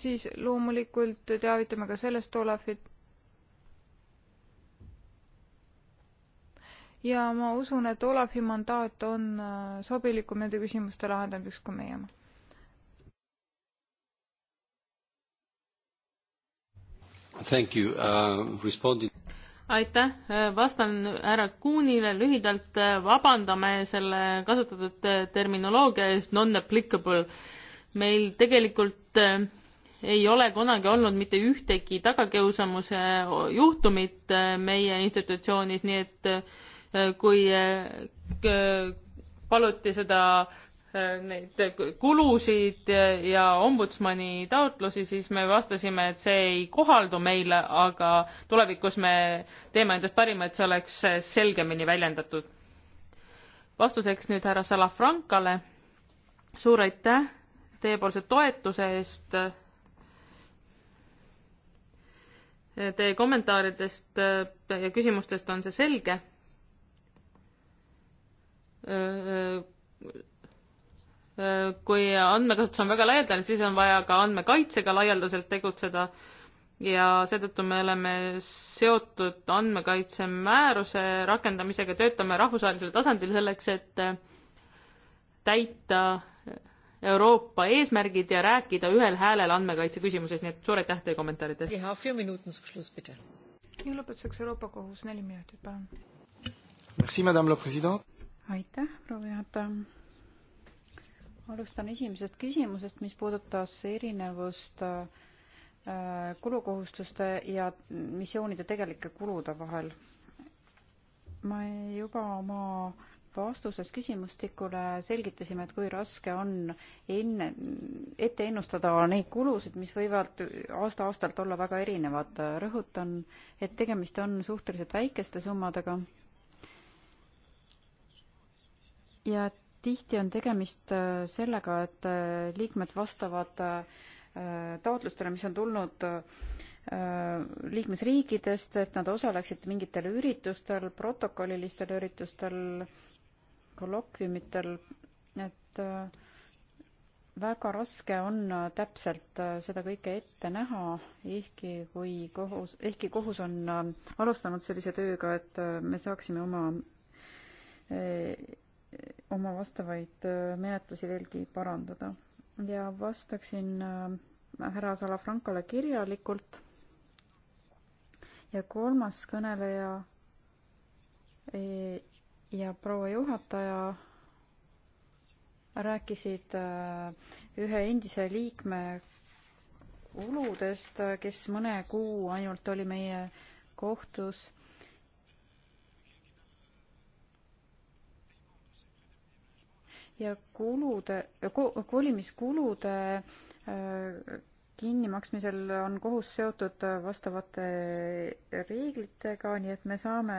siis loomulikult teavitame ka sellest Olafit ja ma usun, et Olavi mandaat on sobilikum nende küsimuste lahendamiseks kui meie oma Uh, aitäh, vastan härra Kuunile lühidalt, vabandame selle kasutatud terminoloogia eest, non-applicable. meil tegelikult eh, ei ole kunagi olnud mitte ühtegi tagakiusamuse juhtumit eh, meie institutsioonis, nii et eh, kui paluti seda neid kulusid ja ombudsmani taotlusi, siis me vastasime, et see ei kohaldu meile, aga tulevikus me teeme endast parima, et see oleks selgemini väljendatud. vastuseks nüüd härra Salafrankale, suur aitäh teiepoolse toetuse eest. Teie kommentaaridest ja küsimustest on see selge kui andmekasutus on väga laialdane, siis on vaja ka andmekaitsega laialdaselt tegutseda ja seetõttu me oleme seotud andmekaitsemääruse rakendamisega, töötame rahvusvahelisel tasandil selleks, et täita Euroopa eesmärgid ja rääkida ühel häälel andmekaitse küsimuses, nii et suur aitäh teie kommentaaride eest. ja lõpetuseks Euroopa Kohus, neli minutit, palun. aitäh, proua juhataja alustan esimesest küsimusest, mis puudutas erinevust äh, kulukohustuste ja missioonide tegelike kulude vahel. ma juba oma vastuses küsimustikule selgitasime, et kui raske on enne, ette ennustada neid kulusid, mis võivad aasta-aastalt olla väga erinevad. rõhutan, et tegemist on suhteliselt väikeste summadega. ja et tihti on tegemist äh, sellega, et äh, liikmed vastavad äh, taotlustele, mis on tulnud liikmesriikidest, et nad osaleksid mingitel üritustel, protokollilistel üritustel, kolokviumitel, et väga raske on täpselt seda kõike ette näha, ehkki kui kohus, ehkki kohus on alustanud sellise tööga, et me saaksime oma oma vastavaid äh, menetlusi veelgi parandada. ja vastaksin äh, härra Salafrankole kirjalikult. ja kolmas kõneleja e, ja proua juhataja rääkisid äh, ühe endise liikme kuludest, kes mõne kuu ainult oli meie kohtus ja kulude ko,, kolimiskulude äh, kinnimaksmisel on kohus seotud äh, vastavate äh, reeglitega, nii et me saame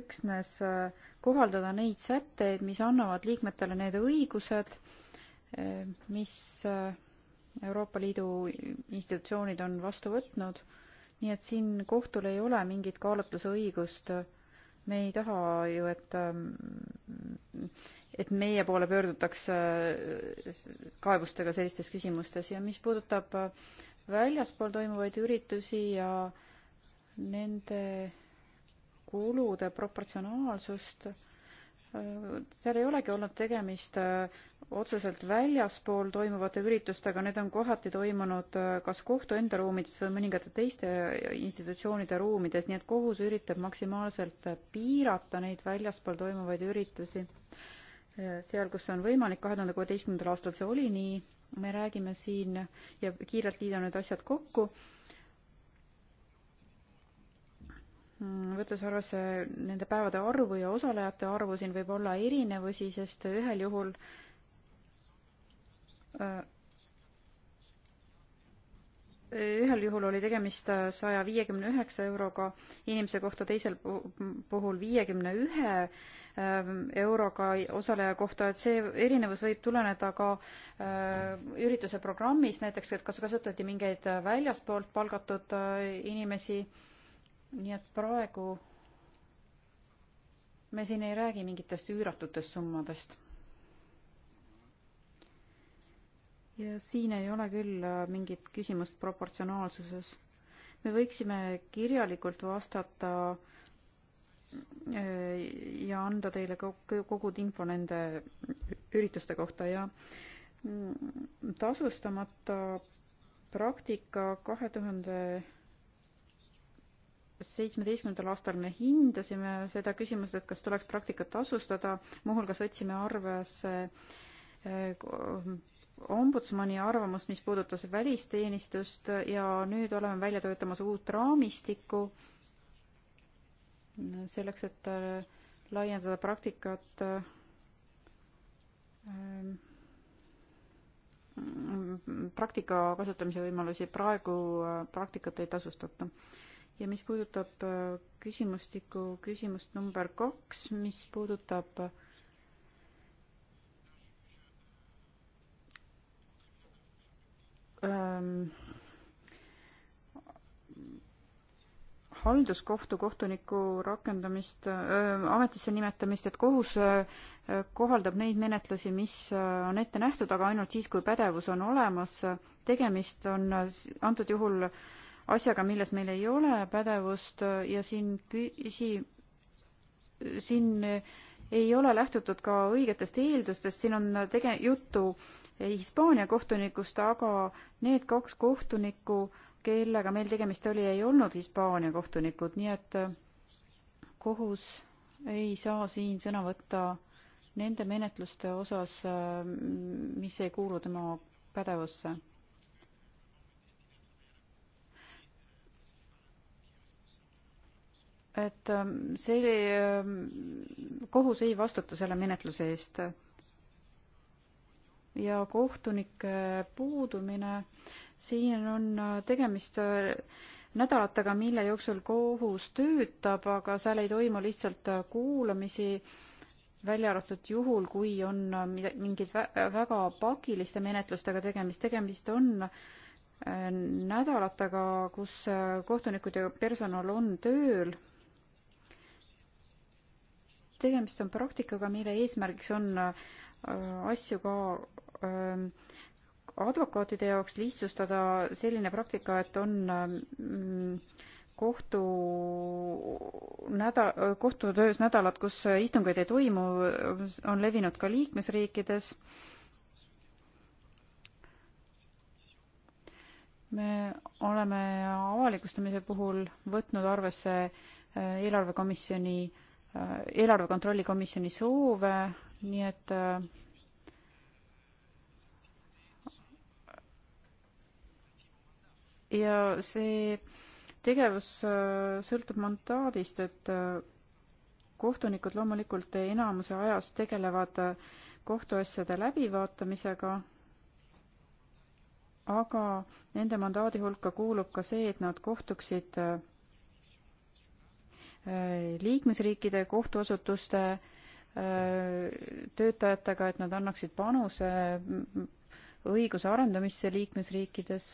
üksnes kohaldada neid sätteid, mis annavad liikmetele need õigused, mis Euroopa Liidu institutsioonid on vastu võtnud, nii et siin kohtul ei ole mingit kaalutlusõigust. me ei taha ju, et ähm, et meie poole pöördutakse äh, kaebustega sellistes küsimustes ja mis puudutab äh, väljaspool toimuvaid üritusi ja nende kulude proportsionaalsust, äh, seal ei olegi olnud tegemist otseselt väljaspool toimuvate üritustega, need on kohati toimunud kas kohtu enda ruumides või mõningate teiste institutsioonide ruumides, nii et kohus üritab maksimaalselt piirata neid väljaspool toimuvaid üritusi seal, kus on võimalik, kahe tuhande kuueteistkümnendal aastal see oli nii, me räägime siin ja kiirelt liidan need asjad kokku, võttes arvesse nende päevade arvu ja osalejate arvu, siin võib olla erinevusi, sest ühel juhul äh, ühel juhul oli tegemist saja viiekümne üheksa euroga inimese kohta, teisel puhul viiekümne ühe Ähm, euroga osaleja kohta, et see erinevus võib tuleneda ka äh, ürituse programmis, näiteks et kas kasutati mingeid äh, väljaspoolt palgatud äh, inimesi, nii et praegu me siin ei räägi mingitest üüratutest summadest. ja siin ei ole küll mingit küsimust proportsionaalsuses. me võiksime kirjalikult vastata ja anda teile kogu info nende ürituste kohta ja tasustamata praktika kahe tuhande seitsmeteistkümnendal aastal me hindasime seda küsimust, et kas tuleks praktikat tasustada, muuhulgas võtsime arvesse eh, ombudsmani arvamust, mis puudutas välisteenistust ja nüüd oleme välja töötamas uut raamistikku äh, selleks, et äh, laiendada praktikat äh, ähm, praktika kasutamise võimalusi, praegu äh, praktikat ei tasustata. ja mis puudutab küsimustiku küsimust number kaks, mis puudutab ähm, halduskohtu kohtuniku rakendamist, ametisse nimetamist, et kohus kohaldab neid menetlusi, mis on ette nähtud, aga ainult siis, kui pädevus on olemas. tegemist on antud juhul asjaga, milles meil ei ole pädevust ja siin küsi-, siin ei ole lähtutud ka õigetest eeldustest, siin on tege-, juttu Hispaania kohtunikust, aga need kaks kohtunikku äh, kellega meil tegemist oli, ei olnud Hispaania kohtunikud, nii et äh, kohus ei saa siin sõna võtta nende menetluste osas, äh, mis ei kuulu tema pädevusse. et äh, see, kohus ei vastuta selle menetluse eest. ja kohtunike puudumine äh, siin on äh, tegemist äh, nädalatega, mille jooksul kohus töötab, aga seal ei toimu lihtsalt äh, kuulamisi, välja arvatud juhul, kui on mingid väga pakiliste menetlustega tegemist, tegemist on nädalatega, kus kohtunikud ja personal on tööl. tegemist on praktikaga, mille eesmärgiks on asju ka öö, ähm, advokaatide jaoks lihtsustada selline praktika, et on mm, kohtu näda-, kohtutöös nädalad, kus istungeid ei toimu, on levinud ka liikmesriikides. me oleme avalikustamise puhul võtnud arvesse äh, eelarvekomisjoni, äh, eelarve kontrolli komisjoni soove, nii et äh, ja see tegevus äh, sõltub mandaadist, et äh, kohtunikud loomulikult enamuse ajast tegelevad äh, kohtuasjade läbivaatamisega, aga nende mandaadi hulka kuulub ka see, et nad kohtuksid liikmesriikide kohtuasutuste töötajatega, et nad annaksid panuse mm, õiguse arendamisse liikmesriikides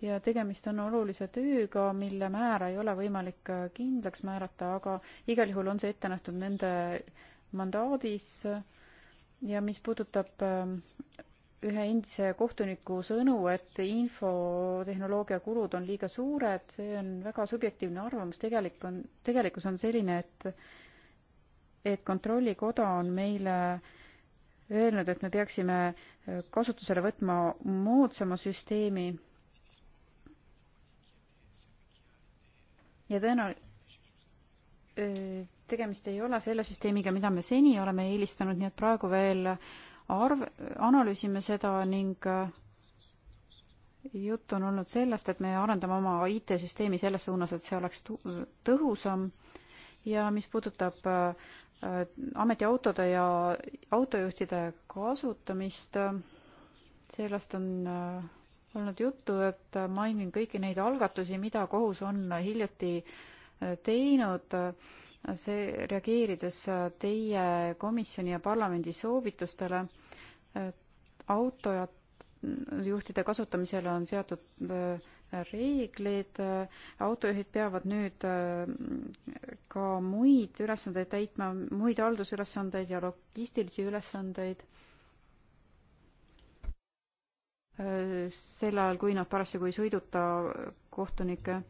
ja tegemist on olulise tööga, mille määra ei ole võimalik äh, kindlaks määrata, aga igal juhul on see ette nähtud nende mandaadis ja mis puudutab ähm, ühe endise kohtuniku sõnu, et infotehnoloogia kulud on liiga suured, see on väga subjektiivne arvamus, tegelik on, tegelikkus on selline, et et Kontrollikoda on meile öelnud, et me peaksime äh, kasutusele võtma moodsama süsteemi ja tõenäoliselt tegemist ei ole selle süsteemiga, mida me seni oleme eelistanud, nii et praegu veel arv, analüüsime seda ning juttu on olnud sellest, et me arendame oma IT-süsteemi selles suunas, et see oleks tõhusam ja mis puudutab ametiautode ja autojuhtide kasutamist, sellest on olnud juttu, et mainin kõiki neid algatusi, mida kohus on hiljuti äh, teinud, äh, see, reageerides äh, teie komisjoni ja parlamendi soovitustele, autojuhtide kasutamisele on seatud reeglid, autojuhid peavad nüüd ka muid ülesandeid täitma, muid haldusülesandeid ja logistilisi ülesandeid sel ajal, kui nad parasjagu ei sõiduta kohtunikke.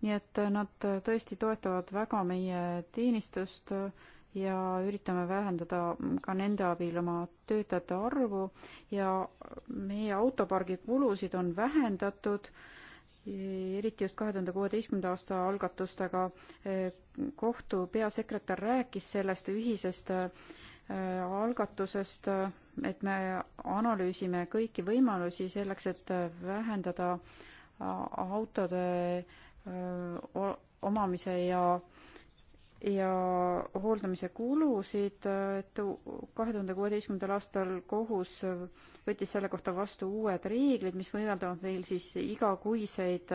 nii et nad tõesti toetavad väga meie teenistust ja üritame vähendada ka nende abil oma töötajate arvu ja meie autopargi kulusid on vähendatud, eriti just kahe tuhande kuueteistkümnenda aasta algatustega. kohtu peasekretär rääkis sellest ühisest äh, algatusest et me analüüsime kõiki võimalusi selleks, et vähendada äh, autode äh, omamise ja ja hooldamise kulusid, et kahe tuhande kuueteistkümnendal aastal kohus võttis selle kohta vastu uued reeglid, mis võimaldavad meil siis igakuiseid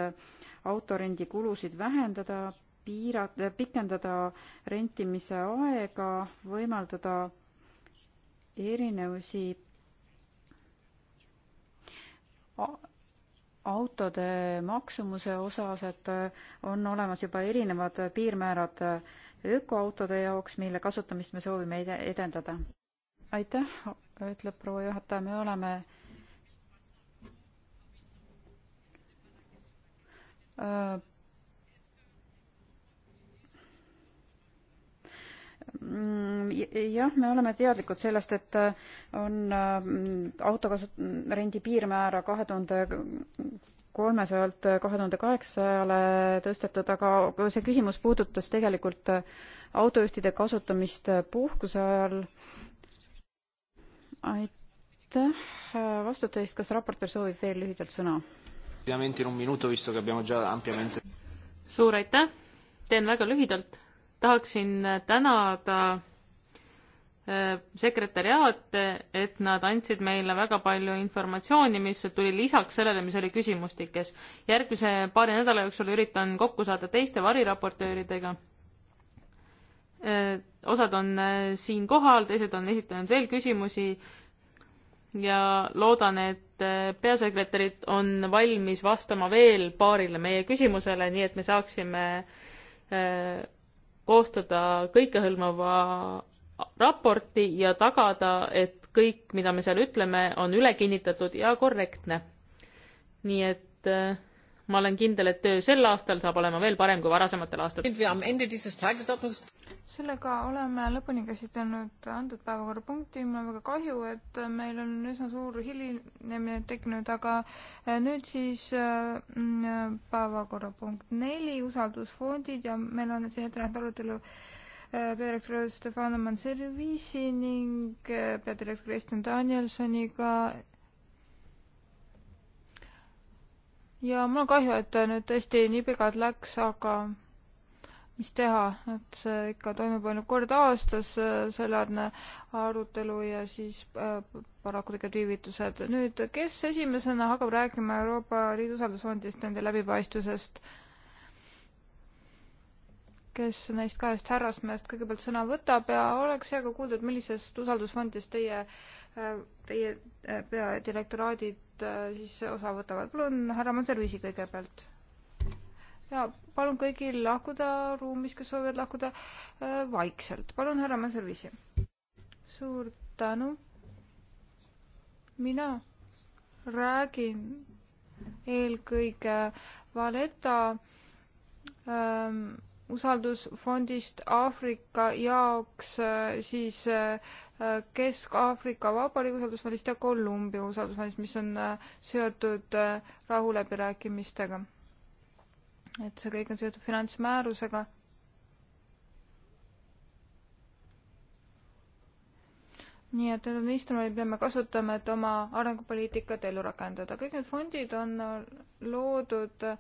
autorendikulusid vähendada, piira-, pikendada rentimise aega, võimaldada erinevusi autode maksumuse osas, et äh, on olemas juba erinevad äh, piirmäärad äh, ökoautode jaoks, mille kasutamist me soovime edendada. aitäh, ütleb proua juhataja, me oleme äh, jah, me oleme teadlikud sellest, et äh, on äh, autokasuturendi piirmäära kahe tuhande kolmesajalt äh, kahe tuhande kaheksasajale tõstetud, aga see küsimus puudutas tegelikult autojuhtide kasutamist puhkuse ajal. aitäh vastute eest, kas raportöör soovib veel lühidalt sõna? suur aitäh, teen väga lühidalt tahaksin tänada sekretäriaat, et nad andsid meile väga palju informatsiooni, mis tuli lisaks sellele, mis oli küsimustikes. järgmise paari nädala jooksul üritan kokku saada teiste variraportööridega. osad on äh, siin kohal, teised on esitanud veel küsimusi ja loodan, et äh, peasekretärid on valmis vastama veel paarile meie küsimusele, nii et me saaksime äh, koostada kõikehõlmava raporti ja tagada, et kõik, mida me seal ütleme, on üle kinnitatud ja korrektne. nii et äh, ma olen kindel, et töö sel aastal saab olema veel parem kui varasematel aastatel. sellega oleme lõpuni käsitlenud antud päevakorrapunkti. mul on väga kahju, et meil on üsna suur hilinemine tekkinud, aga äh, nüüd siis äh, mm, päevakorrapunkt neli, usaldusfondid ja meil on siin ette nähtud arutelu Äh, peadirektor Stefano Manservisi ning äh, peadirektor Kristjan Danielsoniga. ja mul on kahju, et äh, nüüd tõesti nii pikalt läks, aga mis teha, et see ikka toimub ainult kord aastas, sellealadne arutelu ja siis paraku tegelikult viivitused. nüüd, kes esimesena hakkab rääkima Euroopa Liidu usaldusfondist, nende läbipaistvusest? kes neist kahest härrasmehest kõigepealt sõna võtab ja oleks hea ka kuulda, et millisest usaldusfondist teie, teie eh, peadirektoraadid eh, siis osa võtavad. palun, härra Manservisi kõigepealt. ja palun kõigil lahkuda ruumis, kes soovivad lahkuda, eh, vaikselt. palun, härra Manservisi. suur tänu. mina räägin eelkõige Valeta ähm, usaldusfondist Aafrika jaoks äh, siis äh, Kesk-Aafrika Vabariigi usaldusfondist ja Kolumbia usaldusfondist, mis on äh, seotud rahuläbirääkimistega. et see kõik on seotud finantsmäärusega. nii et need on instrumendid, mida me kasutame, et oma arengupoliitikat ellu rakendada. kõik need fondid on loodud äh,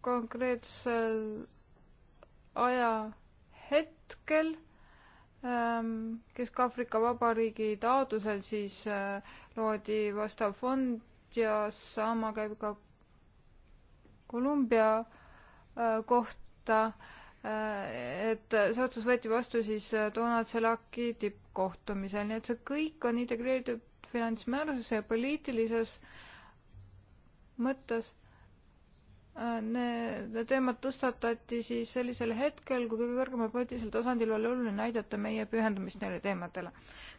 konkreetsel ajahetkel ähm, Kesk-Aafrika Vabariigi taotlusel siis äh, loodi vastav fond ja sama käib ka Kolumbia äh, kohta, äh, et see otsus võeti vastu siis Donald Selaki tippkohtumisel, nii et see kõik on integreeritud finantsmääruses ja poliitilises mõttes äh, Äh, need teemad tõstatati siis sellisel hetkel, kui kõige kõrgemal poliitilisel tasandil oli oluline näidata meie pühendumist neile teemadele.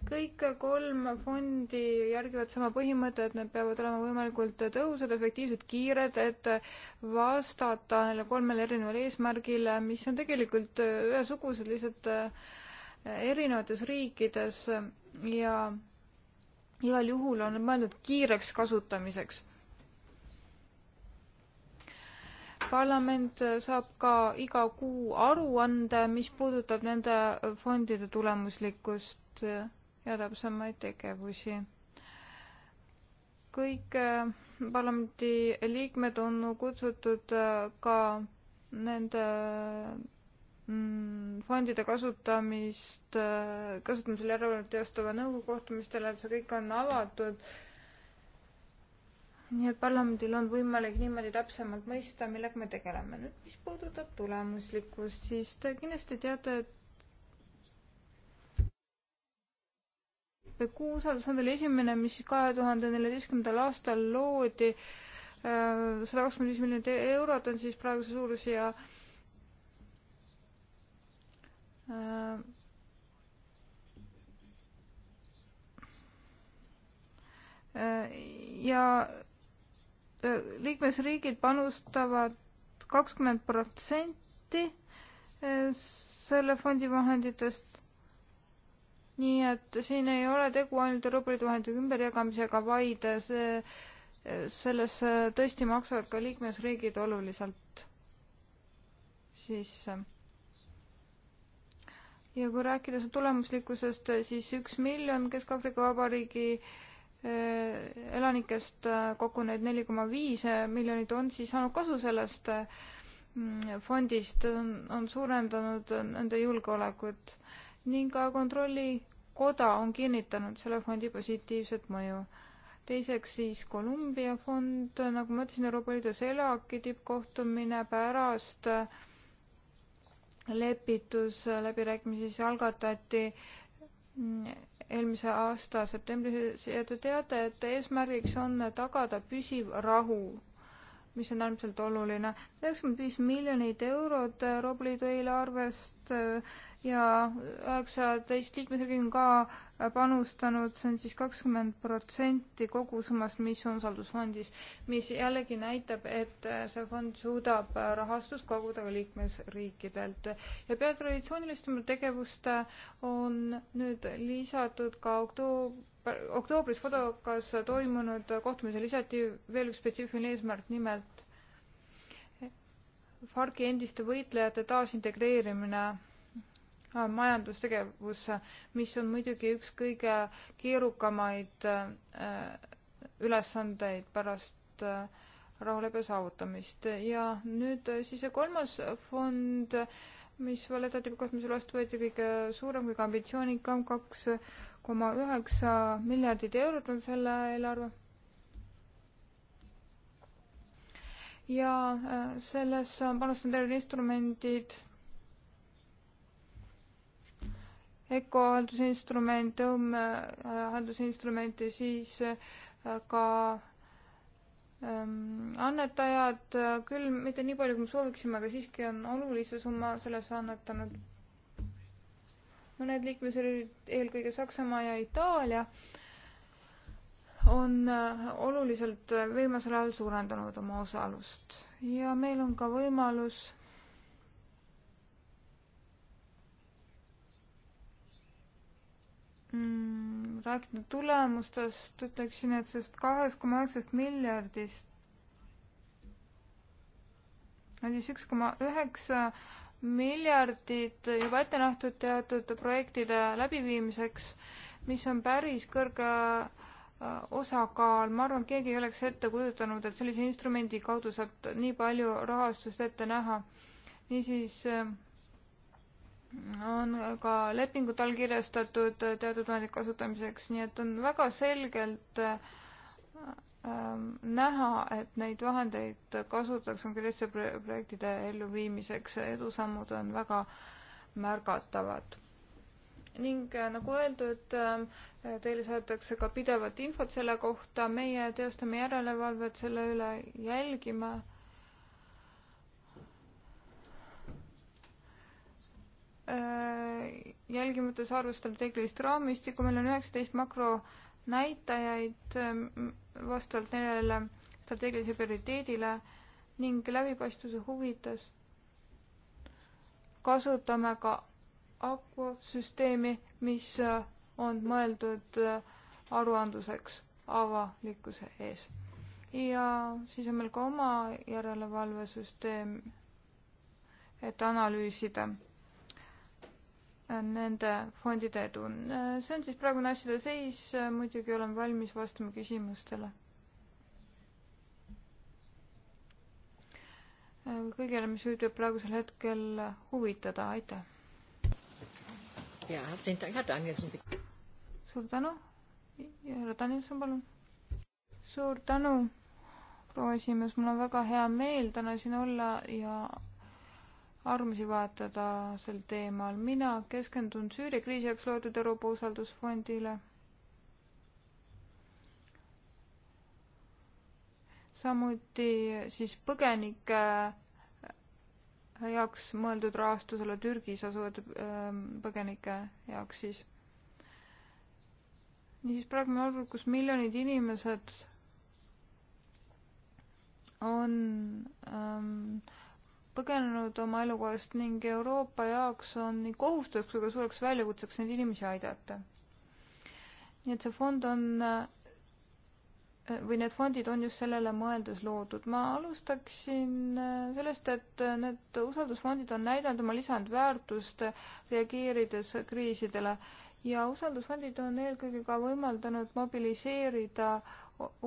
kõik kolm fondi järgivad sama põhimõtet, need peavad olema võimalikult tõhusad, efektiivsed, kiired, et vastata neile kolmele erinevale eesmärgile, mis on tegelikult ühesugused lihtsalt äh, erinevates riikides ja igal juhul on mõeldud kiireks kasutamiseks parlament saab ka iga kuu aruande, mis puudutab nende fondide tulemuslikkust ja täpsemaid tegevusi. kõik äh, parlamendi liikmed on kutsutud äh, ka nende mm, fondide kasutamist, äh, kasutamisel järelevalvet teostava nõukogu kohtumistele, et see kõik on avatud nii et parlamendil on võimalik niimoodi täpsemalt mõista, millega me tegeleme. nüüd, mis puudutab tulemuslikkust, siis te kindlasti teate, et kuusaldusfond oli esimene, mis kahe tuhande neljateistkümnendal aastal loodi. Äh, sada kakskümmend viis miljonit e- eurot on siis praeguse suurus ja äh, äh, ja liikmesriigid panustavad kakskümmend protsenti eh, selle fondi vahenditest. nii et siin ei ole tegu ainult Euroopa Liidu vahendite ümberjagamisega, vaid see, eh, selles eh, tõesti maksavad ka liikmesriigid oluliselt sisse. ja kui rääkida tulemuslikkusest, siis üks miljon Kesk-Aafrika Vabariigi äh, Äh, elanikest äh, kokku need neli koma viis äh, miljonit on siis saanud kasu sellest mm, fondist, on suurendanud nende julgeolekut ning ka Kontrollikoda on kinnitanud selle fondi positiivset mõju. teiseks siis Kolumbia fond, nagu ma ütlesin, Euroopa Liidus ELAK-i tippkohtumine pärast lepitusläbirääkimisi siis algatati mm, eelmise aasta septembris ja te teate, et eesmärgiks on tagada püsiv rahu, mis on äärmiselt oluline. üheksakümmend viis miljonit eurot Euroopa Liidu eelarvest ja üheksateist liikmesriigi on ka panustanud, see on siis kakskümmend protsenti kogusummast, mis on usaldusfondis, mis jällegi näitab, et see fond suudab rahastust koguda ka liikmesriikidelt. ja peale traditsiooniliste tegevuste on nüüd lisatud ka oktoober, oktoobris Fodokas toimunud kohtumisel lisati veel üks spetsiifiline eesmärk, nimelt FARC-i endiste võitlejate taasintegreerimine Äh, majandustegevus, mis on muidugi üks kõige keerukamaid äh, ülesandeid pärast äh, rahuleppe saavutamist. ja nüüd siis see kolmas fond, mis Valeda tippkohtumisel vastu võeti, kõige suurem, kõige ambitsioonikam, kaks koma üheksa miljardit eurot on selle eelarve ja sellesse on panustanud erinevad instrumendid, ökohaldusinstrument, tõmmehaldusinstrument ja siis äh, ka ähm, annetajad, küll mitte nii palju, kui me sooviksime, aga siiski on olulise summa sellesse annetanud mõned liikmesriigid, eelkõige Saksamaa ja Itaalia, on äh, oluliselt äh, viimasel ajal suurendanud oma osalust ja meil on ka võimalus mm, rääkinud tulemustest, ütleksin, et sellest kahest koma üheksast miljardist on siis üks koma üheksa miljardit juba ette nähtud teatud projektide läbiviimiseks, mis on päris kõrge äh, osakaal, ma arvan, keegi ei oleks ette kujutanud, et sellise instrumendi kaudu saab nii palju rahastust ette näha. niisiis äh, on ka lepingud allkirjastatud teatud vahendite kasutamiseks, nii et on väga selgelt äh, ähm, näha, et neid vahendeid kasutatakse konkreetse projektide elluviimiseks, edusammud on väga märgatavad. ning äh, nagu öeldud, äh, teile saadetakse ka pidevat infot selle kohta, meie teostame järelevalvet selle üle, jälgime Äh, jälgimates arvustrateegilist raamistikku, meil on üheksateist makronäitajaid ähm, vastavalt neljale strateegilisele prioriteedile ning läbipaistvuse huvides kasutame ka akvasüsteemi, mis äh, on mõeldud äh, aruandluseks avalikkuse ees. ja siis on meil ka oma järelevalvesüsteem, et analüüsida nende fondide edu. see on siis praegune asjade seis, muidugi olen valmis vastama küsimustele. kõigele, mis võib teid praegusel hetkel huvitada, aitäh. suur tänu. härra Danielson, palun. suur tänu, proua esimees, mul on väga hea meel täna siin olla ja arvamusi vahetada sel teemal. mina keskendun Süüria kriisi jaoks loodud Euroopa usaldusfondile. samuti siis põgenike äh, jaoks mõeldud rahastusele Türgis asuvate ähm, põgenike jaoks siis. niisiis praegune olukord, kus miljonid inimesed on ähm, põgenenud oma elukohast ning Euroopa jaoks on nii kohustuseks kui ka suureks väljakutseks neid inimesi aidata. nii et see fond on või need fondid on just sellele mõeldes loodud. ma alustaksin sellest, et need usaldusfondid on näidanud oma lisandväärtust reageerides kriisidele ja usaldusfondid on eelkõige ka võimaldanud mobiliseerida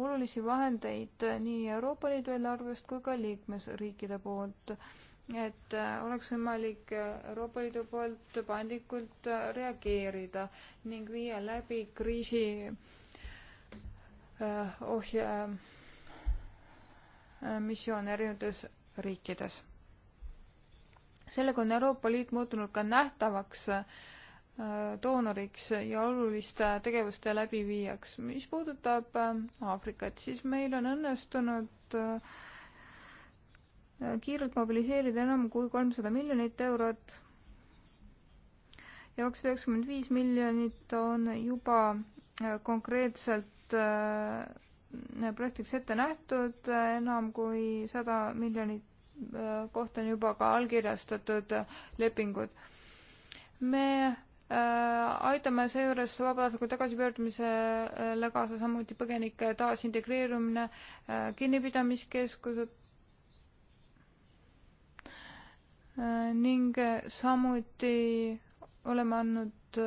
olulisi vahendeid nii Euroopa Liidu eelarvest kui ka liikmesriikide poolt, et oleks võimalik Euroopa Liidu poolt paindlikult reageerida ning viia läbi kriisi eh, ohje eh, missioon erinevates riikides. sellega on Euroopa Liit muutunud ka nähtavaks äh, Äh, doonoriks ja oluliste tegevuste läbiviijaks. mis puudutab äh, Aafrikat, siis meil on õnnestunud äh, kiirelt mobiliseerida enam kui kolmsada miljonit eurot ja kakssada üheksakümmend viis miljonit on juba konkreetselt projektiks ette nähtud, enam kui sada miljonit kohta on juba ka allkirjastatud lepingud. me Äh, aitame seejuures vabatahtliku tagasipöördumisele kaasa, samuti põgenike taasintegreerumine, äh, kinnipidamiskeskused äh, ning samuti oleme andnud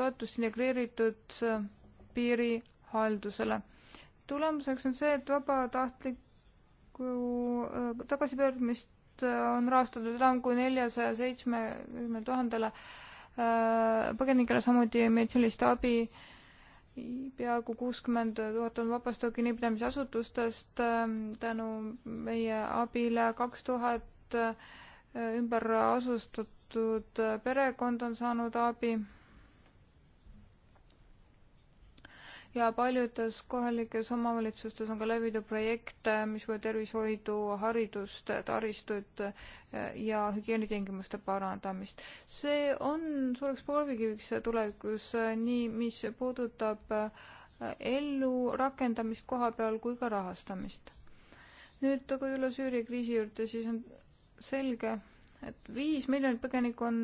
toetust integreeritud piirihaldusele. tulemuseks on see, et vabatahtlikku tagasipöördumist on rahastatud enam kui neljasaja seitsmekümne tuhandele Äh, põgenikele, samuti meditsiinilist abi. peaaegu kuuskümmend tuhat on vabastatud kinnipidamisasutustest ähm, tänu meie abile, kaks tuhat äh, ümberasustatud äh, perekond on saanud abi ja paljudes kohalikes omavalitsustes on ka läbitud projekte, mis võivad tervishoidu, haridust, taristut eh, ja hügieenitingimuste parandamist. see on suureks proovikiviks tulevikus eh, nii, mis puudutab eh, ellu rakendamist koha peal kui ka rahastamist. nüüd, kui tulla Süüria kriisi juurde, siis on selge, et viis miljonit põgenikku on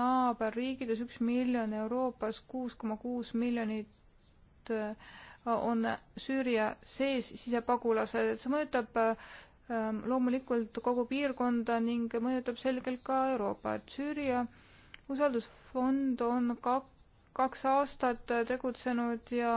naaberriikides, üks miljon Euroopas, kuus koma kuus miljonit miljonit äh, on Süüria sees sisepagulased, see mõjutab ähm, loomulikult kogu piirkonda ning mõjutab selgelt ka Euroopat. Süüria usaldusfond on ka kaks aastat tegutsenud ja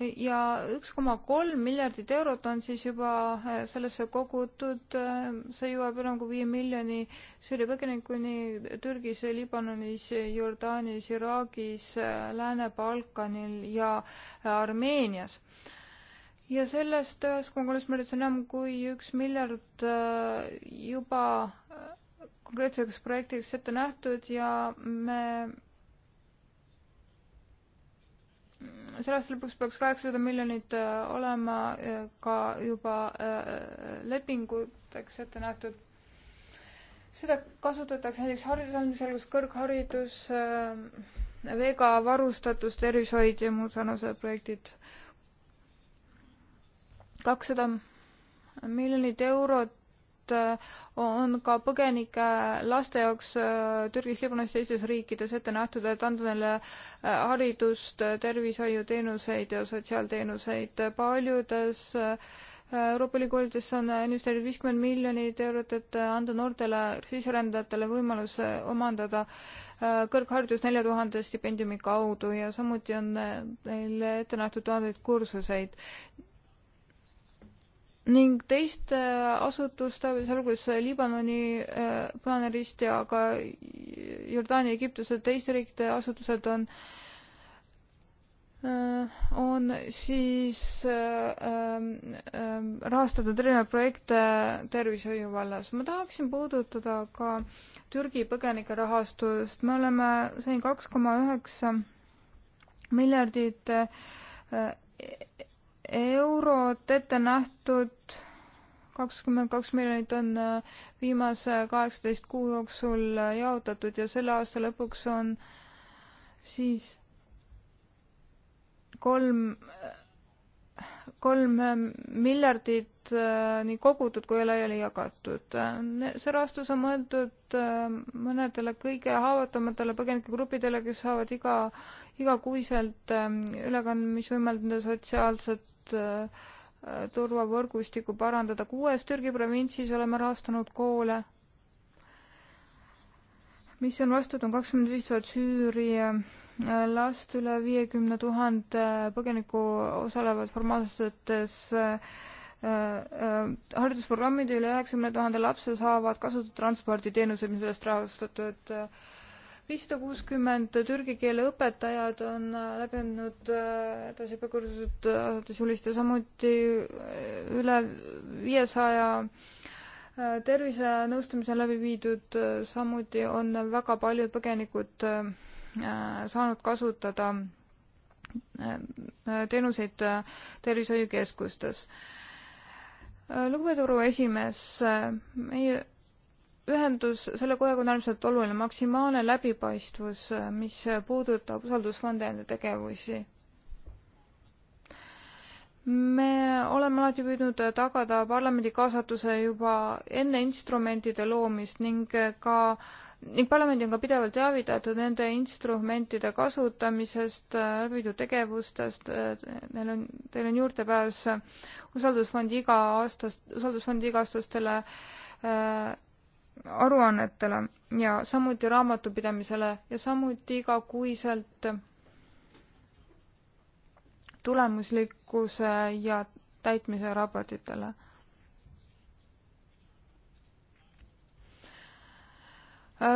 ja üks koma kolm miljardit eurot on siis juba äh, sellesse kogutud, äh, see jõuab enam kui viie miljoni Süüria põgenikuni Türgis, Liibanonis, Jordaanis, Iraagis, äh, Lääne-Balkanil ja Armeenias ja sellest ühest koma kolmest miljardist on enam kui üks miljard juba konkreetseks projektiks ette nähtud ja me selle aasta lõpuks peaks kaheksasada miljonit äh, olema äh, ka juba äh, lepinguteks ette nähtud. seda kasutatakse näiteks hariduse andmisel, kus kõrgharidus, veega varustatus, tervishoid ja muud sarnased projektid. kakssada miljonit eurot et äh, on ka põgenike äh, laste jaoks äh, Türgis, Liibanonis, teistes riikides ette nähtud, et anda neile haridust, tervishoiuteenuseid ja sotsiaalteenuseid. paljudes Euroopa Liidu koolides on investeeritud viiskümmend miljonit eurot, et anda noortele sisserändajatele võimalus omandada kõrgharidus nelja tuhande stipendiumi kaudu ja samuti on neile ette nähtud tuhandeid kursuseid ning teiste asutuste, sealhulgas Liibanoni äh, Punane Rist ja ka Jordaania, Egiptuse, teiste riikide asutused on äh, on siis äh, ähm, rahastatud erinevaid projekte tervishoiu vallas. ma tahaksin puudutada ka Türgi põgenike rahastust. me oleme siin kaks koma üheksa miljardit eurot ette nähtud, kakskümmend kaks miljonit on äh, viimase kaheksateist kuu jooksul äh, jaotatud ja selle aasta lõpuks on siis kolm, kolm äh, miljardit nii kogutud kui laiali jagatud. see rahastus on mõeldud mõnedele kõige haavatavamatele põgenikegruppidele, kes saavad iga, igakuiselt ülekandmist võimaldada sotsiaalset Äh, turvavõrgustikku parandada. kuues Türgi provintsis oleme rahastanud koole, mis on vastu tulnud kakskümmend viis tuhat Süüria äh, last, üle viiekümne tuhande põgeniku osalevad formaalsetes äh, haridusprogrammid, üle üheksakümne tuhande lapse saavad kasutada transporditeenuseid, mis sellest rahastatud äh, viissada kuuskümmend türgi keele õpetajad on äh, läbinud äh, edasiõppekursused alates äh, juulist ja samuti üle viiesaja tervisenõustamise on läbi viidud, samuti on väga paljud põgenikud saanud kasutada teenuseid tervishoiukeskustes. lugupeetud Urvo esimees, meie ühendus selle kojaga on äärmiselt oluline, maksimaalne läbipaistvus, mis puudutab usaldusfondi enda tegevusi. me oleme alati püüdnud tagada parlamendi kaasatuse juba enne instrumentide loomist ning ka ning parlamendi on ka pidevalt teavitatud nende instrumentide kasutamisest, läbitud tegevustest, neil on, teil on juurdepääs usaldusfondi iga-aastast, usaldusfondi iga-aastastele äh, aruannetele ja samuti raamatupidamisele ja samuti igakuiselt tulemuslikkuse ja täitmise raportitele.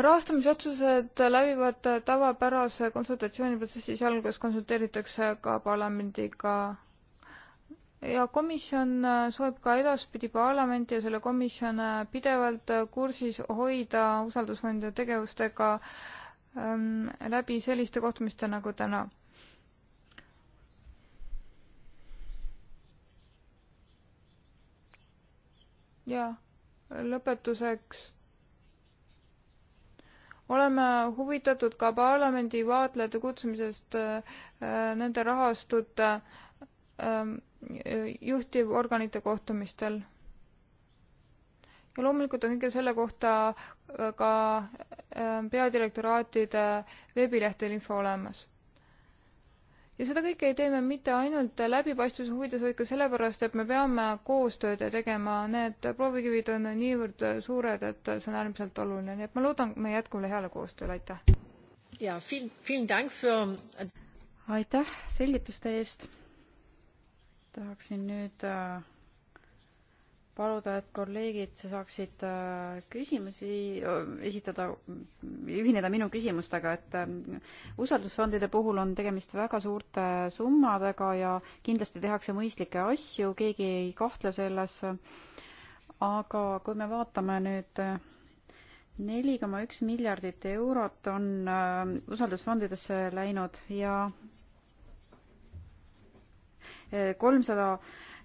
rahastamisotsused läbivad tavapärase konsultatsiooniprotsessi, sealhulgas konsulteeritakse ka parlamendiga ja komisjon äh, soovib ka edaspidi parlamenti ja selle komisjone äh, pidevalt äh, kursis hoida usaldusfondide tegevustega ähm, läbi selliste kohtumiste nagu täna. ja lõpetuseks oleme huvitatud ka parlamendi vaatlejate kutsumisest äh, nende rahastute äh, Ähm, juhtivorganite kohtumistel. ja loomulikult on kõige selle kohta äh, ka ähm, peadirektoraatide veebilehtedel info olemas. ja seda kõike ei tee me mitte ainult läbipaistvuse huvides, vaid ka sellepärast, et me peame koostööd tegema, need proovikivid on niivõrd suured, et see on äärmiselt oluline, nii et ma loodan meie jätkuvale heale koostööle, aitäh! jaa, aitäh selgituste eest! tahaksin nüüd äh, paluda, et kolleegid saaksid äh, küsimusi äh, esitada, ühineda minu küsimustega, et usaldusfondide puhul on tegemist väga suurte summadega ja kindlasti tehakse mõistlikke asju, keegi ei kahtle selles. aga kui me vaatame nüüd neli koma üks miljardit eurot on usaldusfondidesse läinud ja kolmsada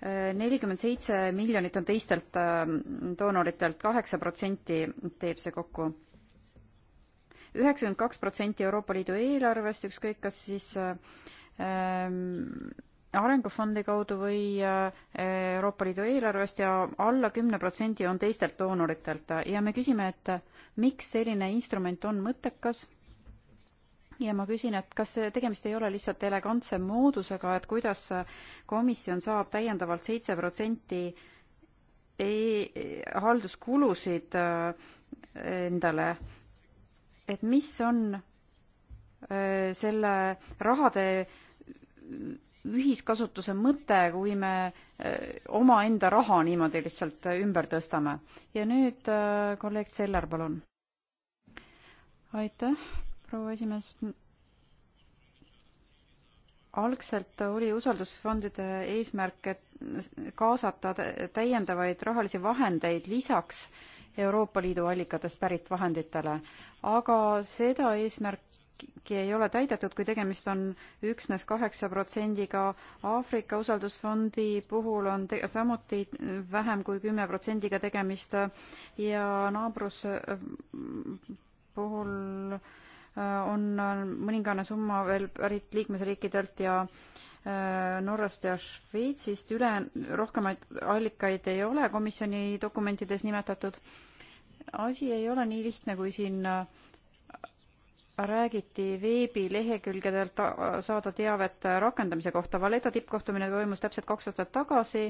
eh, nelikümmend seitse miljonit on teistelt eh, doonoritelt, kaheksa protsenti teeb see kokku. üheksakümmend kaks protsenti Euroopa Liidu eelarvest, ükskõik kas siis ähm, arengufondi kaudu või Euroopa Liidu eelarvest ja alla kümne protsendi on teistelt doonoritelt ja me küsime, et miks selline instrument on mõttekas ja ma küsin, et kas tegemist ei ole lihtsalt elegantse moodusega, et kuidas komisjon saab täiendavalt seitse protsenti e-, halduskulusid äh, endale, et mis on äh, selle rahade ühiskasutuse mõte, kui me äh, omaenda raha niimoodi lihtsalt ümber tõstame. ja nüüd kolleeg Seller, palun. aitäh, proua esimees. algselt oli usaldusfondide eesmärk, et kaasata täiendavaid rahalisi vahendeid lisaks Euroopa Liidu allikatest pärit vahenditele, aga seda eesmärki ei ole täidetud, kui tegemist on üksnes kaheksa protsendiga. Aafrika usaldusfondi puhul on te-, samuti vähem kui kümme protsendiga tegemist ja naabrus puhul äh, Äh, on mõningane summa veel pärit liikmesriikidelt ja äh, Norrast ja Šveitsist, üle, rohkemaid allikaid ei ole komisjoni dokumentides nimetatud. asi ei ole nii lihtne, kui siin äh, räägiti veebilehekülgedelt saada teavet rakendamise kohta. Valeta tippkohtumine toimus täpselt kaks aastat tagasi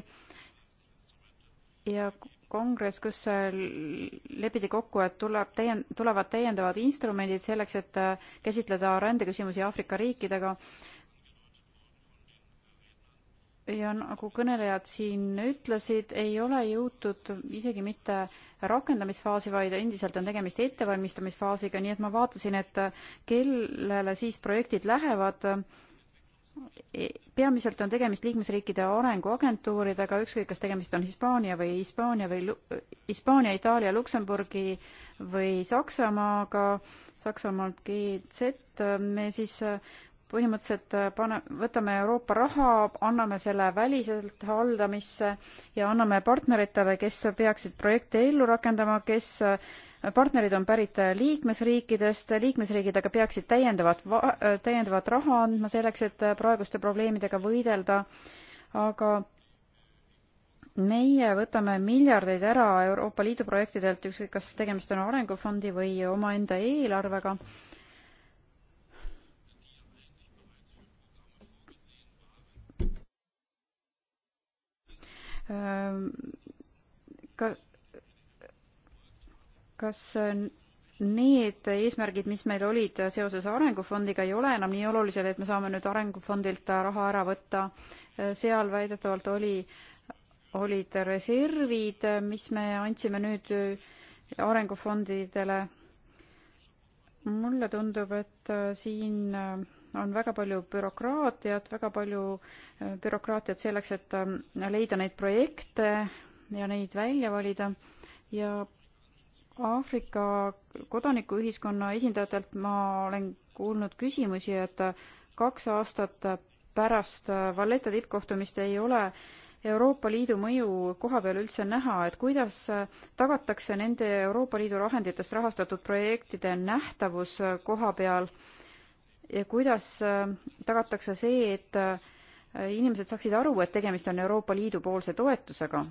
ja kongress, kus äh, lepiti kokku, et tuleb täien-, tulevad täiendavad instrumendid selleks, et äh, käsitleda rändeküsimusi Aafrika riikidega. ja nagu kõnelejad siin ütlesid, ei ole jõutud isegi mitte rakendamisfaasi, vaid endiselt on tegemist ettevalmistamisfaasiga, nii et ma vaatasin, et äh, kellele siis projektid lähevad E, peamiselt on tegemist liikmesriikide arenguagentuuridega, ükskõik, kas tegemist on Hispaania või Hispaania või Hispaania, Itaalia, Luksemburgi või Saksamaaga, Saksamaal GZ, me siis äh, põhimõtteliselt äh, pane, võtame Euroopa raha, anname selle väliselt haldamisse ja anname partneritele, kes peaksid projekte ellu rakendama, kes äh, partnerid on pärit liikmesriikidest, liikmesriigid aga peaksid täiendavat, täiendavat raha andma selleks, et praeguste probleemidega võidelda, aga meie võtame miljardeid ära Euroopa Liidu projektidelt, ükskõik kas tegemist on arengufondi või omaenda eelarvega. ka kas äh, need eesmärgid, mis meil olid seoses Arengufondiga, ei ole enam nii olulised, et me saame nüüd Arengufondilt raha ära võtta. Äh, seal väidetavalt oli, olid reservid, äh, mis me andsime nüüd arengufondidele. mulle tundub, et siin on väga palju bürokraatiat, väga palju bürokraatiat selleks, et leida neid projekte ja neid välja valida ja Aafrika kodanikuühiskonna esindajatelt ma olen kuulnud küsimusi, et kaks aastat pärast Valletta tippkohtumist ei ole Euroopa Liidu mõju koha peal üldse näha, et kuidas tagatakse nende Euroopa Liidu vahenditest rahastatud projektide nähtavus koha peal ja kuidas tagatakse see, et inimesed saaksid aru, et tegemist on Euroopa Liidu poolse toetusega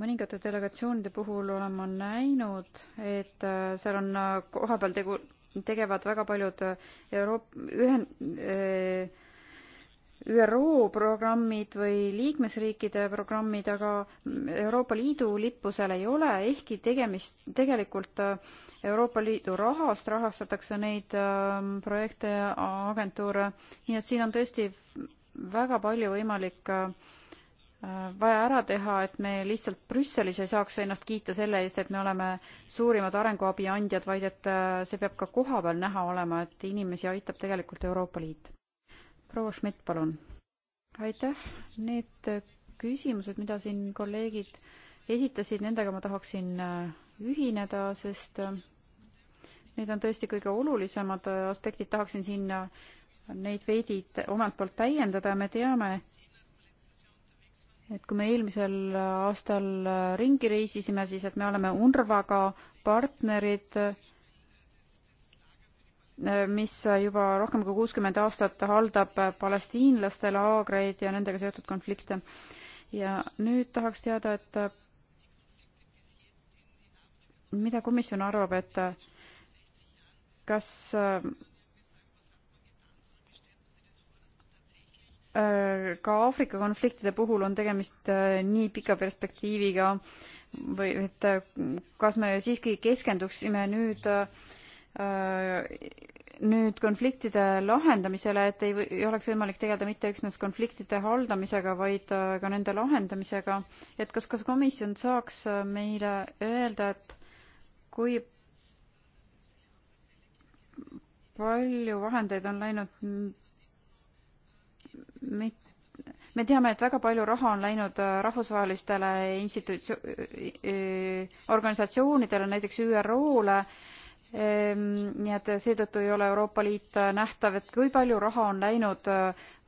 mõningate delegatsioonide puhul olen ma näinud, et äh, seal on äh, kohapeal tegu, tegevad väga paljud äh, Euroop-, ühe-, ÜRO programmid või liikmesriikide programmid, aga mm, Euroopa Liidu lippu seal ei ole, ehkki tegemist, tegelikult Euroopa Liidu rahast rahastatakse neid ähm, projekte ja agentuure, nii et siin on tõesti väga palju võimalik äh, vaja ära teha, et me lihtsalt Brüsselis ei saaks ennast kiita selle eest, et me oleme suurimad arenguabi andjad, vaid et äh, see peab ka kohapeal näha olema, et inimesi aitab tegelikult Euroopa Liit. proua Schmidt, palun. aitäh, need küsimused, mida siin kolleegid esitasid, nendega ma tahaksin äh, ühineda, sest äh, need on tõesti kõige olulisemad aspektid, tahaksin siin neid veidi omalt poolt täiendada, me teame, et et kui me eelmisel aastal ringi reisisime, siis et me oleme UNRWA-ga partnerid, mis juba rohkem kui kuuskümmend aastat haldab palestiinlaste laagreid ja nendega seotud konflikte. ja nüüd tahaks teada, et mida komisjon arvab, et kas Äh, ka Aafrika konfliktide puhul on tegemist äh, nii pika perspektiiviga või et äh, kas me siiski keskenduksime nüüd nüüd konfliktide lahendamisele, et ei, ei oleks võimalik tegeleda mitte üksnes konfliktide haldamisega, vaid ka nende lahendamisega, et kas, kas komisjon saaks meile öelda, et kui palju vahendeid on läinud me, me teame, et väga palju raha on läinud äh, rahvusvahelistele institutsio-, äh, äh, organisatsioonidele, näiteks ÜRO-le, ehm, nii et seetõttu ei ole Euroopa Liit nähtav, et kui palju raha on läinud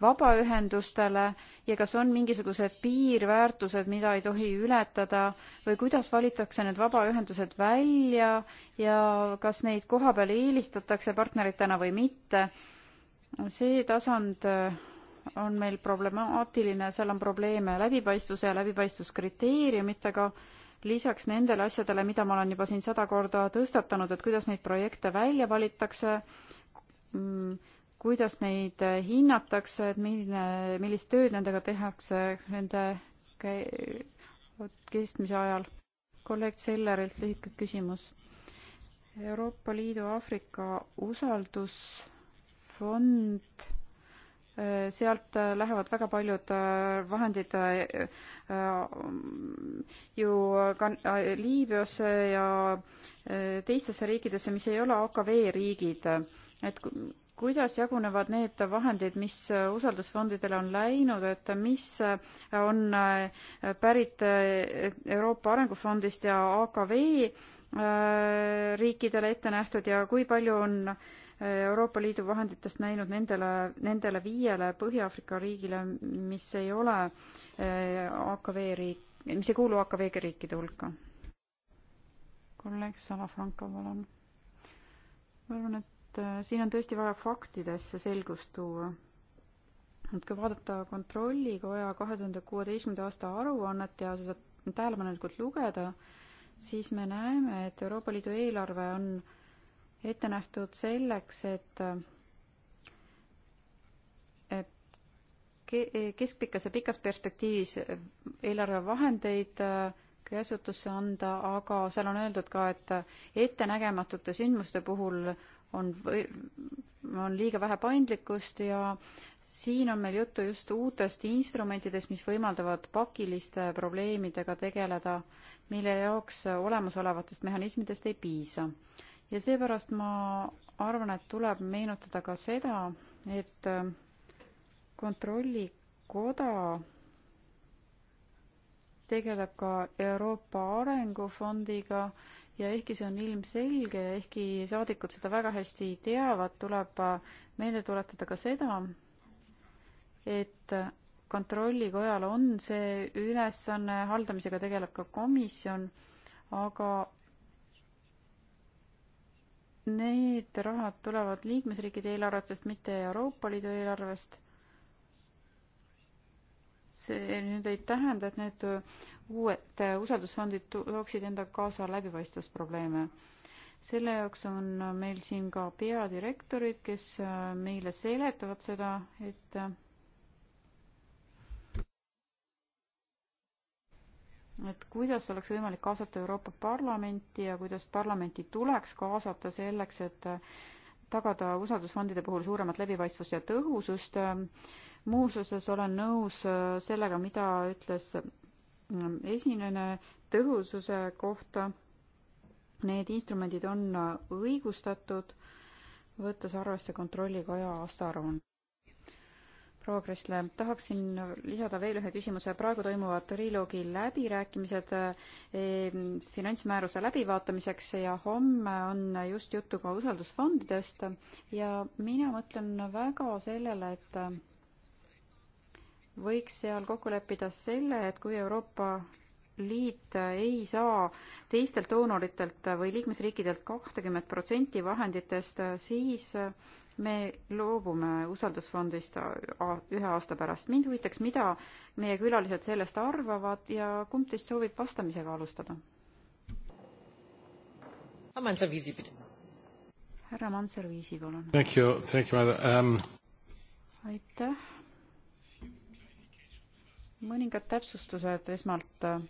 vabaühendustele ja kas on mingisugused piirväärtused, mida ei tohi ületada või kuidas valitakse need vabaühendused välja ja kas neid kohapeal eelistatakse partneritena või mitte. see tasand on meil problemaatiline, seal on probleeme läbipaistvuse ja läbipaistvuskriteeriumitega, lisaks nendele asjadele, mida ma olen juba siin sada korda tõstatanud, et kuidas neid projekte välja valitakse, mm, kuidas neid hinnatakse, et milline, millist tööd nendega tehakse nende kestmise ajal. kolleeg Sellerilt lühike küsimus. Euroopa Liidu Aafrika usaldusfond sealt äh, lähevad väga paljud äh, vahendid äh, ju ka Liibüasse ja teistesse riikidesse, mis ei ole AKV riigid. et kuidas jagunevad need vahendid, mis usaldusfondidele on läinud, et mis on pärit Euroopa Arengufondist ja AKV riikidele ette nähtud ja kui palju on äh, Euroopa Liidu vahenditest näinud nendele, nendele viiele Põhja-Aafrika riigile, mis ei ole eh, AKV riik, mis ei kuulu AKV riikide hulka? kolleeg Salafranco, palun. ma arvan, et eh, siin on tõesti vaja faktidesse selgust tuua et kui vaadata Kontrollikoja kahe tuhande kuueteistkümnenda aasta aruannet ja seda tähelepanelikult lugeda, siis me näeme, et Euroopa Liidu eelarve on ette nähtud selleks, et keskpikas ja pikas perspektiivis eelarvevahendeid äh, käsutusse anda, aga seal on öeldud ka, et ettenägematute sündmuste puhul on, on liiga vähe paindlikkust ja siin on meil juttu just uutest instrumentidest, mis võimaldavad pakiliste probleemidega tegeleda, mille jaoks olemasolevatest mehhanismidest ei piisa ja seepärast ma arvan, et tuleb meenutada ka seda, et äh, kontrollikoda tegeleb ka Euroopa Arengufondiga ja ehkki see on ilmselge ja ehkki saadikud seda väga hästi teavad, tuleb äh, meelde tuletada ka seda, et äh, kontrollikojal on see ülesanne, haldamisega tegeleb ka komisjon, aga Need rahad tulevad liikmesriikide eelarvetest, mitte Euroopa Liidu eelarvest. see nüüd ei tähenda, et need uued usaldusfondid tooksid endaga kaasa läbipaistvusprobleeme. selle jaoks on meil siin ka peadirektorid, kes äh, meile seletavad seda, et et kuidas oleks võimalik kaasata Euroopa Parlamenti ja kuidas parlamenti tuleks kaasata selleks, et äh, tagada usaldusfondide puhul suuremat läbipaistvust ja tõhusust. Ähm, muus osas olen nõus äh, sellega, mida ütles äh, esinejana tõhususe kohta. Need instrumendid on õigustatud, võttes arvesse kontrollikoja aastaaruannet proua Kressle, tahaksin lisada veel ühe küsimuse. praegu toimuvad triloogi läbirääkimised e, finantsmääruse läbivaatamiseks ja homme on just juttu ka usaldusfondidest ja mina mõtlen väga sellele, et võiks seal kokku leppida selle, et kui Euroopa Liit ei saa teistelt doonoritelt või liikmesriikidelt kahtekümmet protsenti vahenditest, siis me loobume usaldusfondist ühe aasta pärast. mind huvitaks, mida meie külalised sellest arvavad ja kumb teist soovib vastamisega alustada? härra Manserviisi, palun. Um... aitäh. mõningad täpsustused esmalt äh,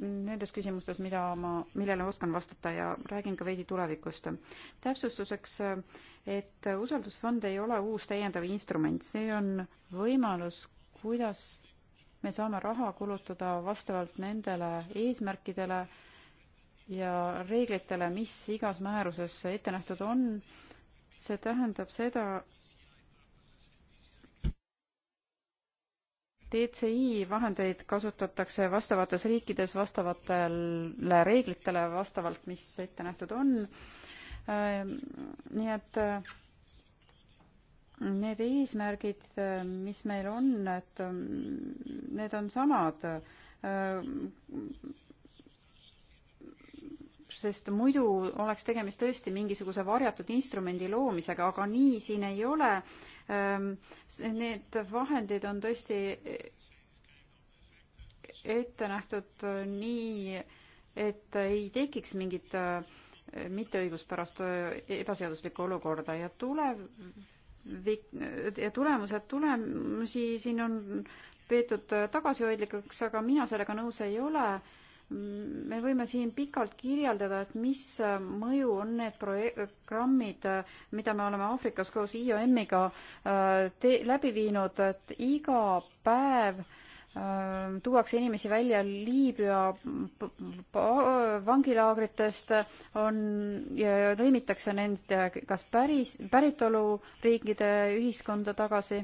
nendes küsimustes, mida ma, millele oskan vastata ja räägin ka veidi tulevikust. täpsustuseks, et usaldusfond ei ole uus täiendav instrument, see on võimalus, kuidas me saame raha kulutada vastavalt nendele eesmärkidele ja reeglitele, mis igas määruses ette nähtud on. see tähendab seda, DCI vahendeid kasutatakse vastavates riikides vastavatele reeglitele vastavalt, mis ette nähtud on. Ähm, nii et äh, need eesmärgid, äh, mis meil on, et ähm, need on samad äh, sest muidu oleks tegemist tõesti mingisuguse varjatud instrumendi loomisega, aga nii siin ei ole. Ähm, need vahendid on tõesti ette nähtud nii, et ei tekiks mingit äh, mitteõiguspärast äh, ebaseaduslikku olukorda ja tulev ja tulemused tulemusi siin on peetud tagasihoidlikuks, aga mina sellega nõus ei ole me võime siin pikalt kirjeldada, et mis äh, mõju on need programmid, äh, mida me oleme Aafrikas koos IOM-iga äh, läbi viinud, et iga päev äh, tuuakse inimesi välja Liibüa vangilaagritest, on, lõimitakse nende kas päris, päritoluriikide ühiskonda tagasi.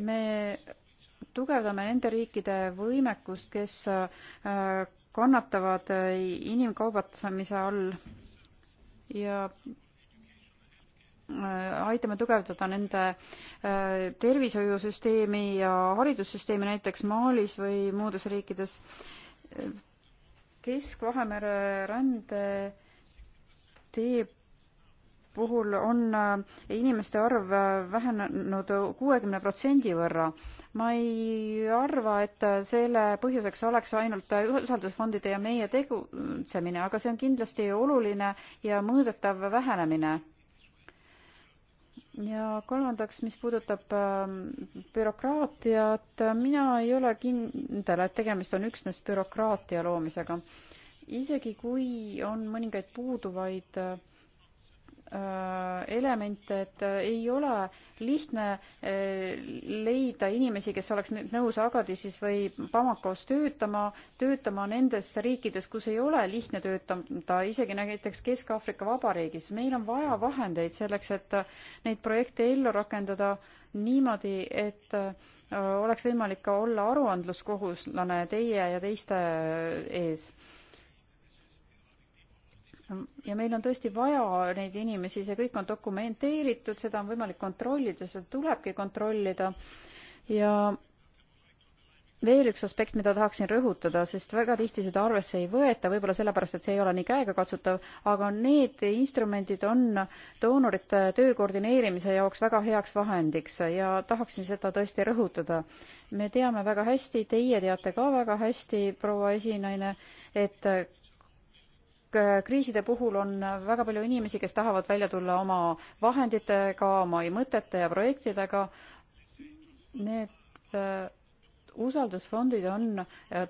me tugevdame nende riikide võimekust, kes äh, kannatavad äh, inimkaubatsemise all ja äh, aitame tugevdada nende äh, tervishoiusüsteemi ja haridussüsteemi näiteks Malis või muudes riikides. Kesk-Vahemere rände teeb puhul on äh, inimeste arv äh, vähenenud kuuekümne protsendi võrra. ma ei arva, et äh, selle põhjuseks oleks ainult usaldusfondide ja meie tegutsemine, aga see on kindlasti oluline ja mõõdetav vähenemine ja kolmandaks, mis puudutab ähm, bürokraatiat, mina ei ole kindel, et tegemist on üksnes bürokraatia loomisega. isegi kui on mõningaid puuduvaid äh, Äh, elemente, et äh, ei ole lihtne äh, leida inimesi, kes oleks nüüd nõus Agadisis või Bamakos töötama, töötama nendes riikides, kus ei ole lihtne töötada, isegi näiteks Kesk-Aafrika Vabariigis. meil on vaja vahendeid selleks, et neid projekte ellu rakendada niimoodi, et oleks võimalik ka olla aruandluskohuslane teie ja teiste ees ja meil on tõesti vaja neid inimesi, see kõik on dokumenteeritud, seda on võimalik kontrollida, seda tulebki kontrollida ja veel üks aspekt, mida tahaksin rõhutada, sest väga tihti seda arvesse ei võeta, võib-olla sellepärast, et see ei ole nii käegakatsutav, aga need instrumendid on doonorite töö koordineerimise jaoks väga heaks vahendiks ja tahaksin seda tõesti rõhutada. me teame väga hästi, teie teate ka väga hästi, proua esinaine, et Äh, kriiside puhul on väga palju inimesi, kes tahavad välja tulla oma vahenditega, oma mõtete ja projektidega. Need äh, usaldusfondid on äh,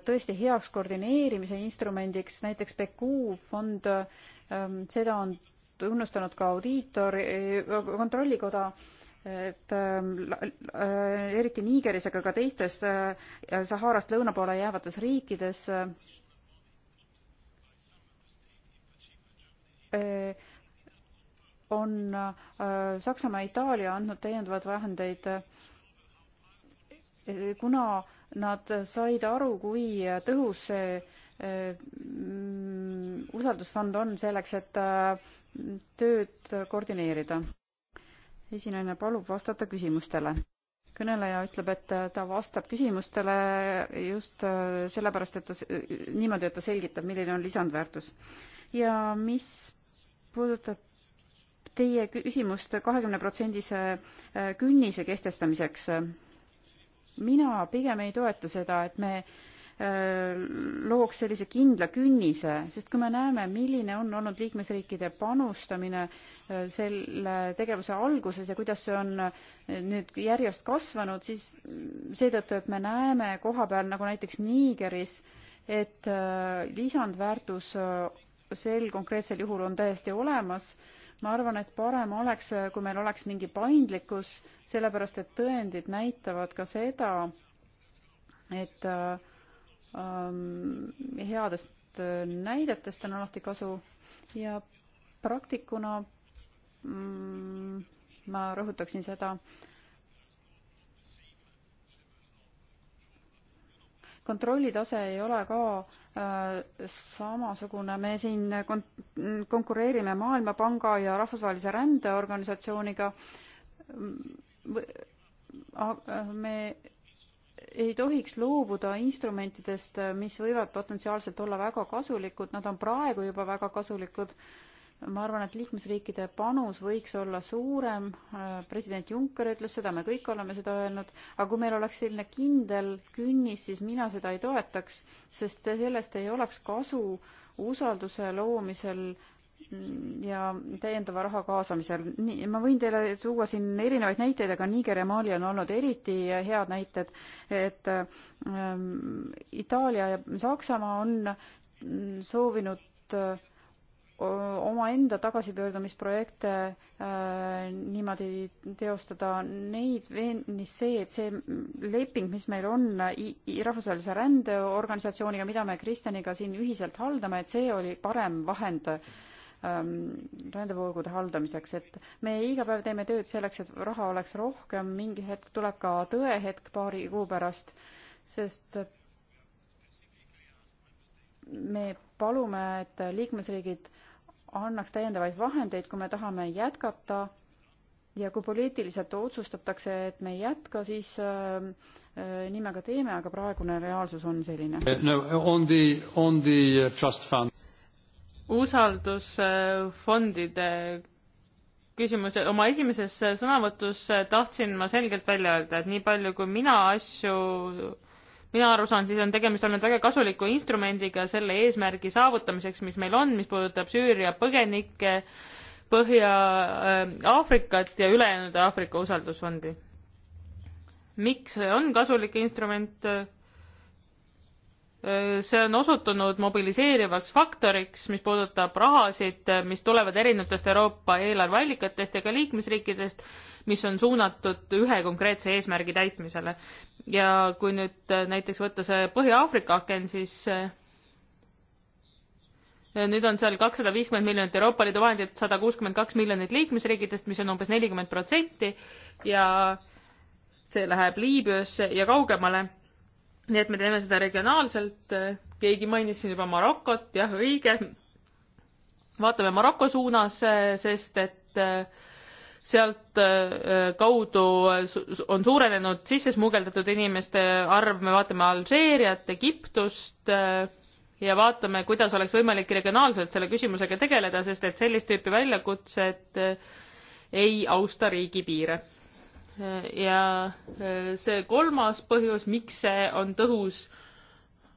tõesti heaks koordineerimise instrumendiks, näiteks Beku fond, ähm, seda on tunnustanud ka audiitor, kontrollikoda et ähm, äh, eriti Nigeris, aga ka teistes äh, Saharast lõuna poole jäävates riikides äh, on äh, Saksamaa ja Itaalia andnud täiendavaid vahendeid, äh, kuna nad said aru, kui tõhus see äh, usaldusfond on selleks, et tööd koordineerida. esinaine palub vastata küsimustele kõneleja ütleb, et ta vastab küsimustele just sellepärast, et ta niimoodi, et ta selgitab, milline on lisandväärtus. ja mis puudutab teie küsimust kahekümne protsendise äh, künnise kehtestamiseks. mina pigem ei toeta seda, et me äh, looks sellise kindla künnise, sest kui me näeme, milline on olnud liikmesriikide panustamine äh, selle tegevuse alguses ja kuidas see on nüüd järjest kasvanud, siis seetõttu, et me näeme koha peal, nagu näiteks Nigeris, et lisandväärtus sel konkreetsel juhul on täiesti olemas. ma arvan, et parem oleks, kui meil oleks mingi paindlikkus, sellepärast et tõendid näitavad ka seda, et ähm, headest äh, näidetest on alati kasu ja praktikuna mm, ma rõhutaksin seda, kontrollitase ei ole ka äh, samasugune, me siin kon-, konkureerime Maailmapanga ja Rahvusvahelise Rändeorganisatsiooniga, ah, äh, me ei tohiks loobuda instrumentidest, mis võivad potentsiaalselt olla väga kasulikud, nad on praegu juba väga kasulikud äh, ma arvan, et liikmesriikide panus võiks olla suurem, president Juncker ütles seda, me kõik oleme seda öelnud, aga kui meil oleks selline kindel künnis, siis mina seda ei toetaks, sest sellest ei oleks kasu usalduse loomisel ja täiendava raha kaasamisel. nii, ma võin teile tuua siin erinevaid näiteid, aga Niger ja Mali on olnud eriti head näited, et ähm, Itaalia ja Saksamaa on soovinud äh, omaenda tagasipöördumisprojekte äh, niimoodi teostada, neid veenis see, et see leping, mis meil on rahvusvahelise rändeorganisatsiooniga, mida me Kristjaniga siin ühiselt haldame, et see oli parem vahend ähm, rändevoogude haldamiseks, et me iga päev teeme tööd selleks, et raha oleks rohkem, mingi hetk tuleb ka tõehetk paari kuu pärast, sest me palume, et liikmesriigid äh, annaks täiendavaid vahendeid, kui me tahame jätkata ja kui poliitiliselt otsustatakse, et me ei jätka, siis äh, äh nii me ka teeme, aga praegune reaalsus on selline eh, no,. On the, on the uh, trust fund. usaldusfondide küsimus, oma esimeses sõnavõtus tahtsin ma selgelt välja öelda, et nii palju, kui mina asju mina aru saan, siis on tegemist olnud väga kasuliku instrumendiga selle eesmärgi saavutamiseks, mis meil on, mis puudutab Süüria põgenikke, Põhja-Aafrikat äh, ja ülejäänud Aafrika usaldusfondi. miks see on kasulik instrument? Äh, see on osutunud mobiliseerivaks faktoriks, mis puudutab rahasid, mis tulevad erinevatest Euroopa eelarveallikatest ja ka liikmesriikidest mis on suunatud ühe konkreetse eesmärgi täitmisele. ja kui nüüd äh, näiteks võtta see Põhja-Aafrika aken, siis äh, äh, nüüd on seal kakssada viiskümmend miljonit Euroopa Liidu vahendit, sada kuuskümmend kaks miljonit liikmesriikidest, mis on umbes nelikümmend protsenti ja see läheb Liibüasse ja kaugemale. nii et me teeme seda regionaalselt, keegi mainis siin juba Marokot, jah, õige. vaatame Maroko suunas, sest et äh, sealt äh, kaudu on suurenenud sisse smugeldatud inimeste arv, me vaatame Alžeeriat, Egiptust äh, ja vaatame, kuidas oleks võimalik regionaalselt selle küsimusega tegeleda, sest et sellist tüüpi väljakutsed äh, ei austa riigipiire. ja see kolmas põhjus, miks see on tõhus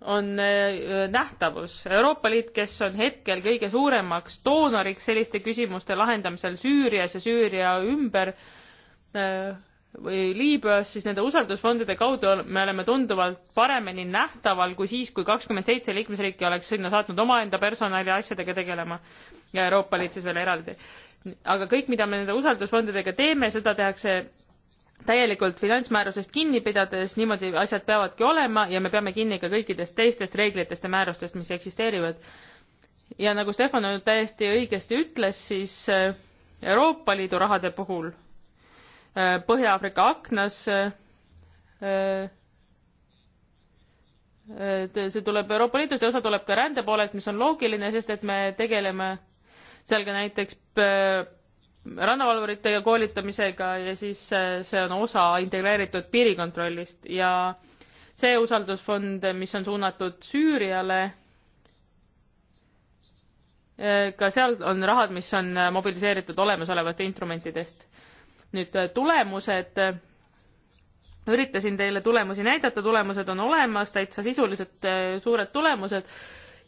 on äh, nähtavus. Euroopa Liit, kes on hetkel kõige suuremaks doonoriks selliste küsimuste lahendamisel Süürias ja Süüria ümber äh, või Liibüas, siis nende usaldusfondide kaudu me oleme tunduvalt paremini nähtaval kui siis, kui kakskümmend seitse liikmesriiki oleks sinna saatnud omaenda personali asjadega tegelema ja Euroopa Liit siis veel eraldi. aga kõik, mida me nende usaldusfondidega teeme, seda tehakse täielikult finantsmäärusest kinni pidades, niimoodi asjad peavadki olema ja me peame kinni ka kõikidest teistest reeglitest ja määrustest, mis eksisteerivad. ja nagu Stefan täiesti õigesti ütles, siis äh, Euroopa Liidu rahade puhul äh, Põhja-Aafrika aknas äh, see tuleb Euroopa Liidust ja osa tuleb ka rände poolelt, mis on loogiline, sest et me tegeleme seal ka näiteks rannavalvurite koolitamisega ja siis äh, see on osa integreeritud piirikontrollist ja see usaldusfond, mis on suunatud Süüriale, äh, ka seal on rahad, mis on äh, mobiliseeritud olemasolevate instrumentidest. nüüd tulemused, üritasin teile tulemusi näidata, tulemused on olemas, täitsa sisuliselt suured tulemused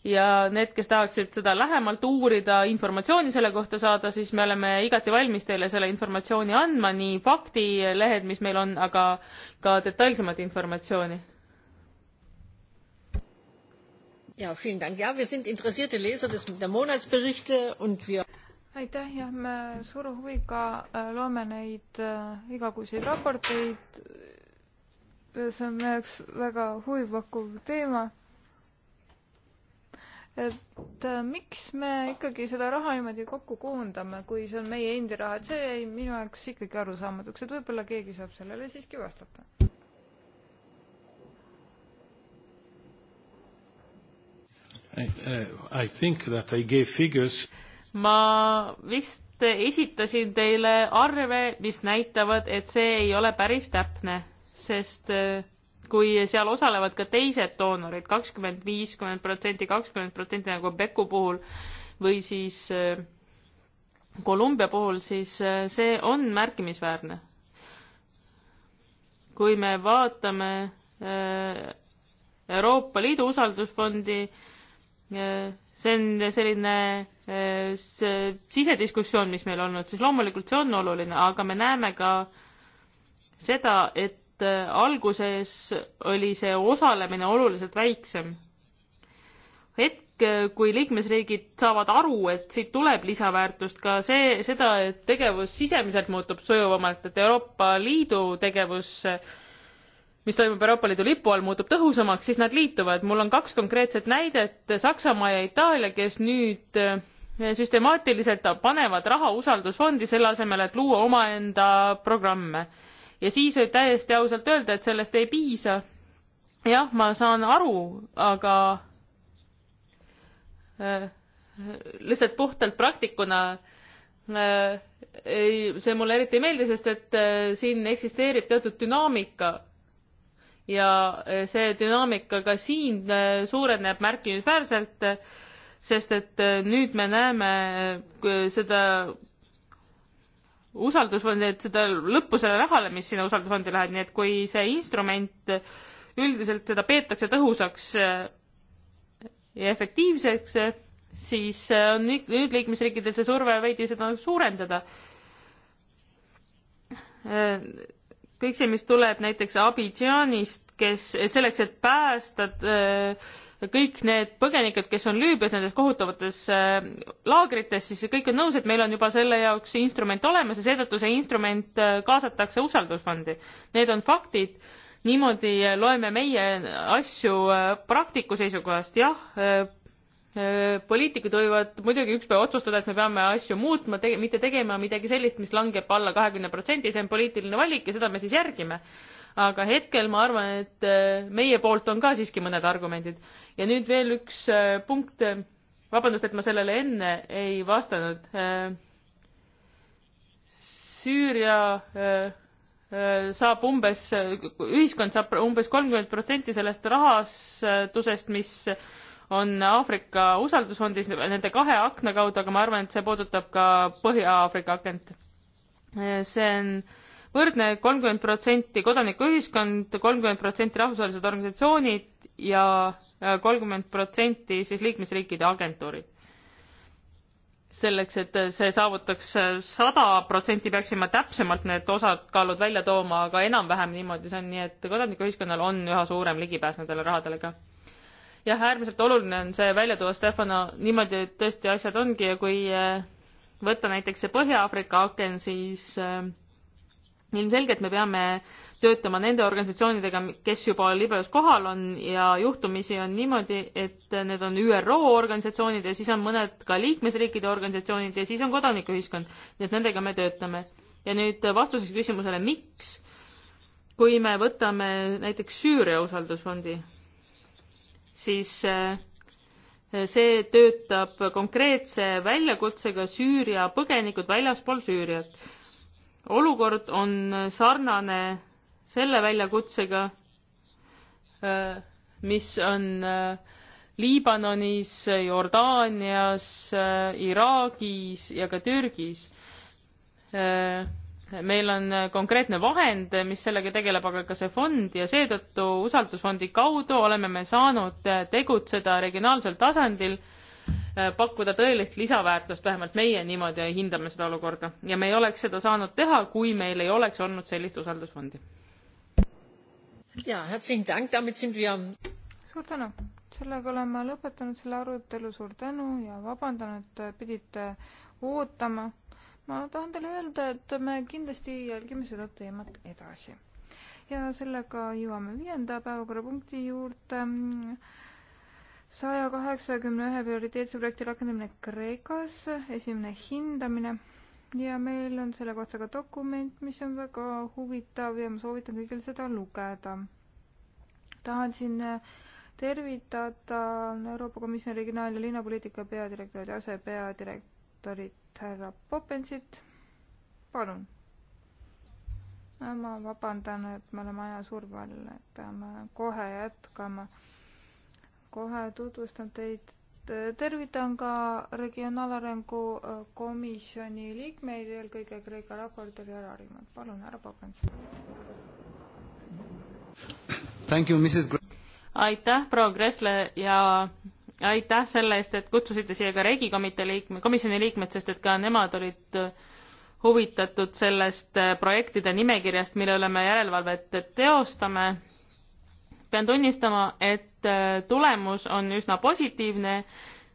ja need, kes tahaksid seda lähemalt uurida, informatsiooni selle kohta saada, siis me oleme igati valmis teile selle informatsiooni andma, nii faktilehed, mis meil on, aga ka detailsemat informatsiooni. ja, ja, wir sind interessierte Leser des, der Monatsberichte und wir aitäh, jah, me suure huviga äh, loome neid äh, igakuiseid raporteid. Äh, see on meie jaoks väga huvipakkuv teema et äh, miks me ikkagi seda raha niimoodi kokku koondame, kui see on meie endi raha, et see jäi minu jaoks ikkagi arusaamatuks, et võib-olla keegi saab sellele siiski vastata. I, uh, I think that I gave figures. ma vist esitasin teile arve, mis näitavad, et see ei ole päris täpne, sest äh, kui seal osalevad ka teised doonorid, kakskümmend, viiskümmend protsenti, kakskümmend protsenti nagu Beku puhul või siis äh, Kolumbia puhul, siis äh, see on märkimisväärne. kui me vaatame äh, Euroopa Liidu usaldusfondi, see on selline sisediskussioon, mis meil olnud, siis loomulikult see on oluline, aga me näeme ka seda, et Äh, alguses oli see osalemine oluliselt väiksem. hetk, äh, kui liikmesriigid saavad aru, et siit tuleb lisaväärtust, ka see, seda, et tegevus sisemiselt muutub sujuvamalt, et Euroopa Liidu tegevus mis toimub Euroopa Liidu lipu all, muutub tõhusamaks, siis nad liituvad. mul on kaks konkreetset näidet, Saksamaa ja Itaalia, kes nüüd äh, süstemaatiliselt panevad raha usaldusfondi selle asemel, et luua omaenda programme ja siis võib täiesti ausalt öelda, et sellest ei piisa. jah, ma saan aru, aga äh, lihtsalt puhtalt praktikuna äh, ei, see mulle eriti ei meeldi, sest et äh, siin eksisteerib teatud dünaamika ja äh, see dünaamika ka siin äh, suureneb märkimisväärselt, äh, sest et nüüd me näeme seda usaldusfondi, et seda lõppu sellele rahale, mis sinna usaldusfondi läheb, nii et kui see instrument üldiselt seda peetakse tõhusaks äh, ja efektiivseks, äh, siis äh, on nüüd liikmesriikidel see surve veidi seda suurendada. kõik see, mis tuleb näiteks Abidžaanist, kes selleks, et päästa kõik need põgenikud, kes on Lüübias nendes kohutavates äh, laagrites, siis kõik on nõus, et meil on juba selle jaoks instrument olemas ja seetõttu see instrument äh, kaasatakse usaldusfondi. Need on faktid, niimoodi äh, loeme meie asju praktiku seisukohast, jah, poliitikud võivad muidugi ükspäev otsustada, et me peame asju muutma tege,, mitte tegema midagi sellist, mis langeb alla kahekümne protsendi, see on poliitiline valik ja seda me siis järgime aga hetkel ma arvan, et äh, meie poolt on ka siiski mõned argumendid. ja nüüd veel üks äh, punkt, vabandust, et ma sellele enne ei vastanud. Äh, Süüria saab umbes, ühiskond saab umbes kolmkümmend protsenti sellest rahastusest, mis on Aafrika usaldusfondis nende kahe akna kaudu, aga ma arvan, et see puudutab ka Põhja-Aafrika akent. see on äh, võrdne kolmkümmend protsenti kodanikuühiskond, kolmkümmend protsenti rahvusvahelised organisatsioonid ja kolmkümmend protsenti siis liikmesriikide agentuurid. selleks, et see saavutaks sada protsenti, peaksime täpsemalt need osakaalud välja tooma, aga enam-vähem niimoodi see on, nii et kodanikuühiskonnal on üha suurem ligipääs nendele rahadele ka jah, äärmiselt oluline on see välja tuua, Stefano, niimoodi tõesti asjad ongi ja kui eh, võtta näiteks see Põhja-Aafrika aken, siis eh, ilmselgelt me peame töötama nende organisatsioonidega, kes juba Liibüas kohal on ja juhtumisi on niimoodi, et need on ÜRO organisatsioonid ja siis on mõned ka liikmesriikide organisatsioonid ja siis on kodanikuühiskond. nii et nendega me töötame. ja nüüd vastuseks küsimusele, miks, kui me võtame näiteks Süüria usaldusfondi, siis eh, see töötab konkreetse väljakutsega Süüria põgenikud väljaspool Süüriat olukord on sarnane selle väljakutsega, äh, mis on äh, Liibanonis, Jordaanias, äh, Iraagis ja ka Türgis. meil on konkreetne vahend, mis sellega tegeleb, aga ka see fond ja seetõttu usaldusfondi kaudu oleme me saanud tegutseda regionaalsel tasandil Äh, pakkuda tõelist lisaväärtust, vähemalt meie niimoodi hindame seda olukorda ja me ei oleks seda saanud teha, kui meil ei oleks olnud sellist usaldusfondi. ja, suur tänu, sellega oleme lõpetanud selle arutelu, suur tänu ja vabandan, et äh, pidite ootama. ma tahan teile öelda, et me kindlasti jälgime seda teemat edasi. ja sellega jõuame viienda päevakorrapunkti juurde saja kaheksakümne ühe prioriteetse projekti rakendamine Kreekas, esimene hindamine ja meil on selle kohta ka dokument, mis on väga huvitav ja ma soovitan kõigil seda lugeda. tahan siin äh, tervitada Euroopa Komisjoni regionaal- ja linnapoliitika peadirektorit ja asepeadirektorit härra Popensit. palun. ma vabandan, et me oleme ajasurve all, et peame kohe jätkama kohe tutvustan teid. tervitan ka Regionaalarengu äh, Komisjoni liikmeid, eelkõige Kreeka raportööri härra Harimat. palun, härra Pagan. aitäh, proua Kressle ja aitäh selle eest, et kutsusite siia ka regikomitee liikme, komisjoni liikmed, sest et ka nemad olid äh, huvitatud sellest äh, projektide nimekirjast, mille üle me järelevalvet teostame. pean tunnistama, et et äh, tulemus on üsna positiivne.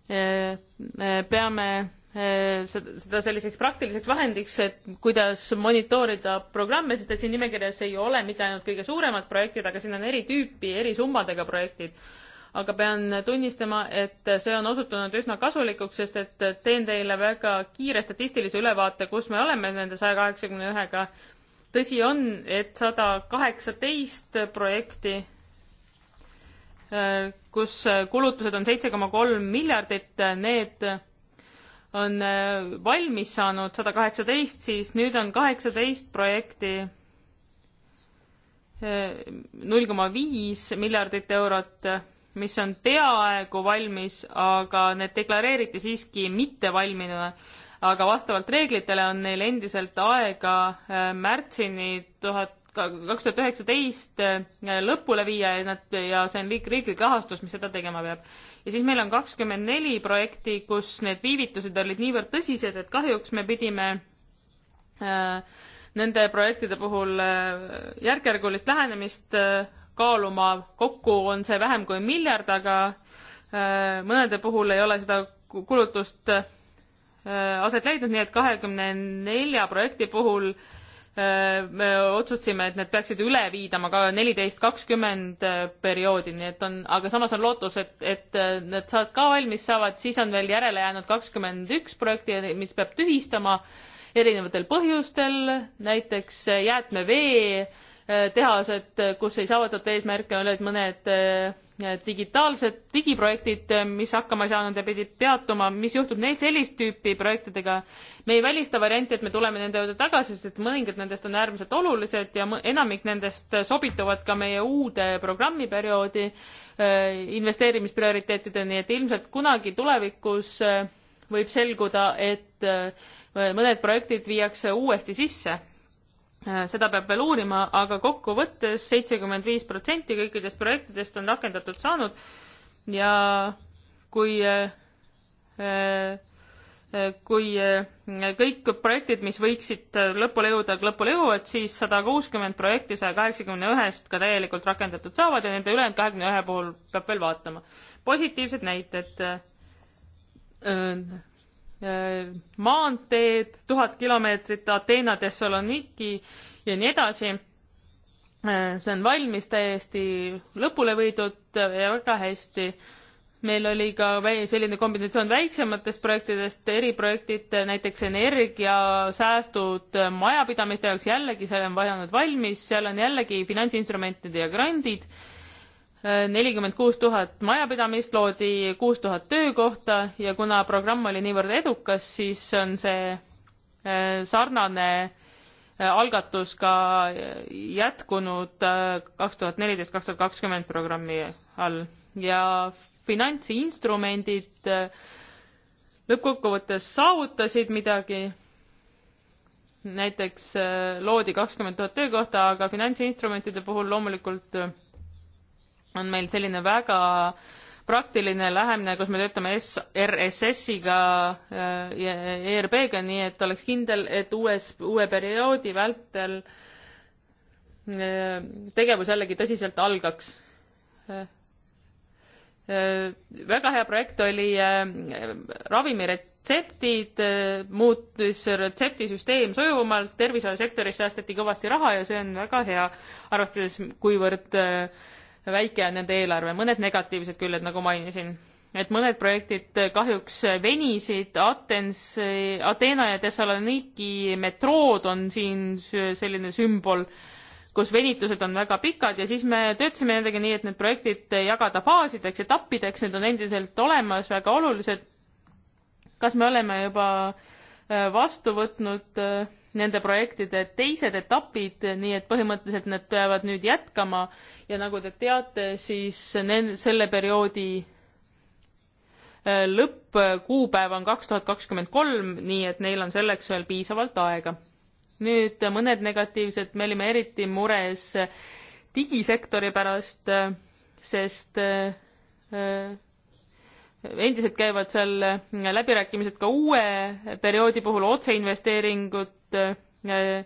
Äh, äh, peame seda selliseks praktiliseks vahendiks, et kuidas monitoorida programme, sest et siin nimekirjas ei ole mitte ainult kõige suuremad projektid, aga siin on eri tüüpi, eri summadega projektid. aga pean tunnistama, et see on osutunud üsna kasulikuks, sest et teen teile väga kiire statistilise ülevaate, kus me oleme nende saja kaheksakümne ühega. tõsi on, et sada kaheksateist projekti kus kulutused on seitse koma kolm miljardit, need on valmis saanud sada kaheksateist, siis nüüd on kaheksateist projekti null koma viis miljardit eurot, mis on peaaegu valmis, aga need deklareeriti siiski mittevalminuna. aga vastavalt reeglitele on neil endiselt aega märtsini tuhat kaks tuhat üheksateist äh, lõpule viia ja nad ja see on riik, riiklik rahastus, mis seda tegema peab. ja siis meil on kakskümmend neli projekti, kus need viivitused olid niivõrd tõsised, et kahjuks me pidime äh, nende projektide puhul äh, järk-järgulist lähenemist äh, kaaluma, kokku on see vähem kui miljard, aga äh, mõnede puhul ei ole seda kulutust äh, aset leidnud, nii et kahekümne nelja projekti puhul äh, Äh, me otsustasime, et need peaksid üle viidama ka neliteist kakskümmend äh, perioodi, nii et on, aga samas on lootus, et, et äh, need saavad ka valmis saavad, siis on veel järele jäänud kakskümmend üks projekti, mis peab tühistama erinevatel põhjustel, näiteks jäätmevee tehased, kus ei saavutatud eesmärke, olid mõned digitaalsed digiprojektid, mis hakkama ei saanud ja pidid peatuma, mis juhtub neil sellist tüüpi projektidega. me ei välista varianti, et me tuleme nende juurde tagasi, sest mõningad nendest on äärmiselt olulised ja enamik nendest sobituvad ka meie uude programmiperioodi äh, investeerimisprioriteetideni, nii et ilmselt kunagi tulevikus äh, võib selguda, et äh, mõned projektid viiakse uuesti sisse Äh, seda peab veel uurima, aga kokkuvõttes seitsekümmend viis protsenti kõikidest projektidest on rakendatud saanud ja kui äh, äh, kui kõik projektid, mis võiksid lõpule jõuda, lõpule jõuavad, siis sada kuuskümmend projekti saja kaheksakümne ühest ka täielikult rakendatud saavad ja nende ülejäänud kahekümne ühe puhul peab veel vaatama. positiivsed näited Äh, maanteed, tuhat kilomeetrit Ateena Thessaloniki ja nii edasi. Äh, see on valmis täiesti lõpule võidud ja väga hästi. meil oli ka selline kombinatsioon väiksematest projektidest, eriprojektid, näiteks energiasäästud majapidamiste jaoks, jällegi see on vajanud valmis, seal on jällegi finantsinstrumentide ja grandid nelikümmend kuus tuhat majapidamist, loodi kuus tuhat töökohta ja kuna programm oli niivõrd edukas, siis on see eh, sarnane eh, algatus ka jätkunud eh, kaks tuhat neliteist, kaks tuhat kakskümmend programmi all ja finantsinstrumendid lõppkokkuvõttes saavutasid midagi näiteks loodi kakskümmend tuhat töökohta, aga finantsinstrumentide puhul loomulikult on meil selline väga praktiline lähemine, kus me töötame RSS-iga äh, ja ERB-ga, nii et oleks kindel, et uues, uue perioodi vältel äh, tegevus jällegi tõsiselt algaks. Äh, väga hea projekt oli ravimiretseptid, muutus retseptisüsteem sujuvamalt, tervishoiusektoris säästeti kõvasti raha ja see on väga hea, arvestades, kuivõrd äh, väike on nende eelarve, mõned negatiivsed küll, et nagu mainisin, et mõned projektid kahjuks venisid, Atens, Ateena ja Thessaloniki metrood on siin selline sümbol, kus venitused on väga pikad ja siis me töötasime nendega nii, et need projektid jagada faasideks, etappideks, need on endiselt olemas, väga olulised. kas me oleme juba äh, vastu võtnud äh, nende projektide teised etapid, nii et põhimõtteliselt need peavad nüüd jätkama ja nagu te teate, siis selle perioodi äh, lõppkuupäev on kaks tuhat kakskümmend kolm, nii et neil on selleks veel piisavalt aega. nüüd mõned negatiivsed, me olime eriti mures äh, digisektori pärast, äh, sest endiselt käivad seal läbirääkimised ka uue perioodi puhul, otseinvesteeringud äh,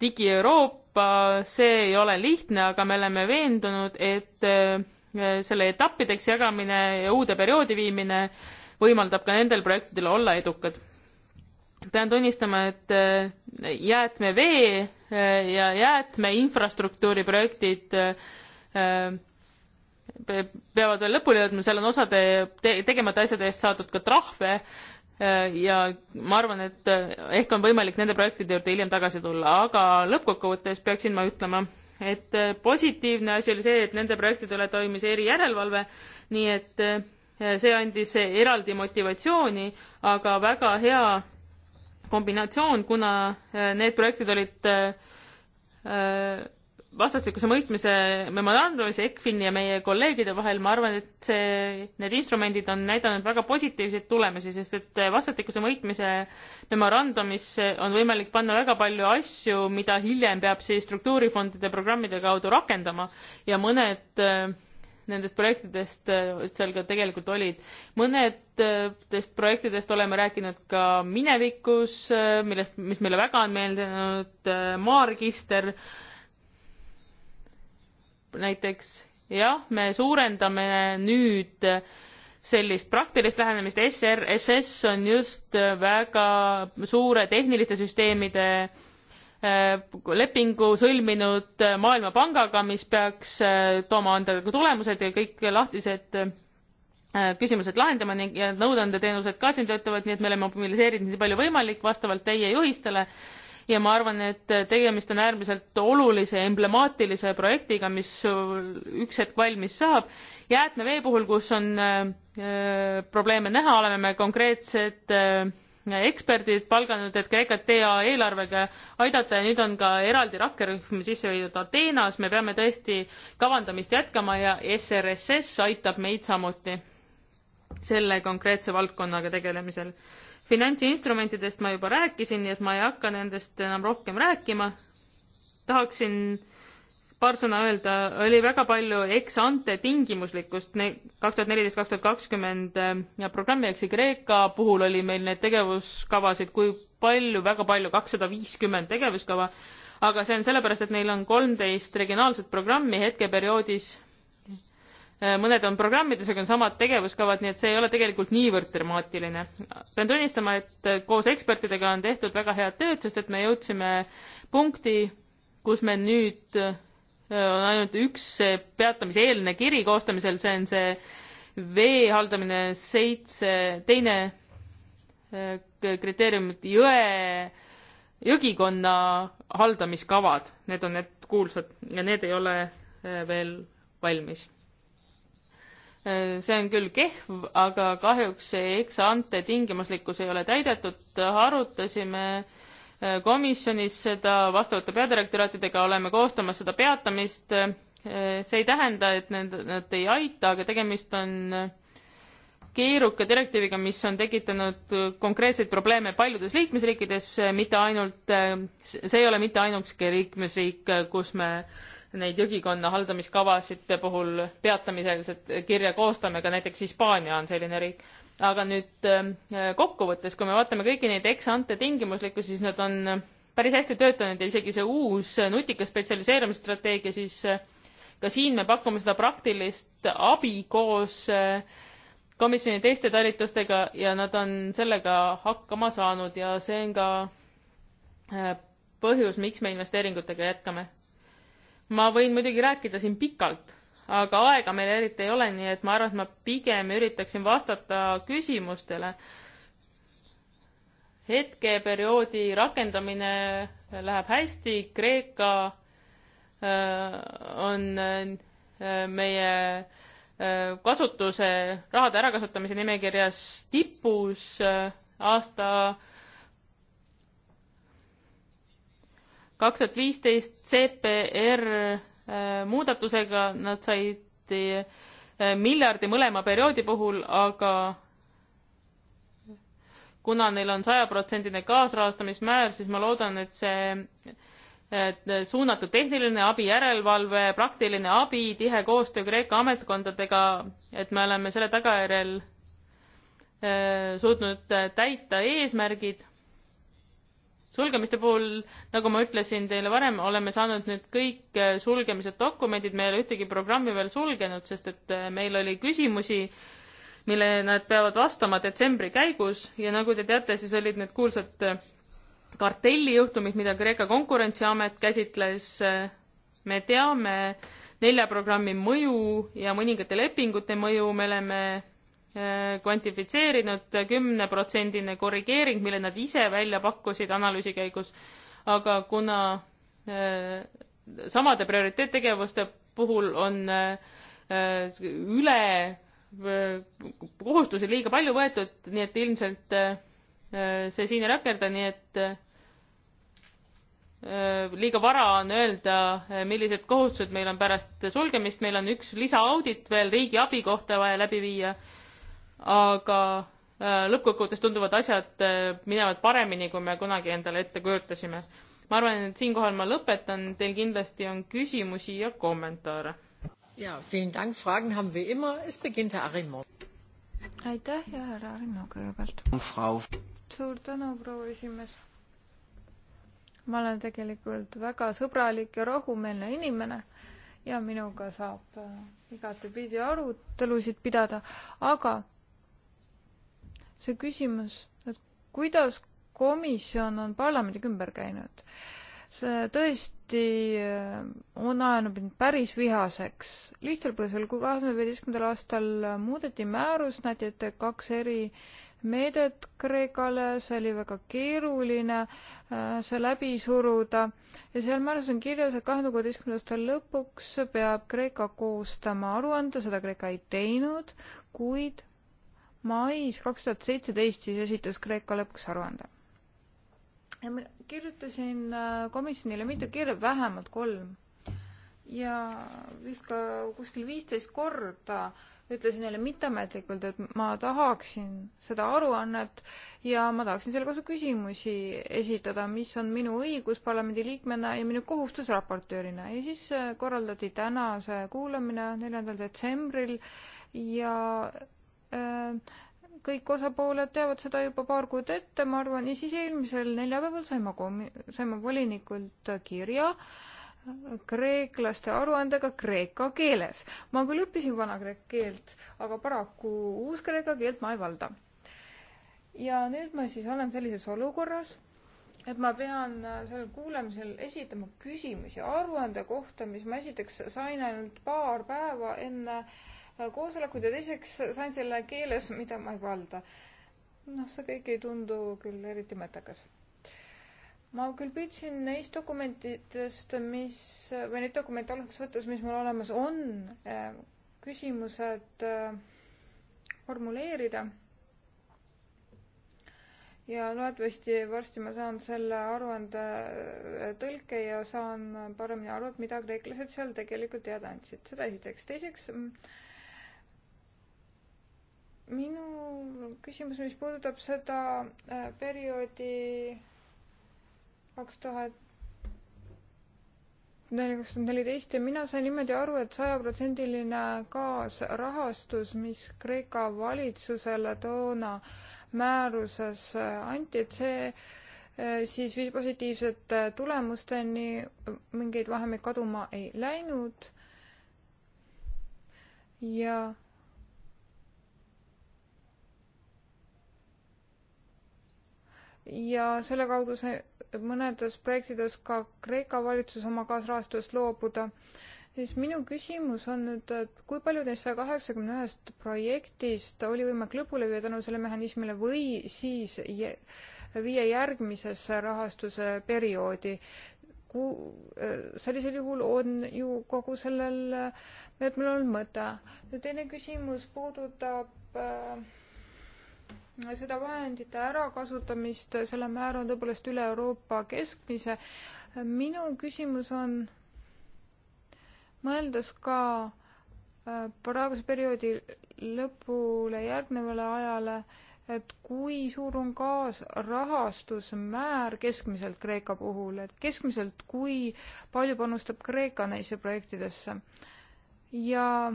Digi-Euroopa, see ei ole lihtne, aga me oleme veendunud, et äh, selle etappideks jagamine ja uude perioodi viimine võimaldab ka nendel projektidel olla edukad. pean tunnistama, et äh, jäätmevee ja jäätmeinfrastruktuuri projektid peavad veel lõpuni jõudma, seal on osade te tegemata asjade eest saadud ka trahve äh, ja ma arvan, et äh, ehk on võimalik nende projektide juurde hiljem tagasi tulla, aga lõppkokkuvõttes peaksin ma ütlema, et äh, positiivne asi oli see, et nende projektide üle toimis erijärelevalve, nii et see andis eraldi motivatsiooni, aga väga hea kombinatsioon, kuna need projektid olid äh, vastastikuse mõistmise memorandumis ECFIN ja meie kolleegide vahel, ma arvan, et see, need instrumendid on näidanud väga positiivseid tulemusi, sest et vastastikuse mõistmise memorandumis on võimalik panna väga palju asju, mida hiljem peab siis struktuurifondide programmide kaudu rakendama ja mõned äh, nendest projektidest äh, seal ka tegelikult olid. mõnedest äh, projektidest oleme rääkinud ka minevikus, millest, mis meile väga on meeldinud, maaregister näiteks jah, me suurendame nüüd sellist praktilist lähenemist, SR, SS on just väga suure tehniliste süsteemide äh, lepingu sõlminud Maailmapangaga, mis peaks äh, tooma anda tulemused ja kõik lahtised äh, küsimused lahendama ning ja nõuandeteenused ka siin töötavad, nii et me oleme mobiliseerinud nii palju võimalik vastavalt teie juhistele ja ma arvan, et tegemist on äärmiselt olulise emblemaatilise projektiga, mis üks hetk valmis saab. jäätmevee puhul, kus on äh, probleeme näha, oleme me konkreetsed äh, eksperdid palganud, et Kreekat e TA eelarvega aidata ja nüüd on ka eraldi rakkerühm sisse viidud Ateenas, me peame tõesti kavandamist jätkama ja SRSS aitab meid samuti selle konkreetse valdkonnaga tegelemisel finantsinstrumentidest ma juba rääkisin, nii et ma ei hakka nendest enam rohkem rääkima. tahaksin paar sõna öelda, oli väga palju ex-ante tingimuslikkust, kaks tuhat neliteist, kaks tuhat kakskümmend äh, ja programmi eks e Kreeka puhul oli meil neid tegevuskavasid kui palju, väga palju, kakssada viiskümmend tegevuskava, aga see on sellepärast, et neil on kolmteist regionaalset programmi hetkeperioodis Äh, mõned on programmides, aga on samad tegevuskavad, nii et see ei ole tegelikult niivõrd dramaatiline. pean tunnistama, et äh, koos ekspertidega on tehtud väga head tööd, sest et me jõudsime punkti, kus me nüüd äh, on ainult üks peatamiseelne kiri koostamisel, see on see vee haldamine seitse, teine kriteerium, jõe, jõgikonna haldamiskavad, need on need kuulsad ja need ei ole veel valmis see on küll kehv, aga kahjuks see ex-ante tingimuslikkus ei ole täidetud, arutasime äh, komisjonis seda vastavate peadirektoraatidega, oleme koostamas seda peatamist, äh, see ei tähenda, et need, nad ei aita, aga tegemist on äh, keeruka direktiiviga, mis on tekitanud konkreetseid probleeme paljudes liikmesriikides, mitte ainult, see ei ole mitte ainukeski liikmesriik, kus me neid jõgikonna haldamiskavasid puhul peatamiselt kirja koostame, ka näiteks Hispaania on selline riik. aga nüüd ähm, kokkuvõttes, kui me vaatame kõiki neid ex-ante tingimuslikkusi, siis nad on äh, päris hästi töötanud ja isegi see uus äh, nutika spetsialiseerumisstrateegia, siis äh, ka siin me pakume seda praktilist abi koos komisjoni teiste talitustega ja nad on sellega hakkama saanud ja see on ka põhjus, miks me investeeringutega jätkame ma võin muidugi rääkida siin pikalt, aga aega meil eriti ei ole, nii et ma arvan, et ma pigem üritaksin vastata küsimustele. hetkeperioodi rakendamine läheb hästi, Kreeka äh, on äh, meie äh, kasutuse, rahade ärakasutamise nimekirjas tipus äh, aasta kaks kaks tuhat viisteist CPR äh, muudatusega nad said äh, miljardi mõlema perioodi puhul, aga kuna neil on sajaprotsendine kaasrahastamismäär, siis ma loodan, et see et suunatud tehniline abi, järelevalve, praktiline abi, tihe koostöö Kreeka ametkondadega, et me oleme selle tagajärjel äh, suutnud täita eesmärgid sulgemiste puhul, nagu ma ütlesin teile varem, oleme saanud nüüd kõik eh, sulgemise dokumendid, me ei ole ühtegi programmi veel sulgenud, sest et eh, meil oli küsimusi, mille nad peavad vastama detsembri käigus ja nagu te teate, siis olid need kuulsad eh, kartellijuhtumid, mida Kreeka konkurentsiamet käsitles. me teame nelja programmi mõju ja mõningate lepingute mõju, me oleme Äh, kvantifitseerinud kümneprotsendine korrigeering, mille nad ise välja pakkusid analüüsi käigus, aga kuna äh, samade prioriteettegevuste puhul on äh, üle kohustusi liiga palju võetud, nii et ilmselt see siin ei rakendu, nii et liiga vara on öelda, millised kohustused meil on pärast sulgemist, meil on üks lisaaudit veel riigi abi kohta vaja läbi viia aga äh, lõppkokkuvõttes tunduvad asjad äh, minevat paremini, kui me kunagi endale ette kujutasime. ma arvan, et siinkohal ma lõpetan, teil kindlasti on küsimusi ja kommentaare. jaa, vielen dank, fragen haben wir immer, es beginnt herr Arimo. aitäh ja härra Arimo kõigepealt. suur tänu, proua esimees. ma olen tegelikult väga sõbralik ja rahumeelne inimene ja minuga saab äh, igatepidi arutelusid pidada, aga see küsimus, et kuidas komisjon on parlamendiga ümber käinud. see tõesti äh, on ajanud mind päris vihaseks. lihtsal põhjusel, kui kahe tuhande viieteistkümnendal aastal muudeti määrus, näeti ette kaks eri meedet Kreekale, see oli väga keeruline äh, see läbi suruda ja seal määruses on kirjas, et kahe tuhande kuueteistkümnenda aasta lõpuks peab Kreeka koostama aruande, seda Kreeka ei teinud, kuid mais kaks tuhat seitseteist siis esitas Kreeka lõpuks aruande. ja ma kirjutasin äh, komisjonile mitu kirja, vähemalt kolm. ja vist ka kuskil viisteist korda ütlesin neile mitteametlikult, et ma tahaksin seda aruannet ja ma tahaksin selle kohta küsimusi esitada, mis on minu õigus parlamendiliikmena ja minu kohustus raportöörina. ja siis äh, korraldati tänase kuulamine neljandal detsembril ja Äh, kõik osapooled teavad seda juba paar kuud ette, ma arvan, ja siis eelmisel neljapäeval sain ma komi-, sain ma volinikult kirja kreeklaste aruandega kreeka keeles. ma küll õppisin vanakreeka keelt, aga paraku uuskreeka keelt ma ei valda. ja nüüd ma siis olen sellises olukorras, et ma pean sellel kuulamisel esitama küsimusi aruande kohta, mis ma esiteks sain ainult paar päeva enne äh, koosolekud ja teiseks sain selle keeles, mida ma ei valda. noh, see kõik ei tundu küll eriti mõttekas. ma küll püüdsin neist dokumentidest, mis, või neid dokumente alguses võttes, mis mul olemas on, eh, küsimused eh, formuleerida ja loodetavasti varsti ma saan selle aruande eh, tõlke ja saan paremini aru, et mida kreeklased seal tegelikult teada andsid. seda esiteks. teiseks mm, minu küsimus, mis puudutab seda äh, perioodi kaks tuhat neli, kaks tuhat neliteist ja mina sain niimoodi aru et, et sajaprotsendiline kaasrahastus, mis Kreeka valitsusele toona määruses äh, anti, et see äh, siis viis positiivsete tulemusteni, mingeid vahemeid kaduma ei läinud ja ja selle kaudu sai mõnedes projektides ka Kreeka valitsus oma kaasrahastust loobuda. siis minu küsimus on nüüd, et kui palju neist saja kaheksakümne ühest projektist oli võimalik lõpule viia tänu sellele mehhanismile või siis viia järgmisesse rahastuse perioodi? kuhu, äh, sellisel juhul on ju kogu sellel meetmel olnud mõte. teine küsimus puudutab äh, seda vahendite ärakasutamist, selle määr on tõepoolest üle Euroopa keskmise. minu küsimus on, mõeldes ka äh, praeguse perioodi lõpule järgnevale ajale, et kui suur on kaasrahastusmäär keskmiselt Kreeka puhul, et keskmiselt kui palju panustab Kreeka neisse projektidesse ja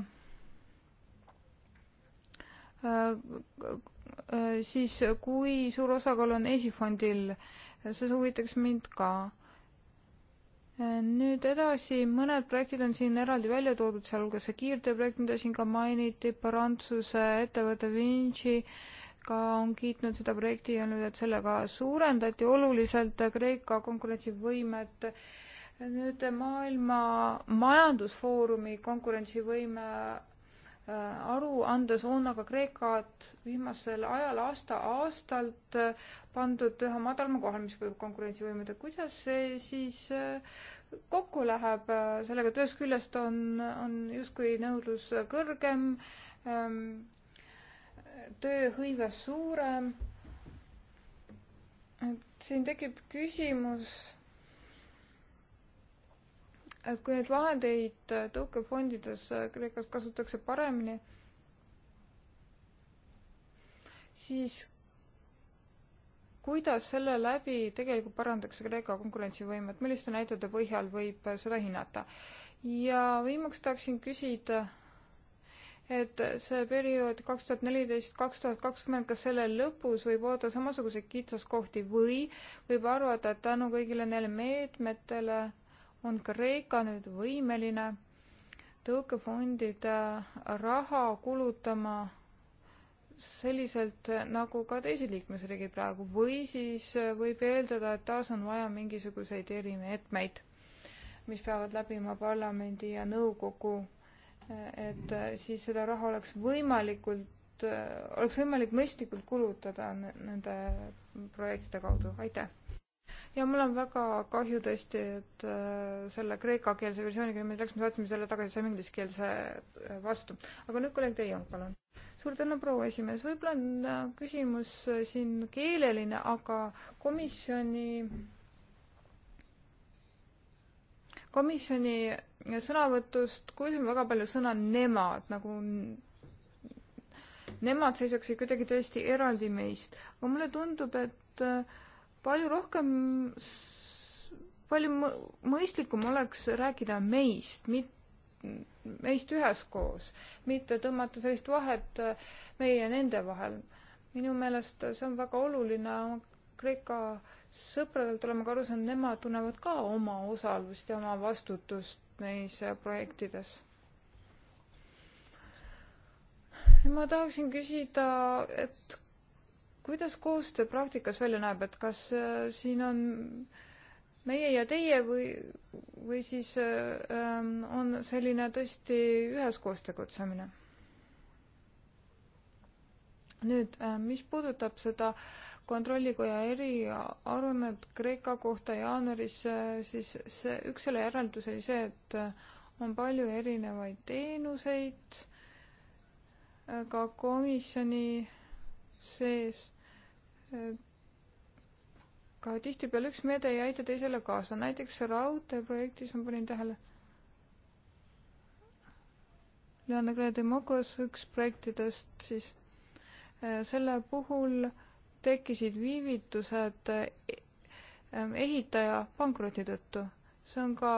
äh, Äh, siis kui suur osakaal on esifondil, see huvitaks mind ka. Äh, nüüd edasi, mõned projektid on siin eraldi välja toodud, sealhulgas see kiirteeprojekt, mida siin ka mainiti, Prantsuse ettevõte Vinci ka on kiitnud seda projekti ja nüüd, et sellega suurendati oluliselt Kreeka konkurentsivõimet nüüd Maailma Majandusfoorumi konkurentsivõime Äh, aruandes on aga Kreekat viimasel ajal aasta-aastalt äh, pandud üha madalama kohale, mis võib konkurentsivõimeda. kuidas see siis äh, kokku läheb sellega, et ühest küljest on, on justkui nõudlus kõrgem, ähm, tööhõive suurem, et siin tekib küsimus et kui neid vahendeid tõukefondides Kreekas kasutatakse paremini, siis kuidas selle läbi tegelikult parandatakse Kreeka konkurentsivõimet, milliste näidete põhjal võib seda hinnata? ja viimaks tahaksin küsida, et see periood kaks tuhat neliteist, kaks tuhat kakskümmend, kas selle lõpus võib oodata samasuguseid kitsaskohti või võib arvata, et tänu kõigile neile meetmetele on Kreeka nüüd võimeline tõukefondide raha kulutama selliselt, nagu ka teised liikmesriigid praegu või siis võib eeldada, et taas on vaja mingisuguseid erimeetmeid, mis peavad läbima parlamendi ja nõukogu, et siis seda raha oleks võimalikult, oleks võimalik mõistlikult kulutada nende projektide kaudu, aitäh! ja mul on väga kahju tõesti, et äh, selle kreekakeelse versiooniga me läksime, saatsime selle tagasi, saime ingliskeelse äh, vastu. aga nüüd kolleeg Teion, palun. suur tänu, proua esimees. võib-olla on äh, küsimus siin keeleline, aga komisjoni, komisjoni sõnavõtust kuulsime väga palju sõna nemad nagu nemad seisaksid kuidagi tõesti eraldi meist. aga mulle tundub, et äh, palju rohkem, palju mõistlikum oleks rääkida meist, mitte meist üheskoos, mitte tõmmata sellist vahet äh, meie ja nende vahel. minu meelest see on väga oluline, Kreeka sõpradelt oleme ka aru saanud, nemad tunnevad ka oma osalust ja oma vastutust neis äh, projektides. ma tahaksin küsida, et kuidas koostöö praktikas välja näeb, et kas äh, siin on meie ja teie või, või siis äh, ähm, on selline tõesti üheskoos tegutsemine? nüüd, äh, mis puudutab seda kontrollikoja eriaruannet Kreeka kohta jaanuaris, siis see, üks selle järeldus oli see, et on palju erinevaid teenuseid, ka komisjoni sees äh, ka tihtipeale üks meede ei aita teisele kaasa, näiteks raudteeprojektis ma panin tähele. Leana Gredemokos, üks projektidest siis, äh, selle puhul tekkisid viivitused äh, ehitaja pankroti tõttu. see on ka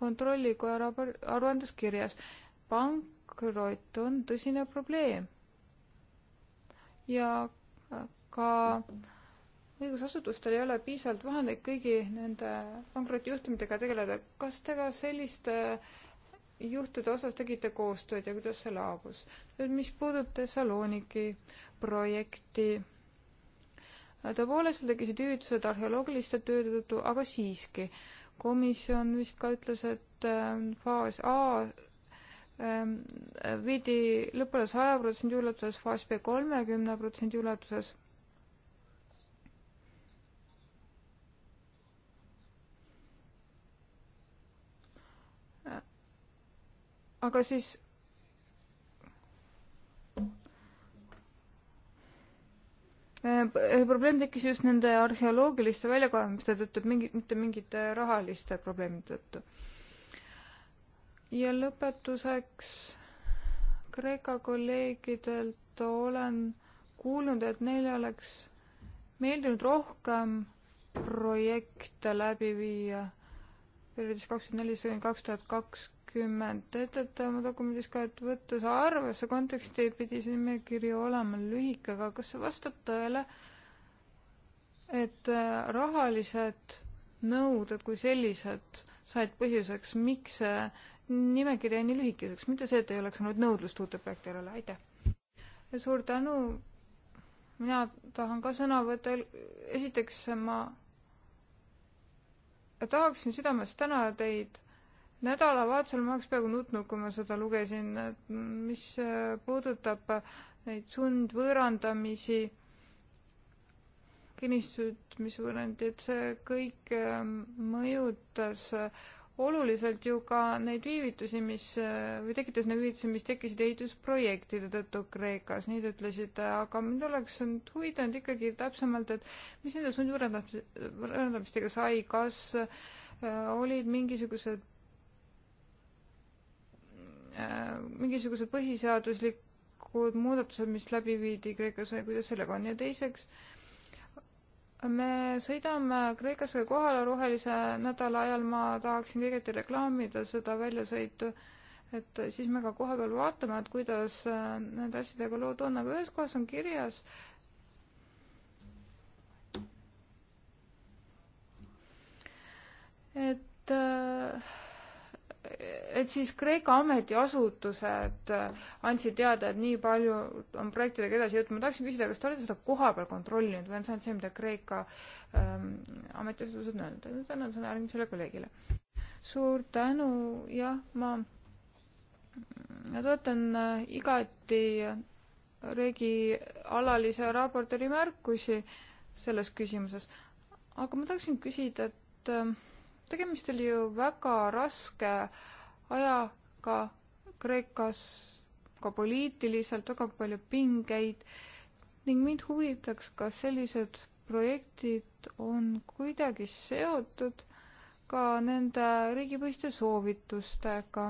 kontrollikoja aruandes kirjas. pankrot on tõsine probleem ja äh, ka õigusasutustel ei ole piisavalt vahendeid kõigi nende pankrotijuhtumitega tegeleda. kas te ka selliste äh, juhtude osas tegite koostööd ja kuidas see laabus? nüüd, mis puudutab Thessaloniki projekti, äh, tõepoolest tekkisid hüvitised arheoloogiliste tööde tõttu, aga siiski, komisjon vist ka ütles, et faas A Ehm, viidi lõpule saja protsendi ulatuses, FASB kolmekümne protsendi ulatuses. aga siis ehm, eh, probleem tekkis just nende arheoloogiliste väljakaevamiste tõttu, mingi, mitte mingite rahaliste probleemide tõttu ja lõpetuseks Kreeka kolleegidelt olen kuulnud, et neile oleks meeldinud rohkem projekte läbi viia perioodis kakskümmend neli, see oli kaks tuhat kakskümmend. Te ütlete oma dokumendis ka, et võttes arvesse konteksti, pidi see nimekiri olema lühike, aga kas see vastab tõele, et äh, rahalised nõuded kui sellised said põhjuseks, miks see nimekirja nii lühikeseks, mitte see, et ei oleks olnud nõudlust uute projektidele, aitäh! suur tänu, mina tahan ka sõna võtta, esiteks ma tahaksin südamest tänada teid, nädalavahetusel ma oleks peaaegu nutnud, kui ma seda lugesin, et mis äh, puudutab äh, neid sundvõõrandamisi, kinnistud, mis võõrandi, et see kõik äh, mõjutas äh, oluliselt ju ka neid viivitusi, mis, või tekitas neid viivitusi, mis tekkisid ehitusprojektide tõttu Kreekas, nii te ütlesite, aga mind oleks nüüd huvitanud ikkagi täpsemalt, et mis nende sundvõõrandamistega sai, kas äh, olid mingisugused äh, mingisugused põhiseaduslikud muudatused, mis läbi viidi Kreekas või kuidas sellega on ja teiseks äh, me sõidame Kreekasse kohale rohelise nädala ajal, ma tahaksin kõigepealt reklaamida seda väljasõitu, et siis me ka kohapeal vaatame, et kuidas äh, nende asjadega lood on, aga ühes kohas on kirjas, et äh, et siis Kreeka ametiasutused äh, andsid teada, et nii palju on projektidega edasi jõudnud. ma tahtsin küsida, kas te olete seda kohapeal kontrollinud või on see ainult see, mida Kreeka ähm, ametiasutused on öelnud? tänan sõna järgmisele kolleegile. suur tänu, jah, ma toetan äh, igati Regi alalise raportööri märkusi selles küsimuses, aga ma tahaksin küsida, et äh, tegemist oli ju väga raske äh, ajaga Kreekas ka poliitiliselt väga palju pingeid ning mind huvitaks, kas sellised projektid on kuidagi seotud ka nende riigipõhiste soovitustega.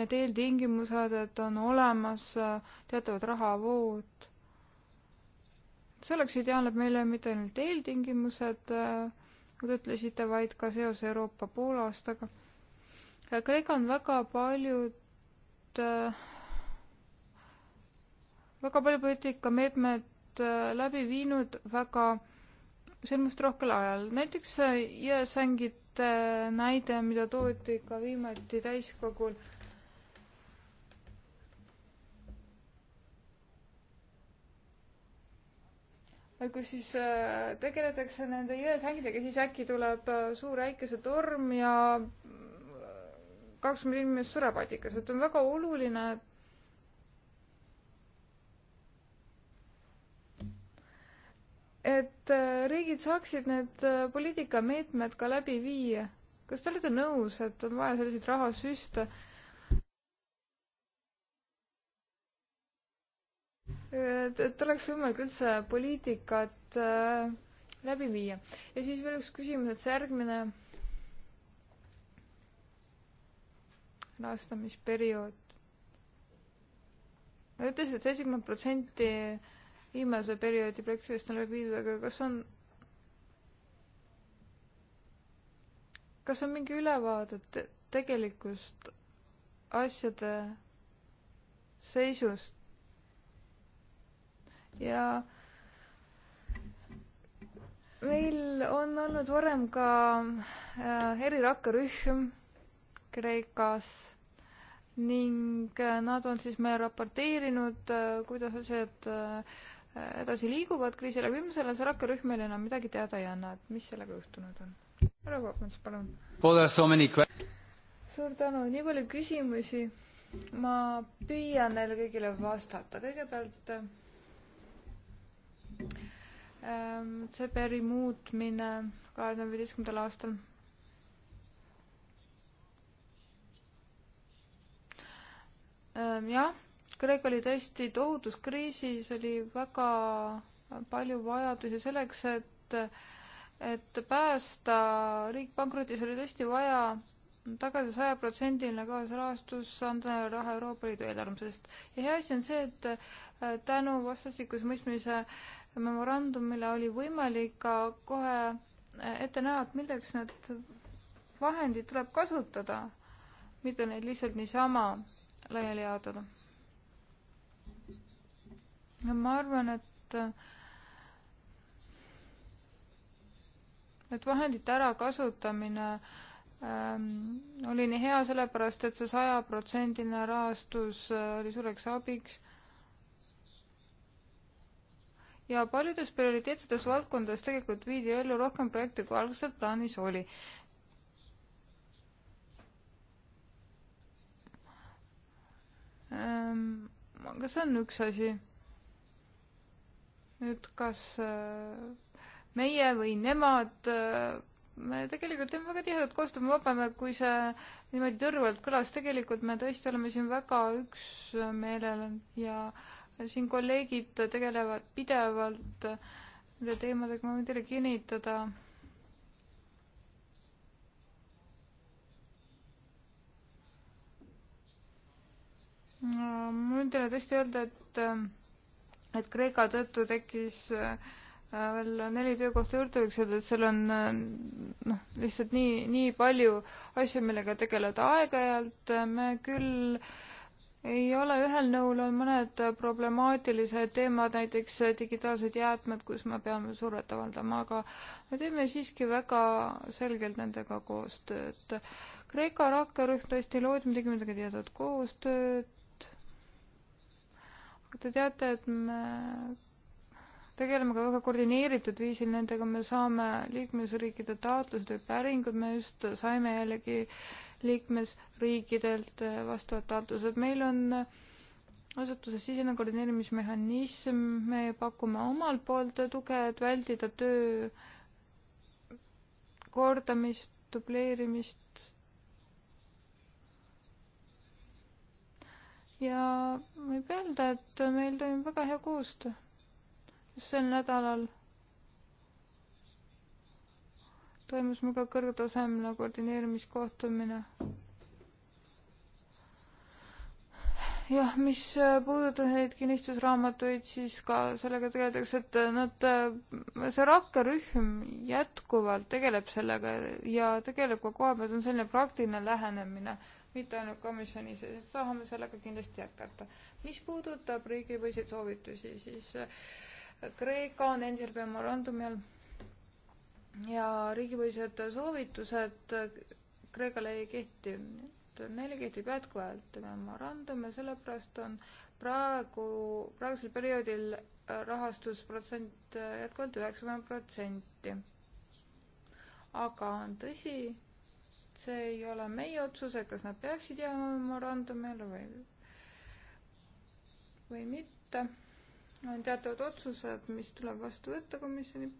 Need eeltingimused, et on olemas äh, teatavad rahavood. see oleks ideaalne, et meil on mitte ainult eeltingimused äh, nagu te ütlesite, vaid ka seos Euroopa poolaastaga. Kreeka on väga paljud, äh, väga palju poliitikameetmed äh, läbi viinud väga sündmusterohkel ajal. näiteks jääsängite äh, näide, mida toodi ka viimati täiskogul kus siis äh, tegeletakse nende jõesängidega, siis äkki tuleb äh, suur äikesetorm ja äh, kakskümmend inimest sureb Atikas, et on väga oluline, et et riigid saaksid need poliitikameetmed ka läbi viia. kas te olete nõus, et on vaja selliseid rahasüste äh, et, et oleks võimalik üldse poliitikat äh, läbi viia. ja siis veel üks küsimus, et see järgmine rahastamisperiood. no ütlesid, et seitsekümmend protsenti viimase perioodi projektidest on läbi viidud, aga kas on, kas on mingi ülevaade te, tegelikust asjade seisust? ja meil on olnud varem ka äh, erirakkerühm Kreekas ning äh, nad on siis meile raporteerinud, äh, kuidas asjad edasi liiguvad kriisi läbimisel, see rakkerühm meile enam midagi teada ei anna, et mis sellega juhtunud on. härra Koopmans, palun. suur tänu, nii palju küsimusi. ma püüan neile kõigile vastata. kõigepealt CPR-i ähm, muutmine kahe tuhande viieteistkümnendal aastal. Ähm, jah, Kreeka oli tõesti tohutus kriisis, oli väga palju vajadusi selleks, et, et päästa riik pankrotis, oli tõesti vaja tagasi sajaprotsendiline kaasrahastus anda raha Euroopa Liidu eelarvamusest. ja hea asi on see, et äh, tänu vastastikuse mõistmise äh, memorandumile oli võimalik ka kohe eh, ette näha, et milleks need vahendid tuleb kasutada, mitte neid lihtsalt niisama laiali jaotada. ja ma arvan, et et vahendite ärakasutamine ähm, oli nii hea sellepärast, et see sajaprotsendine rahastus äh, oli suureks abiks ja paljudes prioriteetsetes valdkondades tegelikult viidi ellu rohkem projekte, kui algselt plaanis oli. Ehm, aga see on üks asi. nüüd kas äh, meie või nemad, äh, me tegelikult teeme väga tihedat koostööd, ma vabandan, kui see niimoodi tõrvalt kõlas, tegelikult me tõesti oleme siin väga üksmeelel ja äh, siin kolleegid tegelevad pidevalt nende teemadega, ma võin teile kinnitada, no ma võin teile tõesti öelda, et et Kreeka tõttu tekkis äh, veel neli töökohta juurde, võiks öelda, et seal on noh, lihtsalt nii, nii palju asju, millega tegeleda aeg-ajalt, me küll äh, ei ole ühel nõul, on mõned problemaatilised teemad, näiteks digitaalsed jäätmed, kus me peame survet avaldama, aga me teeme siiski väga selgelt nendega koostööd. Kreeka rakkerühm tõesti loodi, me tegime temaga tihedat koostööd. Te teate, et me tegeleme ka väga koordineeritud viisil nendega, me saame liikmesriikide taotlused või päringud, me just saime jällegi äh, liikmesriikidelt äh, vastavad taotlused. meil on äh, asutusesisene koordineerimismehhanism, me pakume omalt poolt tuge, et vältida töö kordamist, dubleerimist ja võib öelda, et meil toimub väga hea koostöö. just sel nädalal toimus meil ka kõrgtasemele koordineerimiskohtumine. jah, mis äh, puudutab neid kinnistusraamatuid, siis ka sellega tegeletakse, et nad, äh, see rakkerühm jätkuvalt tegeleb sellega ja tegeleb ka koha pealt, on selline praktiline lähenemine mitte ainult komisjoni sees, et tahame sellega kindlasti jätkata. mis puudutab riigipõhiseid soovitusi, siis äh, Kreeka on endisel memorandumi all ja riigipõhised soovitused äh, Kreekale ei kehti, et neile kehtib jätkuvalt memorandum ja sellepärast on praegu, praegusel perioodil äh, rahastusprotsent äh, jätkuvalt üheksakümmend protsenti. aga on tõsi, see ei ole meie otsus, et kas nad peaksid jääma memorandumile või, või mitte. on teatavad otsused, mis tuleb vastu võtta komisjoni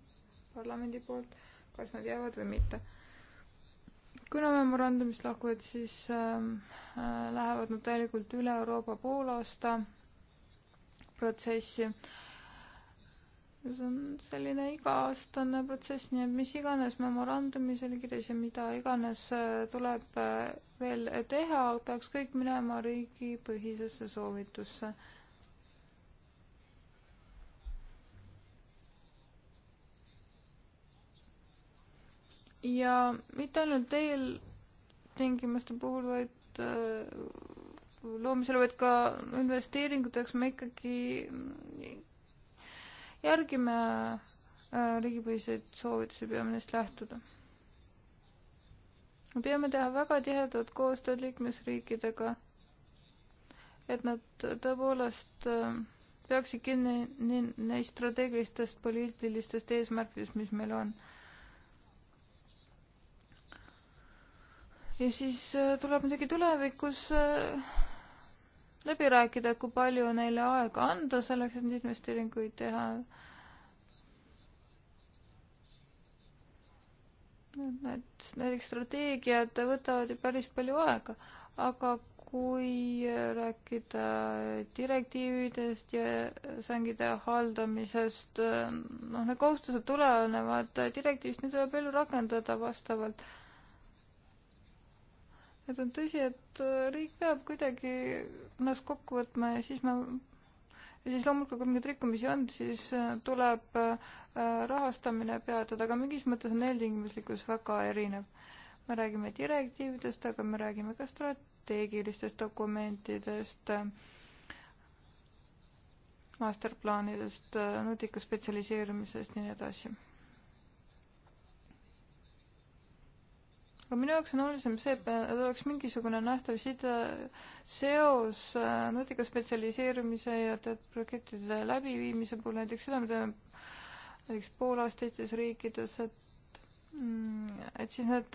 parlamendi poolt, kas nad jäävad või mitte. kuna memorandumist lahkuvad, siis ähm, äh, lähevad nad täielikult üle Euroopa poolaasta protsessi. see on selline iga-aastane protsess, nii et mis iganes memorandumis oli kirjas ja mida iganes äh, tuleb äh, veel teha, peaks kõik minema riigipõhisesse soovitusse ja mitte ainult teel tingimuste puhul, vaid äh, loomisel, vaid ka investeeringuteks me ikkagi järgime äh, riigipõhiseid soovitusi peame neist lähtuda. me peame teha väga tihedat koostööd liikmesriikidega, et nad tõepoolest äh, peaksid kinni neist strateegilistest poliitilistest eesmärkidest, mis meil on. ja siis äh, tuleb muidugi tulevikus äh, läbi rääkida, kui palju neile aega anda selleks, et neid investeeringuid teha. Need, näiteks strateegiad võtavad ju päris palju aega, aga kui rääkida direktiividest ja sängide haldamisest, äh, noh, need kohustused tulenevad direktiivist, neid tuleb ellu rakendada vastavalt äh, et on tõsi, et äh, riik peab kuidagi ennast kokku võtma ja siis me, ja siis loomulikult, kui mingeid rikkumisi on, siis äh, tuleb äh, rahastamine peatada, aga mingis mõttes on eeltingimuslikkus väga erinev. me räägime direktiividest, aga me räägime ka strateegilistest dokumentidest, masterplaanidest, nutika spetsialiseerumisest ja nii edasi aga minu jaoks on olulisem see, et äh, oleks mingisugune nähtav side, äh, seos äh, nutika spetsialiseerumise ja teatud projektide läbiviimise puhul, näiteks seda, mida näiteks Poolas, teistes riikides, et mm, et siis need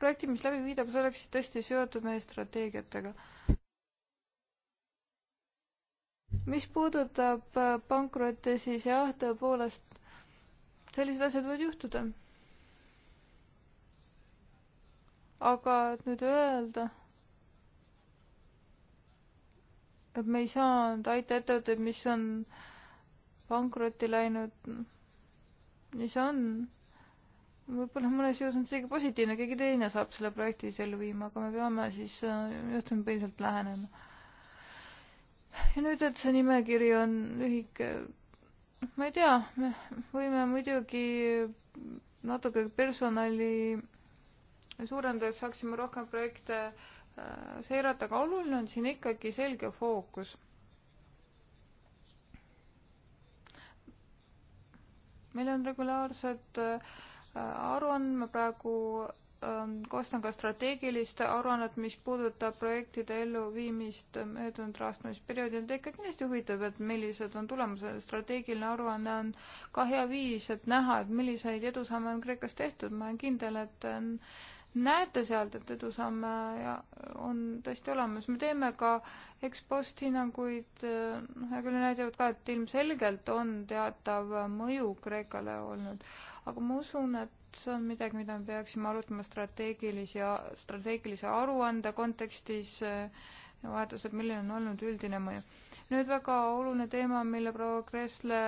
projektid, mis läbi viidaks, oleksid tõesti seotud meie strateegiatega mis puudutab pankrotte, siis jah, tõepoolest sellised asjad võivad juhtuda. aga et nüüd öelda, et me ei saanud aita ettevõtteid, mis on pankrotti läinud, nii see on. võib-olla mõnes juhus on see isegi positiivne, keegi teine saab selle projekti siis ellu viima, aga me peame siis äh, juhtumipõhiselt lähenema. ja nüüd, et see nimekiri on lühike, ma ei tea, me võime muidugi natuke personali suurendades saaksime rohkem projekte äh, seirata, aga oluline on siin ikkagi selge fookus. meil on regulaarsed äh, aruandme praegu ähm, koostan ka strateegilist aruannet, mis puudutab projektide elluviimist möödunud rahastamisperioodil. Teid ka kindlasti huvitab, et millised on tulemused. strateegiline aruanne on ka hea viis, et näha, et milliseid edusamme on Kreekas tehtud. ma olen kindel, et näete sealt, et edusamme ja on tõesti olemas. me teeme ka ekspost hinnanguid, noh, hea küll, näitavad ka, et ilmselgelt on teatav mõju Kreekale olnud, aga ma usun, et see on midagi, mida me peaksime arutama strateegilise, strateegilise aruande kontekstis ja vaadates, et milline on olnud üldine mõju. nüüd väga oluline teema, mille proua Kressle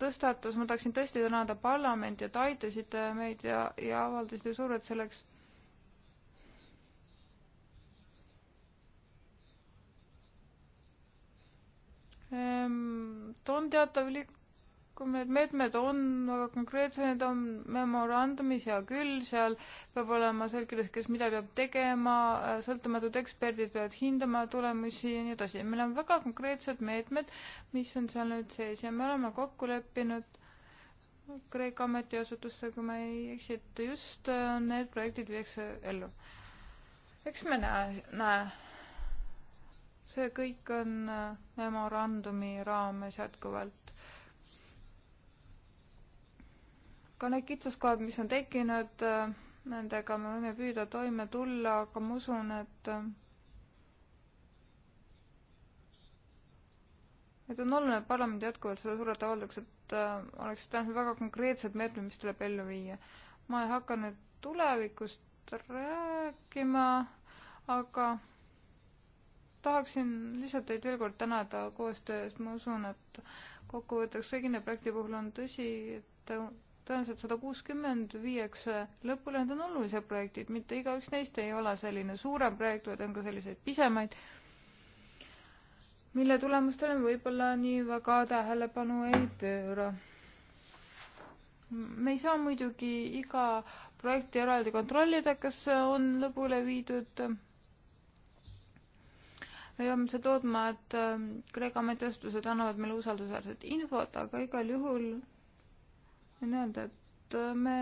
tõstatas, ma tahaksin tõesti tänada parlamenti, et aitasite meid ja, ja avaldasite survet selleks Ehm, on teatav liikumed, meetmed on väga konkreetsed, on memorandumis, hea küll, seal peab olema selgelt, kes mida peab tegema, sõltumatud eksperdid peavad hindama tulemusi ja nii edasi. meil on väga konkreetsed meetmed, mis on seal nüüd sees ja me oleme kokku leppinud Kreeka ametiasutustega, kui ma ei eksi, et just äh, need projektid viiakse ellu. eks me näe, näe see kõik on äh, memorandumi raames jätkuvalt. ka need kitsaskohad, mis on tekkinud, äh, nendega me võime püüda toime tulla, aga ma usun, et äh, et on oluline, et parlament jätkuvalt seda survet avaldaks, et äh, oleks tähendab väga konkreetsed meetmed, mis tuleb ellu viia. ma ei hakka nüüd tulevikust rääkima, aga tahaksin lihtsalt teid veel kord tänada koostöö eest, ma usun, et kokkuvõtteks kõigile projekti puhul on tõsi, et tõenäoliselt sada kuuskümmend viiakse lõpule, need on olulised projektid, mitte igaüks neist ei ole selline suurem projekt, vaid on ka selliseid pisemaid, mille tulemustele me võib-olla nii väga tähelepanu ei pööra. me ei saa muidugi iga projekti eraldi kontrollida, kas on lõpule viidud me peame seda tootma, et ähm, Kreeka ametiasutused annavad meile usaldusväärset infot, aga igal juhul võin öelda, et äh, me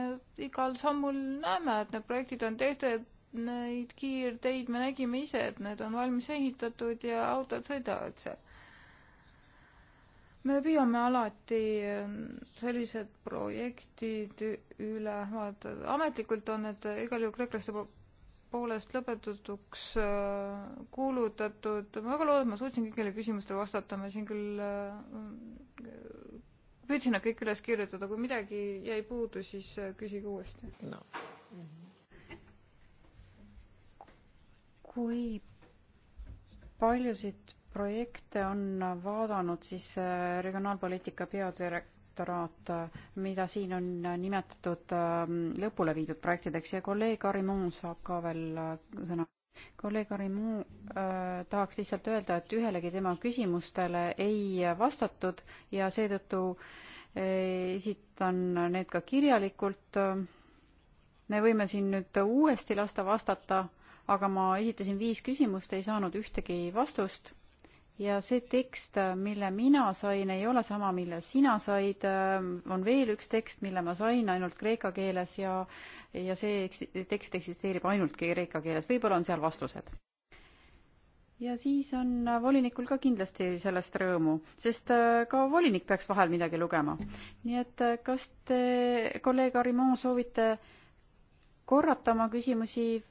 igal sammul näeme, et need projektid on tehtud, neid kiirteid me nägime ise, et need on valmis ehitatud ja autod sõidavad seal. me püüame alati ähm, sellised projektid üle vaadata, ametlikult on need äh, igal juhul kreeklaste tõepoolest lõpetatuks äh, kuulutatud. ma väga loodan, et ma suutsin kõigile küsimustele vastata, ma siin küll äh, püüdsin nad kõik üles kirjutada, kui midagi jäi puudu, siis äh, küsige uuesti no.. kui paljusid projekte on vaadanud siis regionaalpoliitika peadirek-, direktoraat, mida siin on nimetatud ähm, lõpule viidud projektideks ja kolleeg Arimon saab ka veel äh, sõna. kolleeg Arimon äh, tahaks lihtsalt öelda, et ühelegi tema küsimustele ei vastatud ja seetõttu äh, esitan need ka kirjalikult. me võime siin nüüd uuesti lasta vastata, aga ma esitasin viis küsimust, ei saanud ühtegi vastust ja see tekst, mille mina sain, ei ole sama, mille sina said, on veel üks tekst, mille ma sain ainult kreeka keeles ja ja see tekst eksisteerib ainult kreeka keeles, võib-olla on seal vastused. ja siis on volinikul ka kindlasti sellest rõõmu, sest äh, ka volinik peaks vahel midagi lugema. nii et äh, kas te, kolleeg Arimon, soovite korrata oma küsimusi,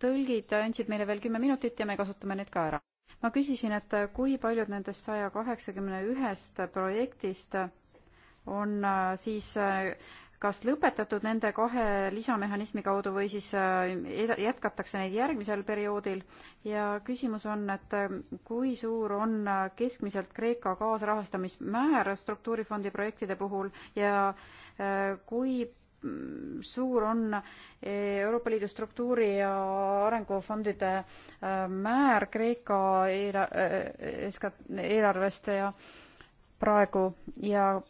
tõlgid andsid meile veel kümme minutit ja me kasutame need ka ära ma küsisin, et kui paljud nendest saja kaheksakümne ühest projektist on äh, siis äh, kas lõpetatud nende kahe lisamehhanismi kaudu või siis äh, jätkatakse neid järgmisel perioodil ja küsimus on, et kui suur on keskmiselt Kreeka kaasrahastamismäär struktuurifondi projektide puhul ja kui suur on Euroopa Liidu struktuuri ja arengufondide äh, määr Kreeka äh, eelarvest ja praegu ja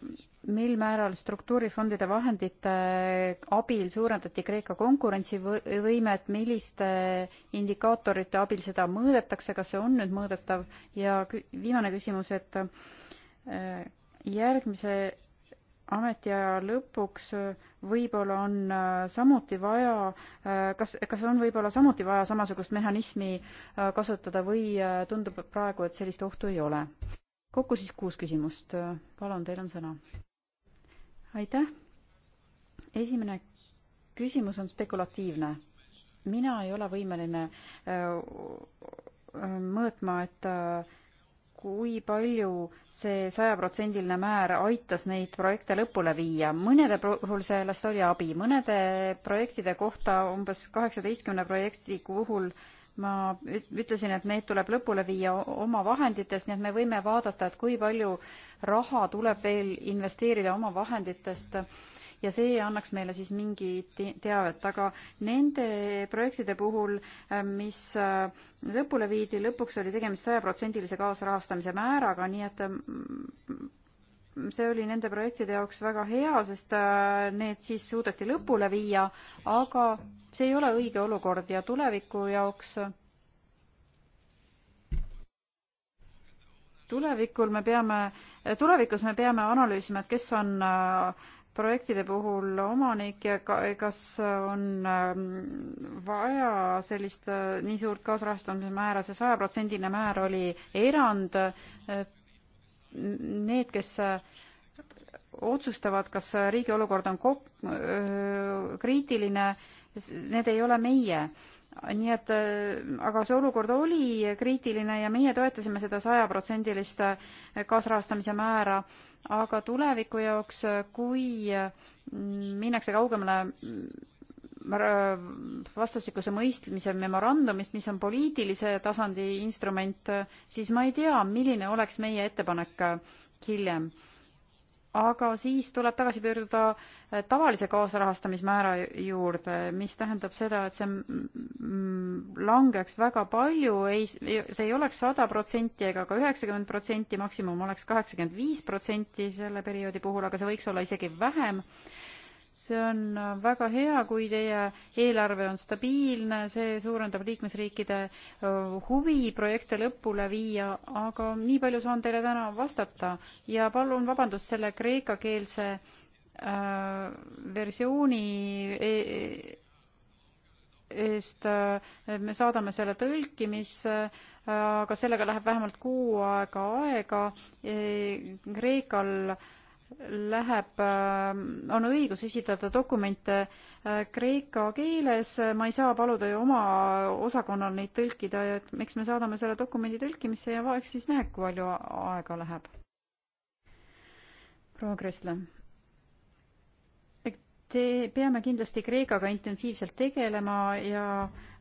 mil määral struktuurifondide vahendite abil suurendati Kreeka konkurentsivõimet, milliste indikaatorite abil seda mõõdetakse, kas see on nüüd mõõdetav ja viimane küsimus, et äh, järgmise ametiaja lõpuks äh, võib-olla on äh, samuti vaja, äh, kas, kas on võib-olla samuti vaja samasugust mehhanismi kasutada või tundub praegu, et sellist ohtu ei ole? kokku siis kuus küsimust. palun, teil on sõna. aitäh. esimene küsimus on spekulatiivne. mina ei ole võimeline mõõtma, et kui palju see sajaprotsendiline määr aitas neid projekte lõpule viia. mõnede puhul sellest oli abi, mõnede projektide kohta umbes kaheksateistkümne projekti puhul ma ütlesin, et neid tuleb lõpule viia oma vahenditest, nii et me võime vaadata, et kui palju raha tuleb veel investeerida oma vahenditest äh, ja see annaks meile siis mingi teavet, aga nende projektide puhul, äh, mis äh, lõpule viidi, lõpuks oli tegemist sajaprotsendilise kaasrahastamise määraga, nii et mm, see oli nende projektide jaoks väga hea, sest äh, need siis suudeti lõpule viia, aga see ei ole õige olukord ja tuleviku jaoks tulevikul me peame, tulevikus me peame analüüsima, et kes on äh, projektide puhul omanik ja ka, kas on ähm, vaja sellist äh, nii suurt kaasrahastamise määra see, see sajaprotsendine määr oli erand. Äh, need, kes äh, otsustavad, kas riigi olukord on kok-, kriitiline, need ei ole meie nii et aga see olukord oli kriitiline ja meie toetasime seda sajaprotsendilist kaasrahastamise määra aga tuleviku jaoks, kui minnakse kaugemale vastastikuse mõistmise memorandumist, mis on poliitilise tasandi instrument, siis ma ei tea, milline oleks meie ettepanek hiljem. aga siis tuleb tagasi pöörduda äh, tavalise kaasrahastamismäära juurde, mis tähendab seda, et see langeks väga palju, ei, see ei oleks sada protsenti ega ka üheksakümmend protsenti, maksimum oleks kaheksakümmend viis protsenti selle perioodi puhul, aga see võiks olla isegi vähem see on väga hea, kui teie eelarve on stabiilne, see suurendab liikmesriikide huvi projekte lõpule viia, aga nii palju saan teile täna vastata ja palun vabandust selle kreekakeelse Äh, versiooni e-, e-, eest äh, me saadame selle tõlkimisse, äh, aga sellega läheb vähemalt kuu aega aega. E, Kreekal läheb, on õigus esitada dokumente kreeka keeles, ma ei saa paluda ju oma osakonnal neid tõlkida ja et eks me saadame selle dokumendi tõlkimisse ja eks siis näeb, kui palju aega läheb. proua Kressle te, peame kindlasti Kreekaga intensiivselt tegelema ja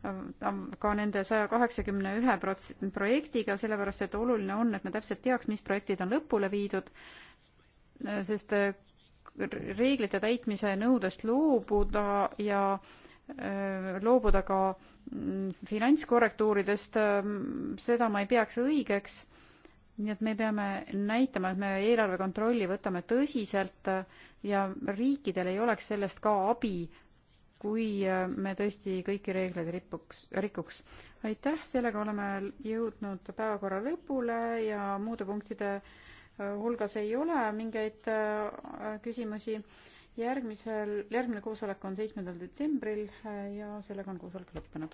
ähm, ka nende saja kaheksakümne ühe prots-, projektiga, sellepärast et oluline on, et me täpselt teaks, mis projektid on lõpule viidud, sest äh, reeglite täitmise nõudest loobuda ja äh, loobuda ka mm, finantskorrektuuridest, ähm, seda ma ei peaks õigeks nii et me peame näitama, et me eelarve kontrolli võtame tõsiselt ja riikidel ei oleks sellest ka abi, kui me tõesti kõiki reegleid ripuks, rikuks. aitäh, sellega oleme jõudnud päevakorra lõpule ja muude punktide äh, hulgas ei ole mingeid äh, küsimusi. järgmisel, järgmine koosolek on seitsmendal detsembril äh, ja sellega on koosolek lõppenud.